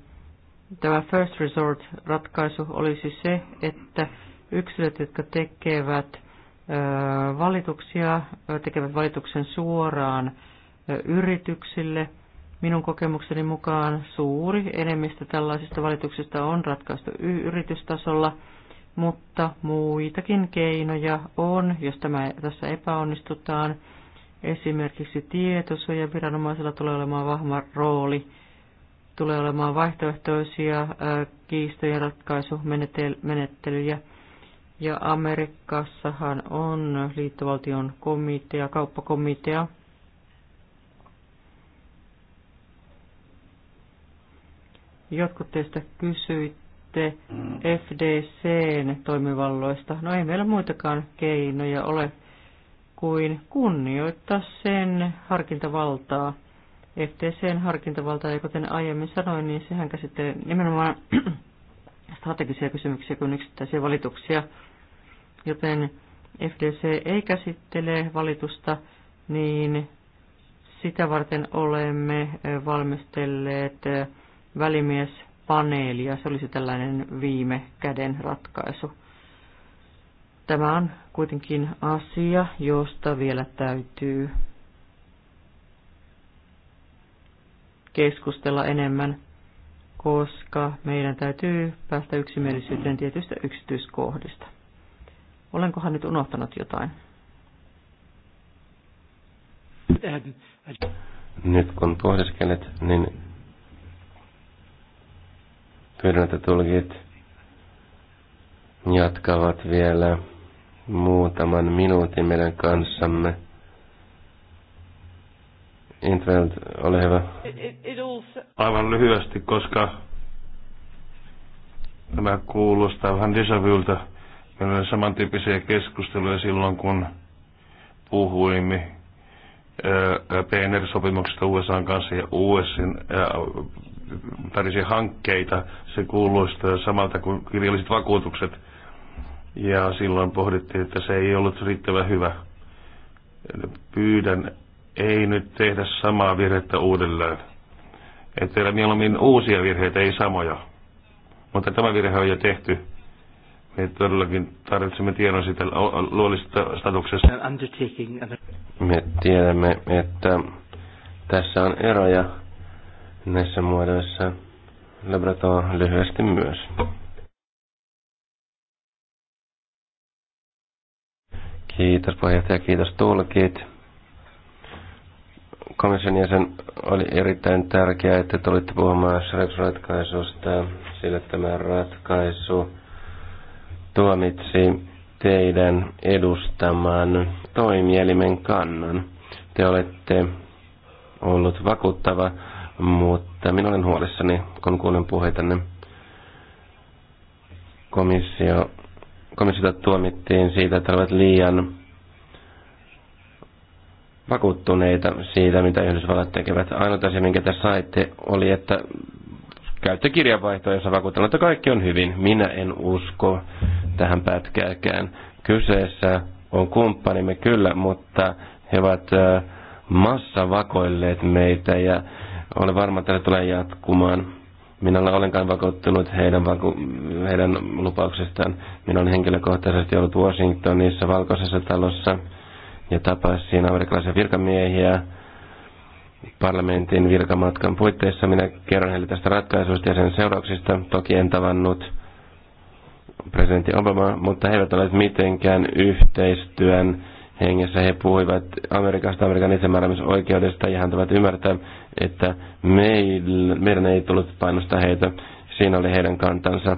tämä first resort ratkaisu olisi se, että yksilöt, jotka tekevät valituksia, tekevät valituksen suoraan yrityksille. Minun kokemukseni mukaan suuri enemmistö tällaisista valituksista on ratkaistu yritystasolla, mutta muitakin keinoja on, jos tämä tässä epäonnistutaan Esimerkiksi tietosuojaviranomaisella tulee olemaan vahva rooli, tulee olemaan vaihtoehtoisia äh, kiistojen ratkaisumenettelyjä. Ja Amerikassahan on liittovaltion komitea, kauppakomitea, jotkut teistä kysyitte FDCn toimivalloista. No ei meillä muitakaan keinoja ole kuin kunnioittaa sen harkintavaltaa, FTCn harkintavaltaa, ja kuten aiemmin sanoin, niin sehän käsittelee nimenomaan [clears throat] strategisia kysymyksiä kuin yksittäisiä valituksia, joten FDC ei käsittele valitusta, niin sitä varten olemme valmistelleet välimiespaneelia. Se olisi tällainen viime käden ratkaisu. Tämä on kuitenkin asia, josta vielä täytyy keskustella enemmän, koska meidän täytyy päästä yksimielisyyteen tietystä yksityiskohdista. Olenkohan nyt unohtanut jotain? Nyt kun pohdiskelet, niin pyydän, että tulkit jatkavat vielä muutaman minuutin meidän kanssamme. Intveld, ole hyvä. Aivan lyhyesti, koska tämä kuulostaa vähän disavyltä. Meillä oli samantyyppisiä keskusteluja silloin, kun puhuimme PNR-sopimuksesta USA kanssa ja USin välisiä hankkeita. Se kuulostaa samalta kuin kirjalliset vakuutukset ja silloin pohdittiin, että se ei ollut riittävän hyvä. Pyydän, ei nyt tehdä samaa virhettä uudelleen. Että teillä mieluummin uusia virheitä, ei samoja. Mutta tämä virhe on jo tehty. Me todellakin tarvitsemme tiedon siitä luollisesta statuksesta. Me tiedämme, että tässä on eroja näissä muodoissa. Labrator lyhyesti myös. Kiitos puheenjohtaja, kiitos tulkit. Komission jäsen oli erittäin tärkeää, että tulitte puhumaan Schreps-ratkaisusta, sillä tämä ratkaisu tuomitsi teidän edustaman toimielimen kannan. Te olette ollut vakuuttava, mutta minä olen huolissani, kun kuulen puheitanne. Komissio komissiota tuomittiin siitä, että olivat liian vakuuttuneita siitä, mitä Yhdysvallat tekevät. Ainoa asia, minkä te saitte, oli, että käytte kirjanvaihtoa, jossa vakuutellaan, että kaikki on hyvin. Minä en usko tähän pätkääkään. Kyseessä on kumppanimme kyllä, mutta he ovat massavakoilleet meitä ja olen varma, että tulee jatkumaan. Minä olen ollenkaan vakuuttunut heidän, vaku- heidän lupauksestaan. Minä olen henkilökohtaisesti ollut Washingtonissa valkoisessa talossa ja tapasin amerikkalaisia virkamiehiä parlamentin virkamatkan puitteissa. Minä kerron heille tästä ratkaisusta ja sen seurauksista. Toki en tavannut presidentti Obama, mutta he eivät ole mitenkään yhteistyön hengessä he puhuivat Amerikasta, Amerikan itsemääräämisoikeudesta ja antavat ymmärtää, että meidän ei tullut painostaa heitä. Siinä oli heidän kantansa.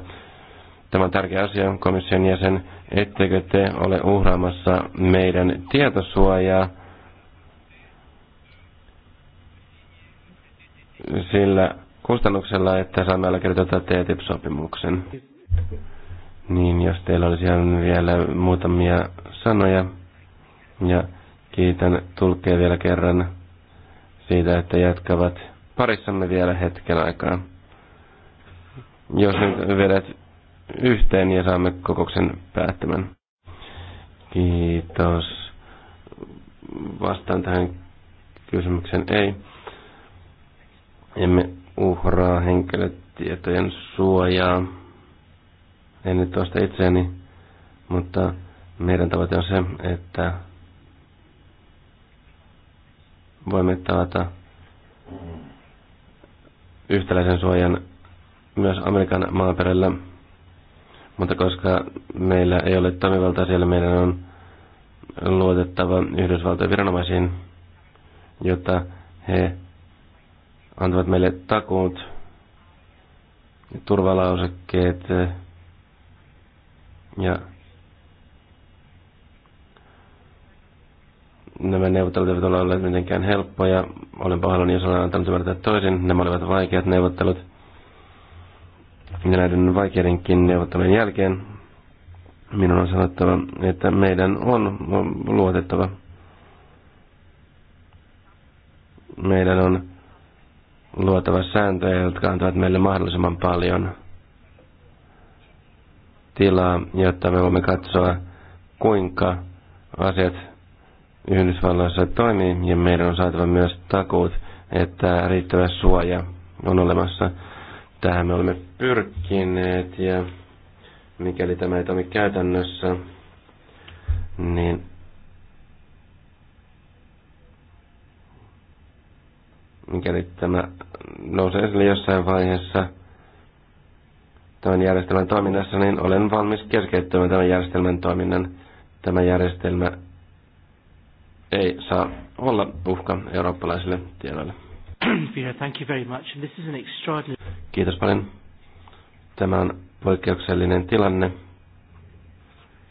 Tämä on tärkeä asia, komission jäsen, ettekö te ole uhraamassa meidän tietosuojaa, sillä kustannuksella, että saamme allekirjoittaa TTIP-sopimuksen. Niin, jos teillä olisi vielä muutamia sanoja. Ja kiitän tulkkeja vielä kerran siitä, että jatkavat parissamme vielä hetken aikaa. Jos nyt vedät yhteen ja saamme kokouksen päättämään. Kiitos. Vastaan tähän kysymykseen ei. Emme uhraa henkilötietojen suojaa. En nyt tuosta itseäni, mutta meidän tavoite on se, että voimme taata yhtäläisen suojan myös Amerikan maaperällä, mutta koska meillä ei ole toimivaltaa siellä, meidän on luotettava Yhdysvaltojen viranomaisiin, jotta he antavat meille takuut, turvalausekkeet ja Nämä neuvottelut eivät ole olleet mitenkään helppoja. Olen pahoillani, jos olen antanut ymmärtää toisin. Nämä olivat vaikeat neuvottelut. Ja näiden vaikeidenkin neuvottelujen jälkeen minun on sanottava, että meidän on luotettava. Meidän on luotava sääntöjä, jotka antavat meille mahdollisimman paljon tilaa, jotta me voimme katsoa, kuinka asiat Yhdysvalloissa toimii ja meidän on saatava myös takuut, että riittävä suoja on olemassa. Tähän me olemme pyrkineet ja mikäli tämä ei toimi käytännössä, niin mikäli tämä nousee esille jossain vaiheessa tämän järjestelmän toiminnassa, niin olen valmis keskeyttämään tämän järjestelmän toiminnan. Tämä järjestelmä ei saa olla uhka eurooppalaisille tiedoille. [clears throat] Kiitos paljon. Tämä on poikkeuksellinen tilanne.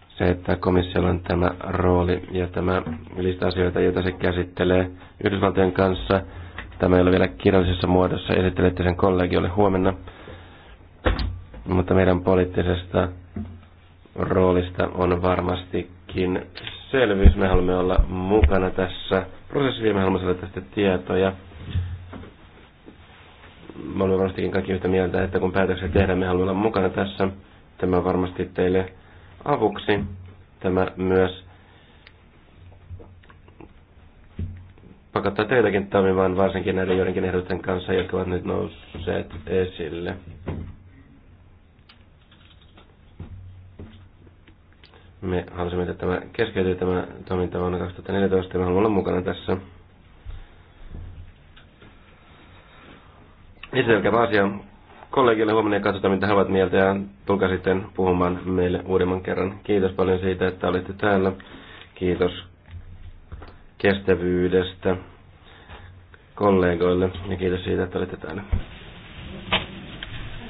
Se, että komissiolla on tämä rooli ja tämä lista asioita, joita se käsittelee Yhdysvaltojen kanssa. Tämä ei ole vielä kirjallisessa muodossa. Esittelette sen kollegiolle huomenna. Mutta meidän poliittisesta roolista on varmasti kaikkiin selvyys. Me haluamme olla mukana tässä prosessissa, me haluamme saada tästä tietoja. Me olemme varmastikin kaikki yhtä mieltä, että kun päätöksiä tehdään, me haluamme olla mukana tässä. Tämä varmasti teille avuksi. Tämä myös pakottaa teitäkin toimimaan varsinkin näiden joidenkin ehdotusten kanssa, jotka ovat nyt nousseet esille. Me halusimme, että tämä keskeytyy tämä toiminta vuonna 2014 ja me haluamme olla mukana tässä. Esitelkää asia kollegille huomenna ja katsotaan, mitä he ovat mieltä ja tulkaa sitten puhumaan meille uudemman kerran. Kiitos paljon siitä, että olitte täällä. Kiitos kestävyydestä kollegoille ja kiitos siitä, että olitte täällä.